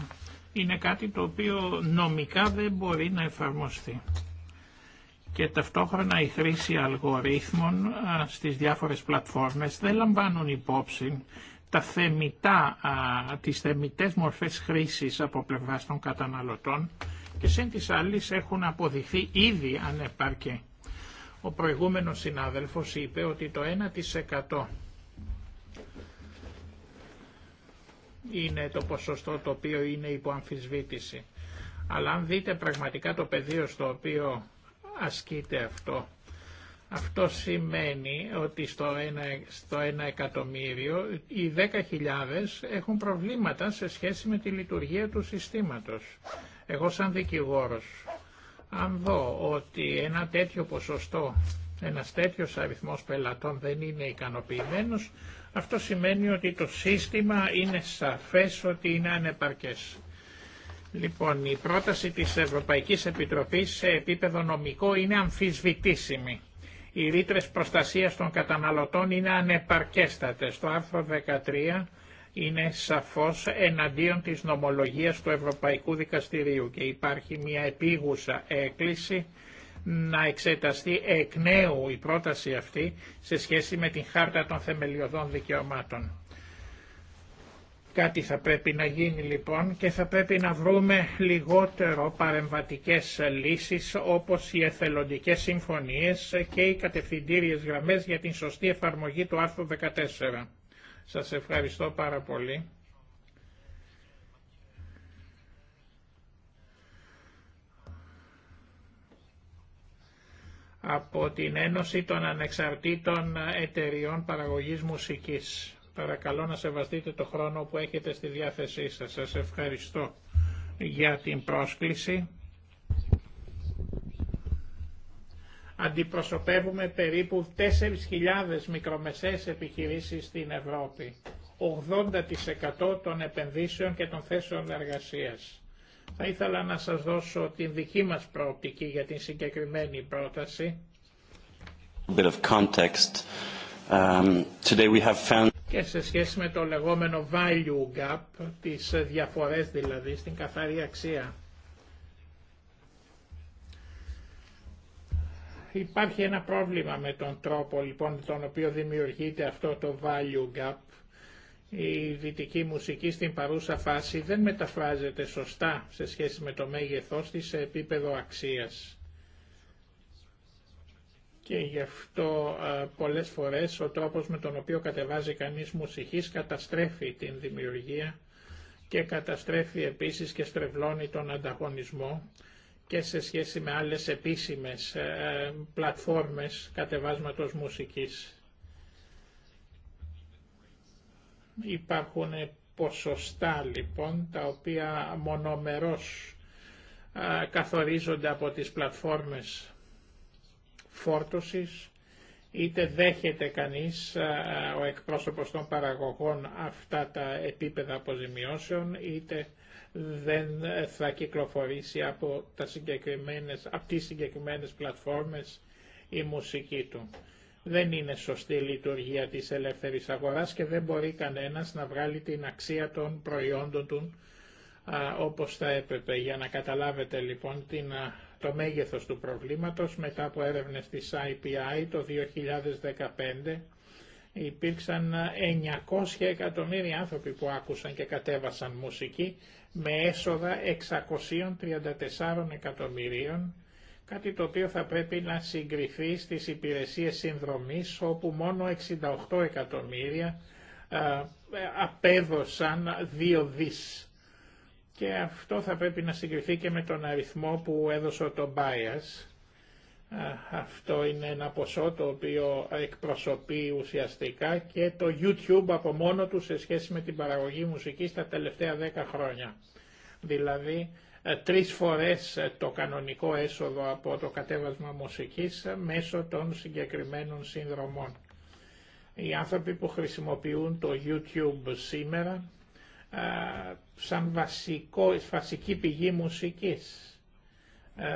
είναι κάτι το οποίο νομικά δεν μπορεί να εφαρμοστεί και ταυτόχρονα η χρήση αλγορίθμων στις διάφορες πλατφόρμες δεν λαμβάνουν υπόψη τα θεμητά, τις θεμητές μορφές χρήσης από πλευράς των καταναλωτών και σύν της άλλης έχουν αποδειχθεί ήδη ανεπαρκή. Ο προηγούμενος συνάδελφος είπε ότι το 1% είναι το ποσοστό το οποίο είναι υπό αμφισβήτηση. Αλλά αν δείτε πραγματικά το πεδίο στο οποίο ασκείται αυτό. Αυτό σημαίνει ότι στο 1 ένα εκατομμύριο οι 10.000 έχουν προβλήματα σε σχέση με τη λειτουργία του συστήματος. Εγώ σαν δικηγόρος, αν δω ότι ένα τέτοιο ποσοστό, ένα τέτοιο αριθμός πελατών δεν είναι ικανοποιημένος, αυτό σημαίνει ότι το σύστημα είναι σαφές ότι είναι ανεπαρκές. Λοιπόν, η πρόταση της Ευρωπαϊκής Επιτροπής σε επίπεδο νομικό είναι αμφισβητήσιμη. Οι ρήτρες προστασίας των καταναλωτών είναι ανεπαρκέστατες. Το άρθρο 13 είναι σαφώς εναντίον της νομολογίας του Ευρωπαϊκού Δικαστηρίου και υπάρχει μια επίγουσα έκκληση να εξεταστεί εκ νέου η πρόταση αυτή σε σχέση με την Χάρτα των Θεμελιωδών Δικαιωμάτων. Κάτι θα πρέπει να γίνει λοιπόν και θα πρέπει να βρούμε λιγότερο παρεμβατικές λύσεις όπως οι εθελοντικές συμφωνίες και οι κατευθυντήριες γραμμές για την σωστή εφαρμογή του άρθρου 14. Σας ευχαριστώ πάρα πολύ. από την Ένωση των Ανεξαρτήτων Εταιριών Παραγωγής Μουσικής. Παρακαλώ να σεβαστείτε το χρόνο που έχετε στη διάθεσή σας. Σας ευχαριστώ για την πρόσκληση. Αντιπροσωπεύουμε περίπου 4.000 μικρομεσαίες επιχειρήσεις στην Ευρώπη. 80% των επενδύσεων και των θέσεων εργασίας. Θα ήθελα να σας δώσω την δική μας προοπτική για την συγκεκριμένη πρόταση. Um, today we have και σε σχέση με το λεγόμενο value gap, τις διαφορές δηλαδή στην καθαρή αξία. Υπάρχει ένα πρόβλημα με τον τρόπο λοιπόν τον οποίο δημιουργείται αυτό το value gap. Η δυτική μουσική στην παρούσα φάση δεν μεταφράζεται σωστά σε σχέση με το μέγεθός της σε επίπεδο αξίας και γι' αυτό πολλές φορές ο τρόπος με τον οποίο κατεβάζει κανείς μουσικής καταστρέφει την δημιουργία και καταστρέφει επίσης και στρεβλώνει τον ανταγωνισμό και σε σχέση με άλλες επίσημες πλατφόρμες κατεβάσματος μουσικής. Υπάρχουν ποσοστά λοιπόν τα οποία μονομερώς καθορίζονται από τις πλατφόρμες φόρτωσης, είτε δέχεται κανείς ο εκπρόσωπος των παραγωγών αυτά τα επίπεδα αποζημιώσεων, είτε δεν θα κυκλοφορήσει από, τα συγκεκριμένες, από τις συγκεκριμένες πλατφόρμες η μουσική του. Δεν είναι σωστή λειτουργία της ελεύθερης αγοράς και δεν μπορεί κανένας να βγάλει την αξία των προϊόντων του όπως θα έπρεπε. Για να καταλάβετε λοιπόν την το μέγεθος του προβλήματος μετά από έρευνες της IPI το 2015 υπήρξαν 900 εκατομμύρια άνθρωποι που άκουσαν και κατέβασαν μουσική με έσοδα 634 εκατομμυρίων, κάτι το οποίο θα πρέπει να συγκριθεί στις υπηρεσίες συνδρομής όπου μόνο 68 εκατομμύρια απέδωσαν 2 δις και αυτό θα πρέπει να συγκριθεί και με τον αριθμό που έδωσε το bias. Αυτό είναι ένα ποσό το οποίο εκπροσωπεί ουσιαστικά και το YouTube από μόνο του σε σχέση με την παραγωγή μουσικής τα τελευταία 10 χρόνια. Δηλαδή ε, τρεις φορές ε, το κανονικό έσοδο από το κατέβασμα μουσικής ε, μέσω των συγκεκριμένων συνδρομών. Οι άνθρωποι που χρησιμοποιούν το YouTube σήμερα σαν βασικό, βασική πηγή μουσικής.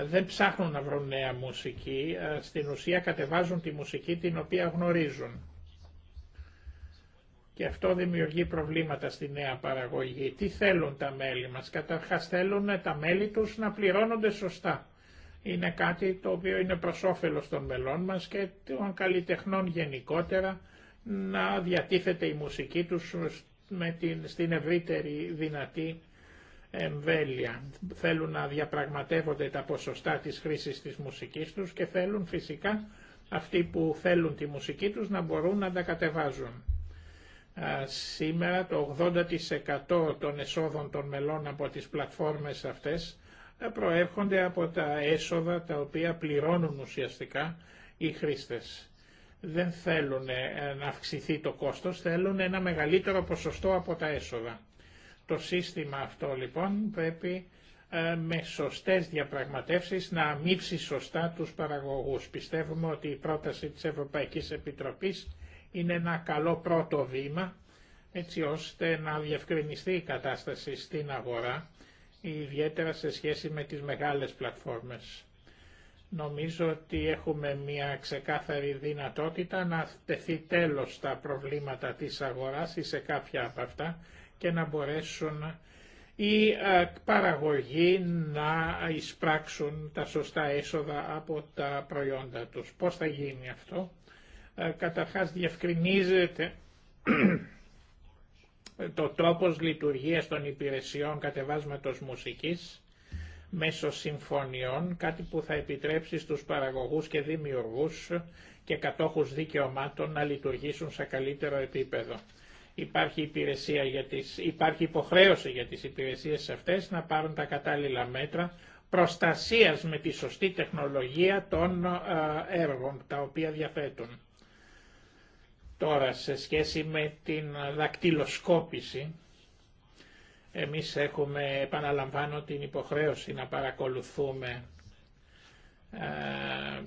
Δεν ψάχνουν να βρουν νέα μουσική, στην ουσία κατεβάζουν τη μουσική την οποία γνωρίζουν. Και αυτό δημιουργεί προβλήματα στη νέα παραγωγή. Τι θέλουν τα μέλη μας. Καταρχάς θέλουν τα μέλη τους να πληρώνονται σωστά. Είναι κάτι το οποίο είναι προς όφελος των μελών μας και των καλλιτεχνών γενικότερα να διατίθεται η μουσική τους με την, στην ευρύτερη δυνατή εμβέλεια. Θέλουν να διαπραγματεύονται τα ποσοστά της χρήσης της μουσικής τους και θέλουν φυσικά αυτοί που θέλουν τη μουσική τους να μπορούν να τα κατεβάζουν. Σήμερα το 80% των εσόδων των μελών από τις πλατφόρμες αυτές προέρχονται από τα έσοδα τα οποία πληρώνουν ουσιαστικά οι χρήστες δεν θέλουν ε, να αυξηθεί το κόστος, θέλουν ένα μεγαλύτερο ποσοστό από τα έσοδα. Το σύστημα αυτό λοιπόν πρέπει ε, με σωστές διαπραγματεύσεις να αμύψει σωστά τους παραγωγούς. Πιστεύουμε ότι η πρόταση της Ευρωπαϊκής Επιτροπής είναι ένα καλό πρώτο βήμα έτσι ώστε να διευκρινιστεί η κατάσταση στην αγορά ιδιαίτερα σε σχέση με τις μεγάλες πλατφόρμες. Νομίζω ότι έχουμε μια ξεκάθαρη δυνατότητα να τεθεί τέλος στα προβλήματα της αγοράς ή σε κάποια από αυτά και να μπορέσουν οι ε, παραγωγοί να εισπράξουν τα σωστά έσοδα από τα προϊόντα τους. Πώς θα γίνει αυτό. Ε, καταρχάς διευκρινίζεται το τρόπος λειτουργίας των υπηρεσιών κατεβάσματος μουσικής μέσω συμφωνιών, κάτι που θα επιτρέψει στους παραγωγούς και δημιουργούς και κατόχους δικαιωμάτων να λειτουργήσουν σε καλύτερο επίπεδο. Υπάρχει, υπηρεσία για υπάρχει υποχρέωση για τις υπηρεσίες αυτές να πάρουν τα κατάλληλα μέτρα προστασίας με τη σωστή τεχνολογία των έργων τα οποία διαθέτουν. Τώρα σε σχέση με την δακτυλοσκόπηση, εμείς έχουμε, επαναλαμβάνω, την υποχρέωση να παρακολουθούμε ε,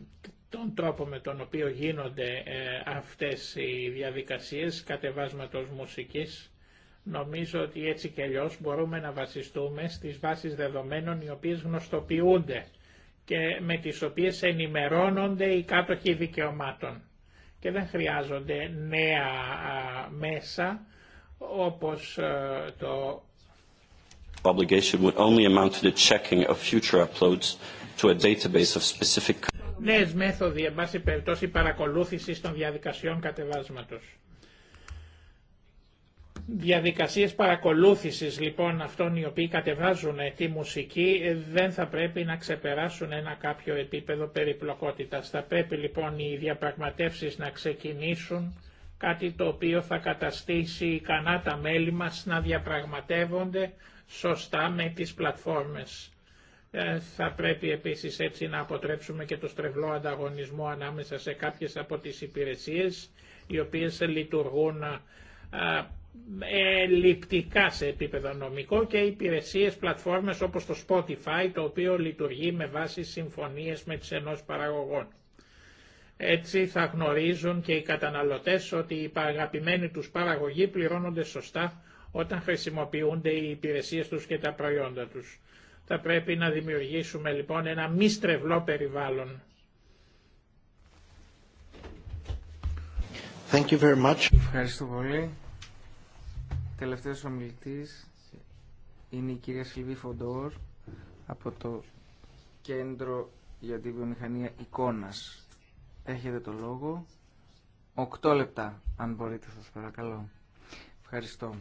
τον τρόπο με τον οποίο γίνονται ε, αυτές οι διαδικασίες κατεβάσματος μουσικής. Νομίζω ότι έτσι και αλλιώ μπορούμε να βασιστούμε στις βάσεις δεδομένων οι οποίες γνωστοποιούνται και με τις οποίες ενημερώνονται οι κάτοχοι δικαιωμάτων. Και δεν χρειάζονται νέα μέσα όπως ε, το obligation Νέες μέθοδοι, εν περιπτώσει, παρακολούθησης των διαδικασιών κατεβάσματος. Διαδικασίες παρακολούθησης λοιπόν αυτών οι οποίοι κατεβάζουν τη μουσική δεν θα πρέπει να ξεπεράσουν ένα κάποιο επίπεδο περιπλοκότητας. Θα πρέπει λοιπόν οι διαπραγματεύσεις να ξεκινήσουν κάτι το οποίο θα καταστήσει ικανά τα μέλη μας να διαπραγματεύονται σωστά με τις πλατφόρμες. Ε, θα πρέπει επίσης έτσι να αποτρέψουμε και το στρεβλό ανταγωνισμό ανάμεσα σε κάποιες από τις υπηρεσίες οι οποίες λειτουργούν ε, ε, ελλειπτικά σε επίπεδο νομικό και υπηρεσίες πλατφόρμες όπως το Spotify το οποίο λειτουργεί με βάση συμφωνίες με τις ενός παραγωγών. Έτσι θα γνωρίζουν και οι καταναλωτές ότι οι αγαπημένοι τους παραγωγοί πληρώνονται σωστά όταν χρησιμοποιούνται οι υπηρεσίες τους και τα προϊόντα τους. Θα πρέπει να δημιουργήσουμε λοιπόν ένα μη στρεβλό περιβάλλον. Thank you very much. Ευχαριστώ πολύ. Τελευταίος ομιλητής είναι η κυρία Σιλβή Φοντόρ από το Κέντρο για τη Βιομηχανία Εικόνας. Έχετε το λόγο. Οκτώ λεπτά, αν μπορείτε, σας παρακαλώ. Ευχαριστώ.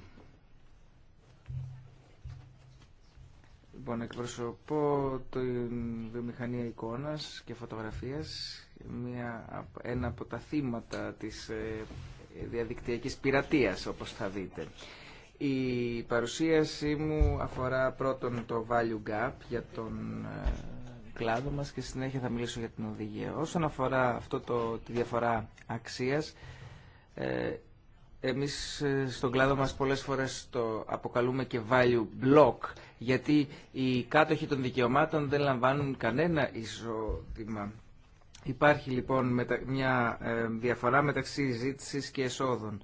Λοιπόν, εκπροσωπώ την βιομηχανία εικόνας και φωτογραφίας, μια, ένα από τα θύματα της ε, διαδικτυακής πειρατείας, όπως θα δείτε. Η παρουσίασή μου αφορά πρώτον το value gap για τον ε, κλάδο μας και συνέχεια θα μιλήσω για την οδηγία. Όσον αφορά αυτό το, τη διαφορά αξίας, ε, εμείς ε, στον κλάδο μας πολλές φορές το αποκαλούμε και value block, γιατί οι κάτοχοι των δικαιωμάτων δεν λαμβάνουν κανένα εισόδημα. Υπάρχει λοιπόν μια ε, διαφορά μεταξύ ζήτησης και εσόδων.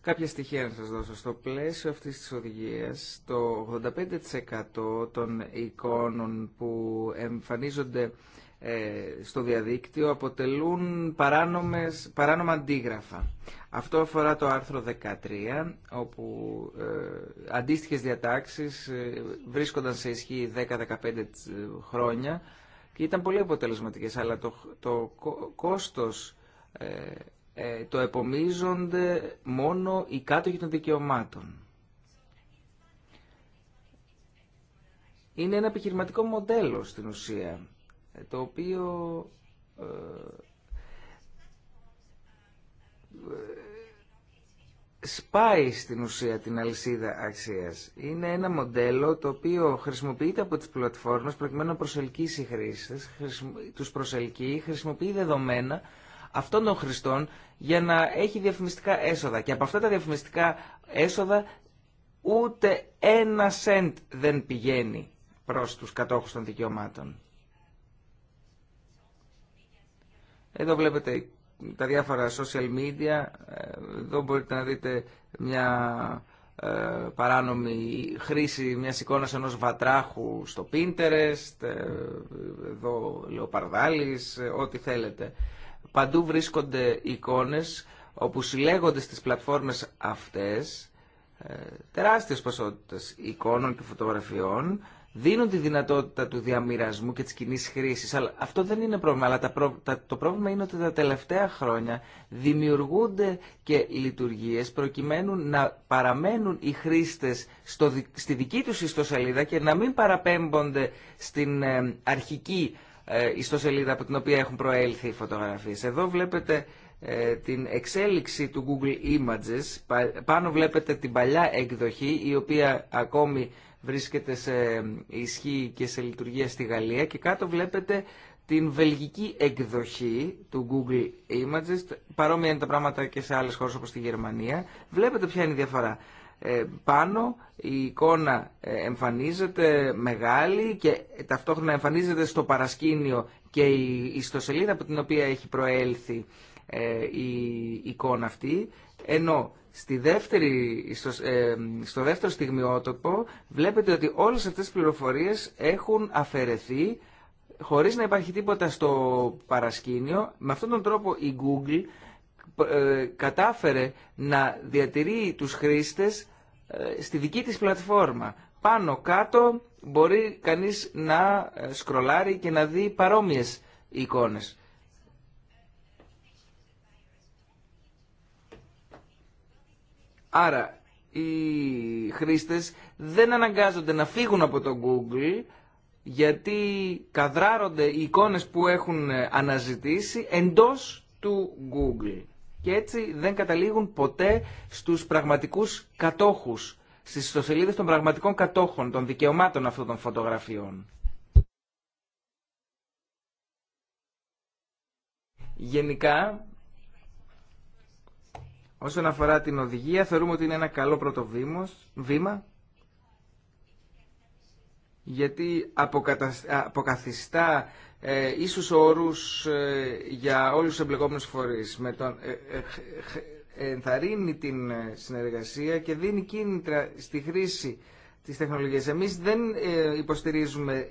Κάποια στοιχεία να σας δώσω. Στο πλαίσιο αυτής της οδηγίας, το 85% των εικόνων που εμφανίζονται ε, στο διαδίκτυο αποτελούν παράνομες, παράνομα αντίγραφα. Αυτό αφορά το άρθρο 13, όπου ε, αντίστοιχες διατάξεις ε, βρίσκονταν σε ισχύ 10-15 ε, χρόνια και ήταν πολύ αποτελεσματικές, αλλά το, το κόστος ε, το επομίζονται μόνο οι κάτοχοι των δικαιωμάτων. Είναι ένα επιχειρηματικό μοντέλο στην ουσία το οποίο ε, ε, σπάει στην ουσία την αλυσίδα αξίας. Είναι ένα μοντέλο το οποίο χρησιμοποιείται από τις πλατφόρμες προκειμένου να προσελκύσει χρήστες, τους προσελκύει, χρησιμοποιεί δεδομένα αυτών των χρηστών για να έχει διαφημιστικά έσοδα. Και από αυτά τα διαφημιστικά έσοδα ούτε ένα σεντ δεν πηγαίνει προς τους κατόχους των δικαιωμάτων. Εδώ βλέπετε τα διάφορα social media. Εδώ μπορείτε να δείτε μια ε, παράνομη χρήση μιας εικόνας ενός βατράχου στο Pinterest, ε, εδώ λεοπαρδάλης, ε, ό,τι θέλετε. Παντού βρίσκονται εικόνες όπου συλλέγονται στις πλατφόρμες αυτές τεράστιες ποσότητες εικόνων και φωτογραφιών δίνουν τη δυνατότητα του διαμοιρασμού και της κοινή χρήση. Αλλά αυτό δεν είναι πρόβλημα. Αλλά το πρόβλημα είναι ότι τα τελευταία χρόνια δημιουργούνται και λειτουργίες προκειμένου να παραμένουν οι χρήστες στο... στη δική τους ιστοσελίδα και να μην παραπέμπονται στην ε, αρχική ε, ιστοσελίδα από την οποία έχουν προέλθει οι φωτογραφίες. Εδώ βλέπετε ε, την εξέλιξη του Google Images. Πάνω βλέπετε την παλιά εκδοχή η οποία ακόμη βρίσκεται σε ισχύ και σε λειτουργία στη Γαλλία και κάτω βλέπετε την βελγική εκδοχή του Google Images. Παρόμοια είναι τα πράγματα και σε άλλες χώρες όπως τη Γερμανία. Βλέπετε ποια είναι η διαφορά. Ε, πάνω η εικόνα ε, εμφανίζεται μεγάλη και ταυτόχρονα εμφανίζεται στο παρασκήνιο και η ιστοσελίδα από την οποία έχει προέλθει ε, η εικόνα αυτή. Ενώ στη δεύτερη, στο, ε, στο δεύτερο στιγμιότοπο βλέπετε ότι όλες αυτές τις πληροφορίες έχουν αφαιρεθεί χωρίς να υπάρχει τίποτα στο παρασκήνιο. Με αυτόν τον τρόπο η Google ε, κατάφερε να διατηρεί τους χρήστες ε, στη δική της πλατφόρμα. Πάνω κάτω μπορεί κανείς να σκρολάρει και να δει παρόμοιες εικόνες. Άρα οι χρήστες δεν αναγκάζονται να φύγουν από το Google γιατί καδράρονται οι εικόνες που έχουν αναζητήσει εντός του Google. Και έτσι δεν καταλήγουν ποτέ στους πραγματικούς κατόχους, στις ιστοσελίδες των πραγματικών κατόχων, των δικαιωμάτων αυτών των φωτογραφιών. Γενικά, Όσον αφορά την οδηγία, θεωρούμε ότι είναι ένα καλό πρώτο βήμα, γιατί αποκαθιστά ε, ίσους όρους ε, για όλους τους εμπλεκόμενους φορείς. Με τον, ε, ε, ενθαρρύνει την συνεργασία και δίνει κίνητρα στη χρήση τις τεχνολογίες. Εμείς δεν ε, υποστηρίζουμε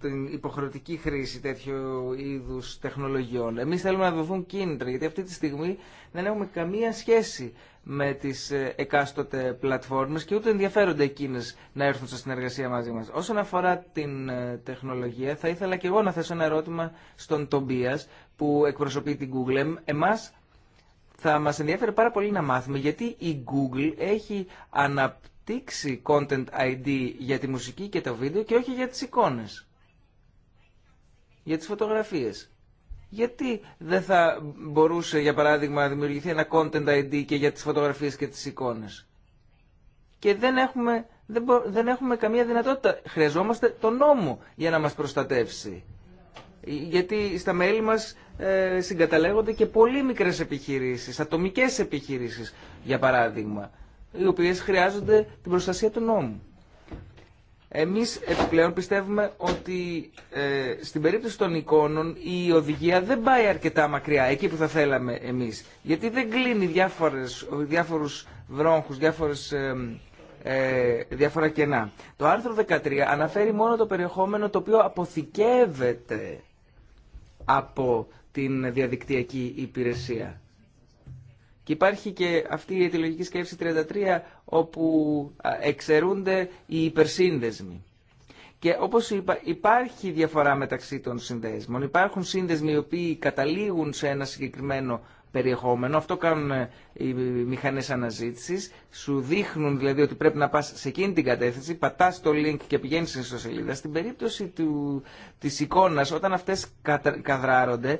την υποχρεωτική χρήση τέτοιου είδους τεχνολογιών. Εμείς θέλουμε να δοθούν κίνητρα, γιατί αυτή τη στιγμή δεν έχουμε καμία σχέση με τις ε, εκάστοτε πλατφόρμες και ούτε ενδιαφέρονται εκείνες να έρθουν σε συνεργασία μαζί μας. Όσον αφορά την ε, τεχνολογία, θα ήθελα και εγώ να θέσω ένα ερώτημα στον Τομπίας που εκπροσωπεί την Google. Εμάς θα μας ενδιαφέρει πάρα πολύ να μάθουμε γιατί η Google έχει αναπτύξει αναπτύξει Content ID για τη μουσική και το βίντεο και όχι για τις εικόνες, για τις φωτογραφίες. Γιατί δεν θα μπορούσε, για παράδειγμα, να δημιουργηθεί ένα Content ID και για τις φωτογραφίες και τις εικόνες. Και δεν έχουμε, δεν μπο, δεν έχουμε καμία δυνατότητα. Χρειαζόμαστε το νόμο για να μας προστατεύσει. Γιατί στα μέλη μας ε, συγκαταλέγονται και πολύ μικρές επιχειρήσεις, ατομικές επιχειρήσεις, για παράδειγμα οι οποίες χρειάζονται την προστασία του νόμου. Εμείς επιπλέον πιστεύουμε ότι ε, στην περίπτωση των εικόνων η οδηγία δεν πάει αρκετά μακριά, εκεί που θα θέλαμε εμείς. Γιατί δεν κλείνει διάφορες, διάφορους βρόχους, διάφορες, ε, ε, διάφορα κενά. Το άρθρο 13 αναφέρει μόνο το περιεχόμενο το οποίο αποθηκεύεται από την διαδικτυακή υπηρεσία. Και υπάρχει και αυτή η αιτιολογική σκέψη 33 όπου εξαιρούνται οι υπερσύνδεσμοι. Και όπως είπα υπάρχει διαφορά μεταξύ των συνδέσμων. Υπάρχουν σύνδεσμοι οι οποίοι καταλήγουν σε ένα συγκεκριμένο περιεχόμενο. Αυτό κάνουν ε, οι μηχανές αναζήτησης. Σου δείχνουν δηλαδή ότι πρέπει να πας σε εκείνη την κατεύθυνση, πατάς το link και πηγαίνεις στην ιστοσελίδα. Στην περίπτωση του, της εικόνας, όταν αυτές καδράρονται,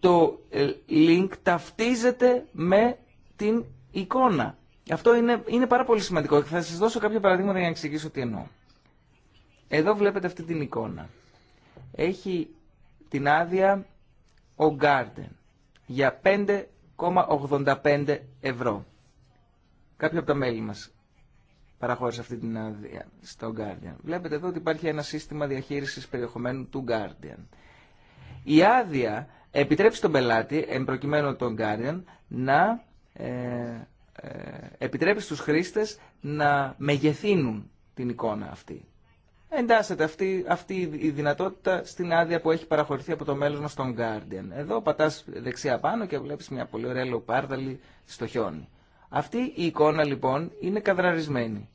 το ε, link ταυτίζεται με την εικόνα. Αυτό είναι, είναι πάρα πολύ σημαντικό θα σας δώσω κάποια παραδείγματα για να εξηγήσω τι εννοώ. Εδώ βλέπετε αυτή την εικόνα. Έχει την άδεια ο Garden για 5,85 ευρώ. Κάποιο από τα μέλη μας παραχώρησε αυτή την άδεια στο Guardian. Βλέπετε εδώ ότι υπάρχει ένα σύστημα διαχείρισης περιεχομένου του Guardian. Η άδεια επιτρέψει τον πελάτη, εν προκειμένου τον Guardian, να ε, ε, επιτρέψει στους χρήστες να μεγεθύνουν την εικόνα αυτή. Εντάσσεται αυτή, αυτή η δυνατότητα στην άδεια που έχει παραχωρηθεί από το μέλος μας στον Guardian. Εδώ πατάς δεξιά πάνω και βλέπεις μια πολύ ωραία λεοπάρδαλη στο χιόνι. Αυτή η εικόνα λοιπόν είναι καδραρισμένη.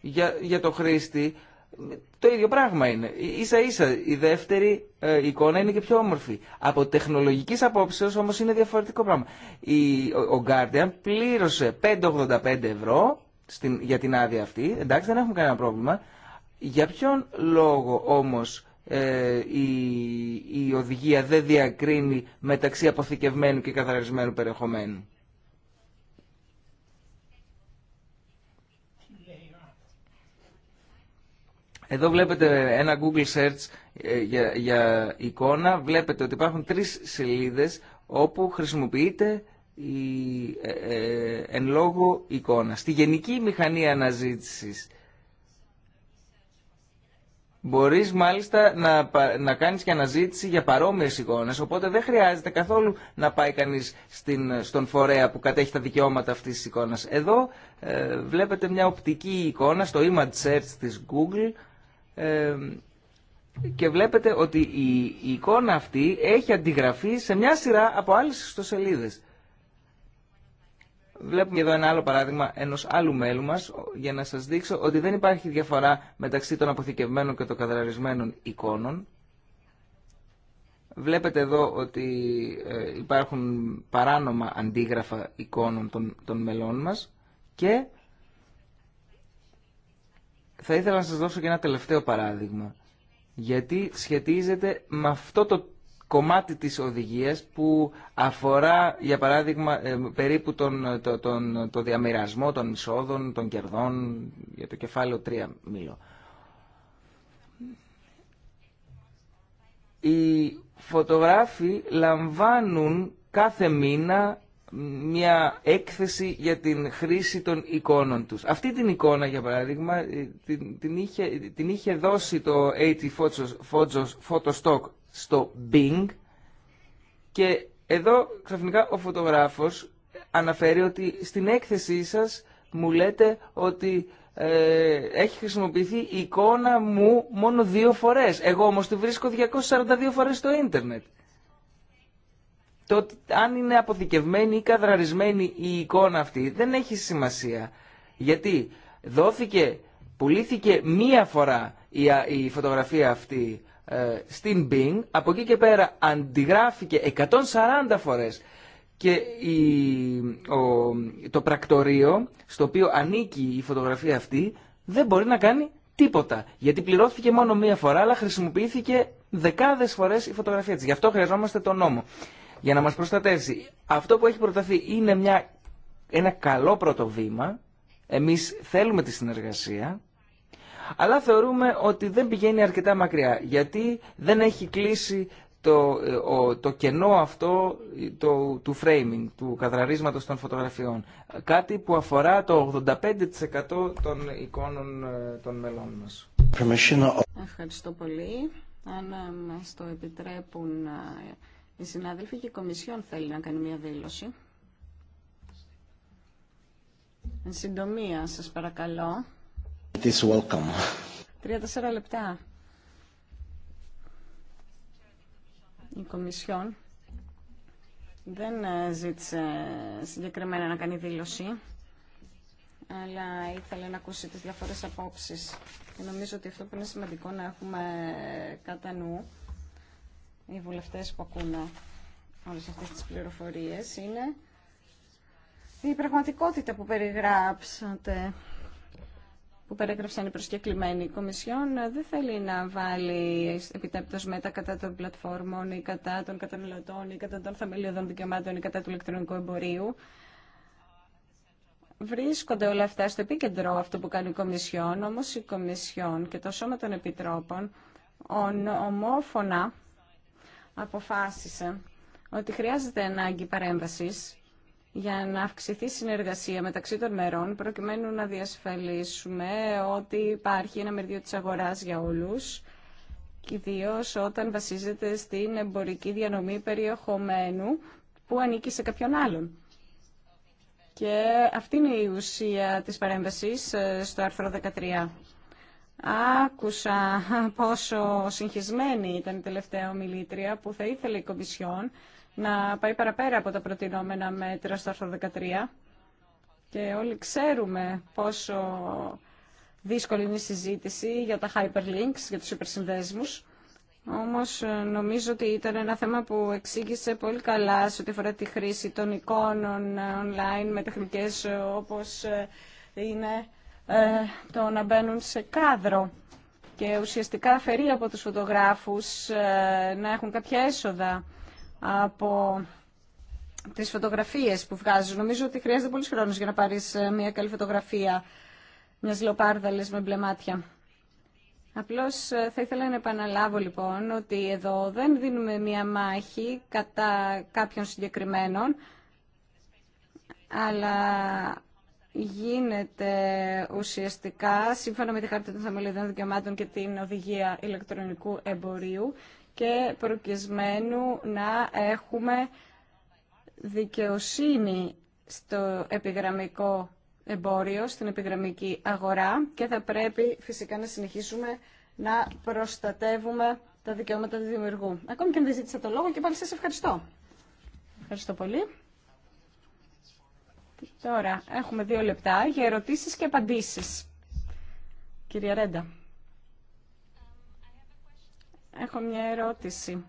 Για, για το χρήστη το ίδιο πράγμα είναι. Ίσα ίσα η δεύτερη ε, εικόνα είναι και πιο όμορφη. Από τεχνολογική απόψεω όμω είναι διαφορετικό πράγμα. Η, ο, Guardian πλήρωσε 5,85 ευρώ στην, για την άδεια αυτή. Εντάξει, δεν έχουμε κανένα πρόβλημα. Για ποιον λόγο όμω ε, η, η οδηγία δεν διακρίνει μεταξύ αποθηκευμένου και καθαρισμένου περιεχομένου. Εδώ βλέπετε ένα Google search ε, για, για εικόνα. Βλέπετε ότι υπάρχουν τρεις σελίδες όπου χρησιμοποιείται η ε, ε εν λόγω εικόνα. Στη γενική μηχανή αναζήτησης μπορείς μάλιστα να, να κάνεις και αναζήτηση για παρόμοιες εικόνες, οπότε δεν χρειάζεται καθόλου να πάει κανείς στην, στον φορέα που κατέχει τα δικαιώματα αυτής της εικόνας. Εδώ ε, βλέπετε μια οπτική εικόνα στο image search της Google, και βλέπετε ότι η εικόνα αυτή έχει αντιγραφεί σε μια σειρά από άλλες ιστοσελίδες. Βλέπουμε εδώ ένα άλλο παράδειγμα ενός άλλου μέλου μας για να σας δείξω ότι δεν υπάρχει διαφορά μεταξύ των αποθηκευμένων και των καδραρισμένων εικόνων. Βλέπετε εδώ ότι ε, υπάρχουν παράνομα αντίγραφα εικόνων των, των μελών μας και θα ήθελα να σας δώσω και ένα τελευταίο παράδειγμα, γιατί σχετίζεται με αυτό το κομμάτι της οδηγίας που αφορά, για παράδειγμα, ε, περίπου τον, το, τον, το διαμοιρασμό των εισόδων, των κερδών, για το κεφάλαιο 3 μήλο. Οι φωτογράφοι λαμβάνουν κάθε μήνα μια έκθεση για την χρήση των εικόνων τους. Αυτή την εικόνα, για παράδειγμα, ε, την, την, είχε, την είχε δώσει το AT Photos, Photostock στο Bing και εδώ ξαφνικά ο φωτογράφος αναφέρει ότι στην έκθεσή σας μου λέτε ότι ε, έχει χρησιμοποιηθεί η εικόνα μου μόνο δύο φορές. Εγώ όμως τη βρίσκω 242 φορές στο ίντερνετ. Το ότι αν είναι αποθηκευμένη ή καδραρισμένη η εικόνα αυτή δεν έχει σημασία. Γιατί δόθηκε, πουλήθηκε μία φορά η, η φωτογραφία αυτή ε, στην Bing, από εκεί και πέρα αντιγράφηκε 140 φορές και η, το πρακτορείο στο οποίο ανήκει η φωτογραφία αυτή δεν μπορεί να κάνει τίποτα. Γιατί πληρώθηκε μόνο μία φορά, αλλά χρησιμοποιήθηκε δεκάδες φορές η φωτογραφία τη. Γι' αυτό χρειαζόμαστε τον νόμο για να μας προστατεύσει. Αυτό που έχει προταθεί είναι μια, ένα καλό πρώτο βήμα. Εμείς θέλουμε τη συνεργασία, αλλά θεωρούμε ότι δεν πηγαίνει αρκετά μακριά, γιατί δεν έχει κλείσει το, ε, το κενό αυτό του framing, του καδραρίσματος των φωτογραφιών. Κάτι που αφορά το 85% των εικόνων ε, των μελών μας. Ευχαριστώ πολύ. Αν ε, μας το επιτρέπουν οι συνάδελφοι και η Κομισιόν θέλει να κάνει μια δήλωση. Εν συντομία, σας παρακαλώ. Τρία-τέσσερα λεπτά. Η Κομισιόν δεν ε, ζήτησε συγκεκριμένα να κάνει δήλωση, αλλά ήθελε να ακούσει τις διαφορές απόψεις. Και νομίζω ότι αυτό που είναι σημαντικό να έχουμε κατά νου οι βουλευτές που ακούνε όλες αυτές τις πληροφορίες είναι η πραγματικότητα που περιγράψατε που περιγράψαν οι προσκεκλημένοι. Η Κομισιόν δεν θέλει να βάλει επιτέπτως μέτα κατά των πλατφόρμων ή κατά των καταναλωτών ή κατά των θεμελιωδών δικαιωμάτων ή κατά του ηλεκτρονικού εμπορίου. Βρίσκονται όλα αυτά στο επίκεντρο αυτό που κάνει η Κομισιόν, όμως η Κομισιόν και το Σώμα των Επιτρόπων ομόφωνα αποφάσισε ότι χρειάζεται ανάγκη παρέμβασης για να αυξηθεί η συνεργασία μεταξύ των μερών προκειμένου να διασφαλίσουμε ότι υπάρχει ένα μερίδιο της αγοράς για όλους ιδίω όταν βασίζεται στην εμπορική διανομή περιεχομένου που ανήκει σε κάποιον άλλον. Και αυτή είναι η ουσία της παρέμβασης ε, στο άρθρο 13. Άκουσα πόσο συγχυσμένη ήταν η τελευταία ομιλήτρια που θα ήθελε η Κομισιόν να πάει παραπέρα από τα προτινόμενα μέτρα στο άρθρο 13 και όλοι ξέρουμε πόσο δύσκολη είναι η συζήτηση για τα hyperlinks, για τους υπερσυνδέσμους. Όμως ε, νομίζω ότι ήταν ένα θέμα που εξήγησε πολύ καλά σε ό,τι αφορά τη χρήση των εικόνων ε, online με τεχνικές ε, όπως είναι ε, το να μπαίνουν σε κάδρο και ουσιαστικά αφαιρεί από τους φωτογράφους ε, να έχουν κάποια έσοδα από τις φωτογραφίες που βγάζεις. Νομίζω ότι χρειάζεται πολύς χρόνος για να πάρεις ε, μια καλή φωτογραφία μιας λοπάρδαλης με μπλεμάτια. Απλώς θα ήθελα να επαναλάβω λοιπόν ότι εδώ δεν δίνουμε μια μάχη κατά κάποιων συγκεκριμένων, αλλά γίνεται ουσιαστικά σύμφωνα με τη Χάρτα των Θεμελιωδών Δικαιωμάτων και την Οδηγία Ηλεκτρονικού Εμπορίου και προκειμένου να έχουμε δικαιοσύνη στο επιγραμμικό εμπόριο, στην επιγραμμική αγορά και θα πρέπει φυσικά να συνεχίσουμε να προστατεύουμε τα δικαιώματα του δημιουργού. Ακόμη και αν δεν ζήτησα το λόγο και πάλι σας ευχαριστώ. Ευχαριστώ πολύ. Τώρα έχουμε δύο λεπτά για ερωτήσεις και απαντήσεις. Κυρία Ρέντα. Έχω μια ερώτηση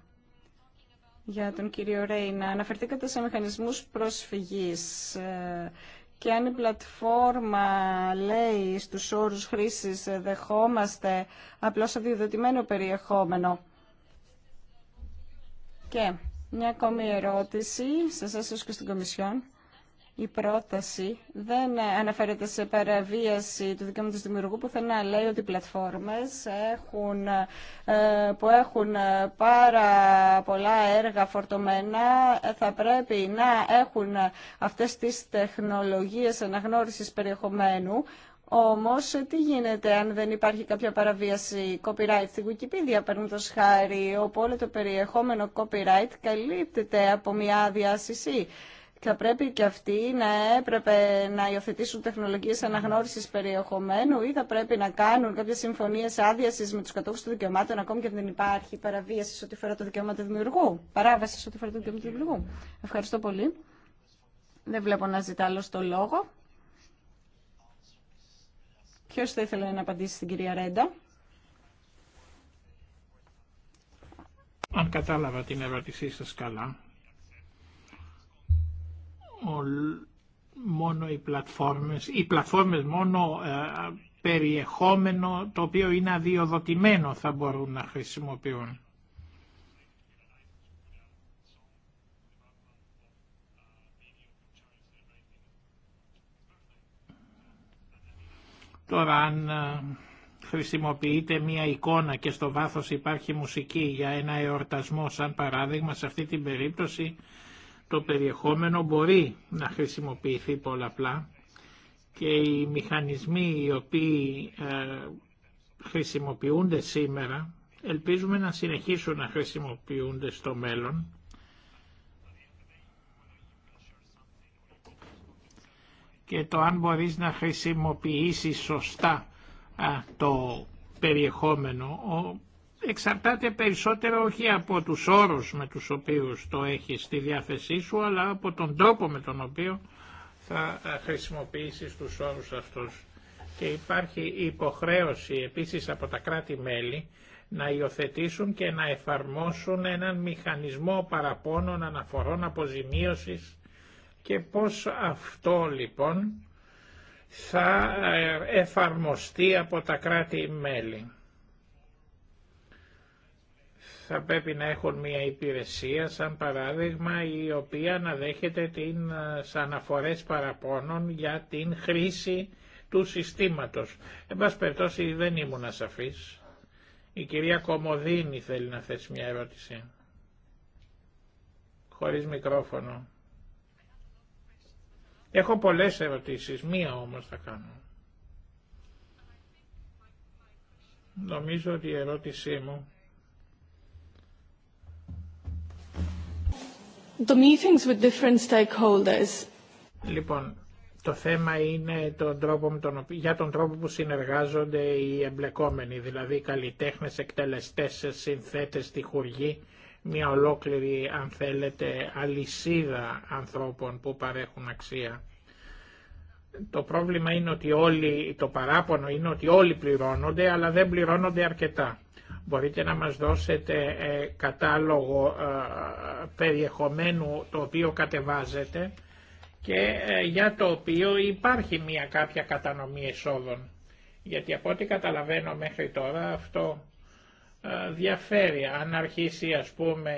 για τον κύριο Ρέινα. Αναφερθήκατε σε μηχανισμούς προσφυγής ε, και αν η πλατφόρμα λέει στους όρους χρήσης ε, δεχόμαστε απλώς αδειοδοτημένο περιεχόμενο. Και μια ακόμη ερώτηση σε εσάς και στην Κομισιόν η πρόταση δεν αναφέρεται σε παραβίαση του δικαιώματος του δημιουργού πουθενά λέει ότι οι πλατφόρμες ε, που έχουν πάρα πολλά έργα φορτωμένα θα πρέπει να έχουν αυτές τις τεχνολογίες αναγνώριση περιεχομένου όμως, τι γίνεται αν δεν υπάρχει κάποια παραβίαση copyright στη Wikipedia, παίρνοντα χάρη, όπου όλο το περιεχόμενο copyright καλύπτεται από μια άδεια θα πρέπει και αυτοί να έπρεπε να υιοθετήσουν τεχνολογίε αναγνώριση περιεχομένου ή θα πρέπει να κάνουν κάποιε συμφωνίες άδειαση με τους κατόχους των δικαιωμάτων ακόμη και αν δεν υπάρχει παραβίαση σε ό,τι φορά το δικαίωμα του δημιουργού, παράβαση ό,τι το δικαίωμα του δημιουργού. Ευχαριστώ πολύ. Δεν βλέπω να ζητά άλλο το λόγο. Ποιο θα ήθελε να απαντήσει στην κυρία Ρέντα. Αν κατάλαβα την ερώτησή σας καλά, μόνο οι πλατφόρμες, οι πλατφόρμες μόνο ε, περιεχόμενο το οποίο είναι αδειοδοτημένο θα μπορούν να χρησιμοποιούν. Τώρα αν ε, χρησιμοποιείται μία εικόνα και στο βάθος υπάρχει μουσική για ένα εορτασμό σαν παράδειγμα σε αυτή την περίπτωση το περιεχόμενο μπορεί να χρησιμοποιηθεί πολλαπλά και οι μηχανισμοί οι οποίοι ε, χρησιμοποιούνται σήμερα ελπίζουμε να συνεχίσουν να χρησιμοποιούνται στο μέλλον και το αν μπορείς να χρησιμοποιήσεις σωστά το περιεχόμενο εξαρτάται περισσότερο όχι από τους όρους με τους οποίους το έχει στη διάθεσή σου, αλλά από τον τρόπο με τον οποίο θα ε, χρησιμοποιήσεις τους όρους αυτούς. Και υπάρχει υποχρέωση επίσης από τα κράτη-μέλη να υιοθετήσουν και να εφαρμόσουν έναν μηχανισμό παραπώνων αναφορών αποζημίωσης και πώς αυτό λοιπόν θα ε, εφαρμοστεί από τα κράτη-μέλη θα πρέπει να έχουν μια υπηρεσία σαν παράδειγμα η οποία να δέχεται την ε, αναφορές παραπώνων για την χρήση του συστήματος. Εν πάση δεν ήμουν ασαφής. Η κυρία Κομοδίνη θέλει να θέσει μια ερώτηση. Χωρίς μικρόφωνο. Έχω πολλές ερωτήσεις, μία όμως θα κάνω. Νομίζω ότι η ερώτησή μου the meetings with different Λοιπόν, το θέμα είναι τον τρόπο με τον, για τον τρόπο που συνεργάζονται οι εμπλεκόμενοι, δηλαδή οι καλλιτέχνες, εκτελεστές, συνθέτες, τυχουργοί, μια ολόκληρη, αν θέλετε, αλυσίδα ανθρώπων που παρέχουν αξία. Το πρόβλημα είναι ότι όλοι, το παράπονο είναι ότι όλοι πληρώνονται, αλλά δεν πληρώνονται αρκετά. Μπορείτε να μας δώσετε ε, κατάλογο ε, περιεχομένου το οποίο κατεβάζετε και ε, για το οποίο υπάρχει μια κάποια κατανομή εσόδων. Γιατί από ό,τι καταλαβαίνω μέχρι τώρα αυτό διαφέρει. Αν αρχίσει ας πούμε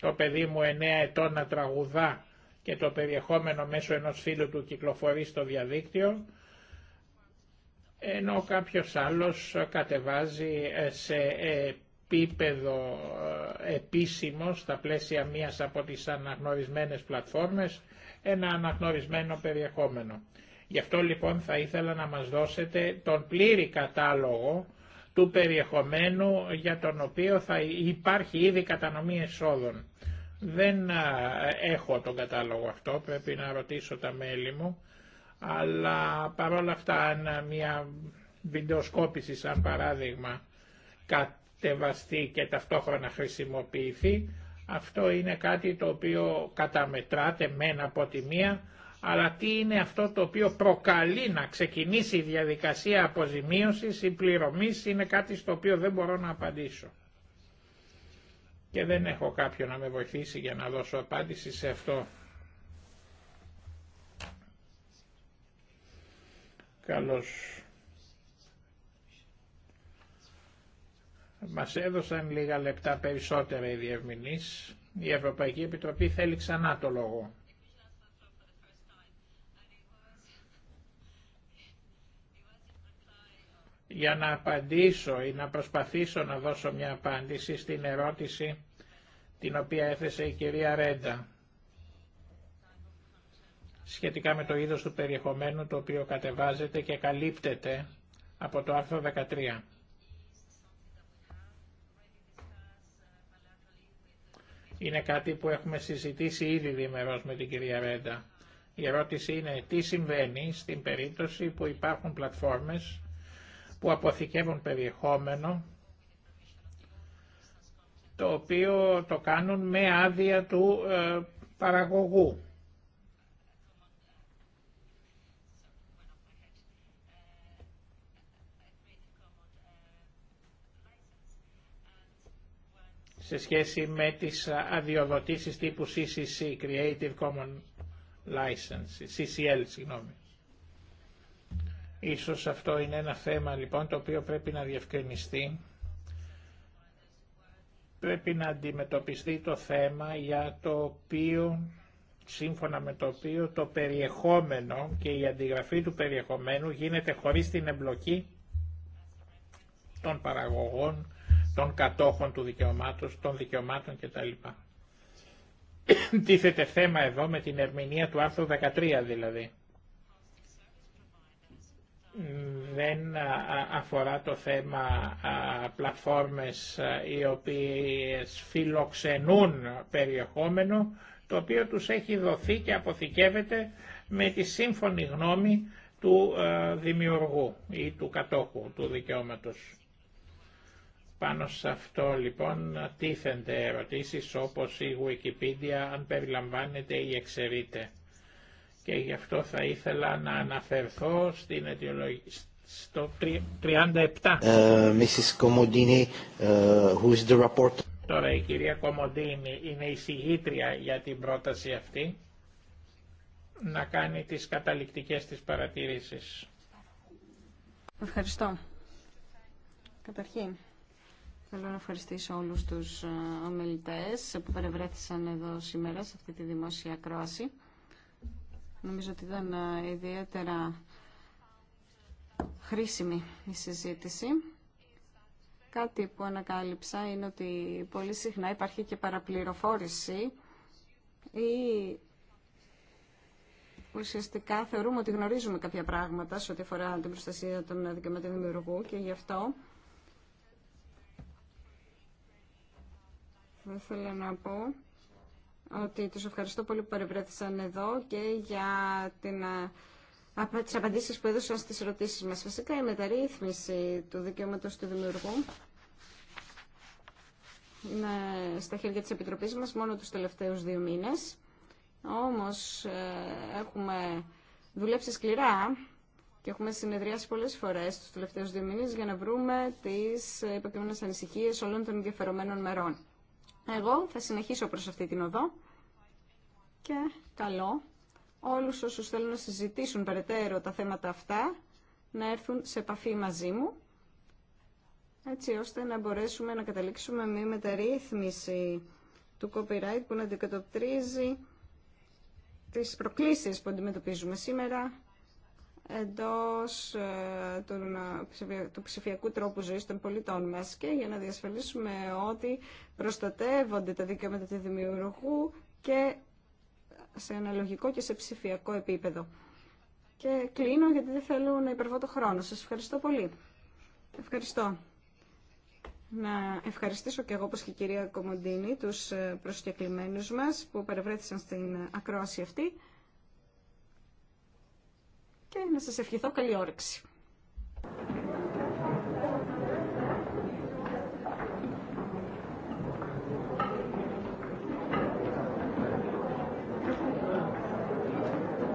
το παιδί μου 9 ετών να τραγουδά και το περιεχόμενο μέσω ενός φίλου του κυκλοφορεί στο διαδίκτυο, ενώ κάποιος άλλος κατεβάζει ε, σε επίπεδο ε, επίσημο στα πλαίσια μίας από τις αναγνωρισμένες πλατφόρμες ένα αναγνωρισμένο περιεχόμενο. Γι' αυτό λοιπόν θα ήθελα να μας δώσετε τον πλήρη κατάλογο του περιεχομένου για τον οποίο θα υπάρχει ήδη κατανομή εσόδων. Δεν έχω τον κατάλογο αυτό, πρέπει να ρωτήσω τα μέλη μου, αλλά παρόλα αυτά αν μια βιντεοσκόπηση σαν παράδειγμα κατεβαστεί και ταυτόχρονα χρησιμοποιηθεί, αυτό είναι κάτι το οποίο καταμετράται μεν από τη μία, αλλά τι είναι αυτό το οποίο προκαλεί να ξεκινήσει η διαδικασία αποζημίωσης ή πληρωμής είναι κάτι στο οποίο δεν μπορώ να απαντήσω και δεν έχω κάποιον να με βοηθήσει για να δώσω απάντηση σε αυτό. Καλώς. Μας έδωσαν λίγα λεπτά περισσότερα οι διευμηνείς. Η Ευρωπαϊκή Επιτροπή θέλει ξανά το λόγο. για να απαντήσω ή να προσπαθήσω να δώσω μια απάντηση στην ερώτηση την οποία έθεσε η κυρία Ρέντα σχετικά με το είδος του περιεχομένου το οποίο κατεβάζεται και καλύπτεται από το άρθρο 13. Είναι κάτι που έχουμε συζητήσει ήδη διμερώς με την κυρία Ρέντα. Η ερώτηση είναι τι συμβαίνει στην περίπτωση που υπάρχουν πλατφόρμες που αποθηκεύουν περιεχόμενο το οποίο το κάνουν με άδεια του ε, παραγωγού. σε σχέση με τις αδειοδοτήσεις τύπου CCC, Creative Common License, CCL, συγγνώμη. Ίσως αυτό είναι ένα θέμα λοιπόν το οποίο πρέπει να διευκρινιστεί. Πρέπει να αντιμετωπιστεί το θέμα για το οποίο, σύμφωνα με το οποίο το περιεχόμενο και η αντιγραφή του περιεχομένου γίνεται χωρίς την εμπλοκή των παραγωγών, των κατόχων του δικαιωμάτων, των δικαιωμάτων κτλ. Τίθεται θέμα εδώ με την ερμηνεία του άρθρου 13 δηλαδή δεν αφορά το θέμα πλατφόρμες οι οποίες φιλοξενούν περιεχόμενο το οποίο τους έχει δοθεί και αποθηκεύεται με τη σύμφωνη γνώμη του δημιουργού ή του κατόχου του δικαιώματος. Πάνω σε αυτό λοιπόν τίθενται ερωτήσεις όπως η Wikipedia αν περιλαμβάνεται ή εξαιρείται και γι' αυτό θα ήθελα να αναφερθώ στην αιτιολογική στο 37. Mrs. Comodini, who is the report... Τώρα η κυρία Κομοντίνη είναι η συγγήτρια για την πρόταση αυτή να κάνει τις καταληκτικές της παρατηρήσεις. Ευχαριστώ. Καταρχήν, θέλω να ευχαριστήσω όλους τους ε, ομιλητές που παρευρέθησαν εδώ σήμερα σε αυτή τη δημόσια κρόση. Νομίζω ότι ήταν ε, ιδιαίτερα χρήσιμη η συζήτηση. Κάτι που ανακάλυψα είναι ότι πολύ συχνά υπάρχει και παραπληροφόρηση ή ουσιαστικά θεωρούμε ότι γνωρίζουμε κάποια πράγματα σε ό,τι αφορά την προστασία των δικαιωμάτων δημιουργού και γι' αυτό θα ήθελα να πω ότι τους ευχαριστώ πολύ που παρευρέθησαν εδώ και για την ε, τις απαντήσεις που έδωσαν στις ερωτήσεις μας. Φυσικά η μεταρρύθμιση του δικαιώματος του δημιουργού είναι στα χέρια της Επιτροπής μας μόνο τους τελευταίους δύο μήνες. Όμως ε, έχουμε δουλέψει σκληρά και έχουμε συνεδριάσει πολλές φορές τους τελευταίους δύο μήνες για να βρούμε τις υποκείμενες ανησυχίες όλων των ενδιαφερομένων μερών. Εγώ θα συνεχίσω προς αυτή την οδό και καλό όλους όσους θέλουν να συζητήσουν περαιτέρω τα θέματα αυτά να έρθουν σε επαφή μαζί μου έτσι ώστε να μπορέσουμε να καταλήξουμε με μεταρρύθμιση του copyright που να αντικατοπτρίζει τις προκλήσεις που αντιμετωπίζουμε σήμερα εντός ε, ε, του ψηφιακού τρόπου ζωή των πολιτών μα και για να διασφαλίσουμε ότι προστατεύονται τα δικαιώματα του δημιουργού και σε αναλογικό και σε ψηφιακό επίπεδο. Και κλείνω γιατί δεν θέλω να υπερβώ το χρόνο. Σας ευχαριστώ πολύ. Ευχαριστώ. Να ευχαριστήσω και εγώ, όπως και η κυρία Κομοντίνη, τους ε, προσκεκλημένους μας που παρευρέθησαν στην ακρόαση αυτή να σας ευχηθώ καλή όρεξη.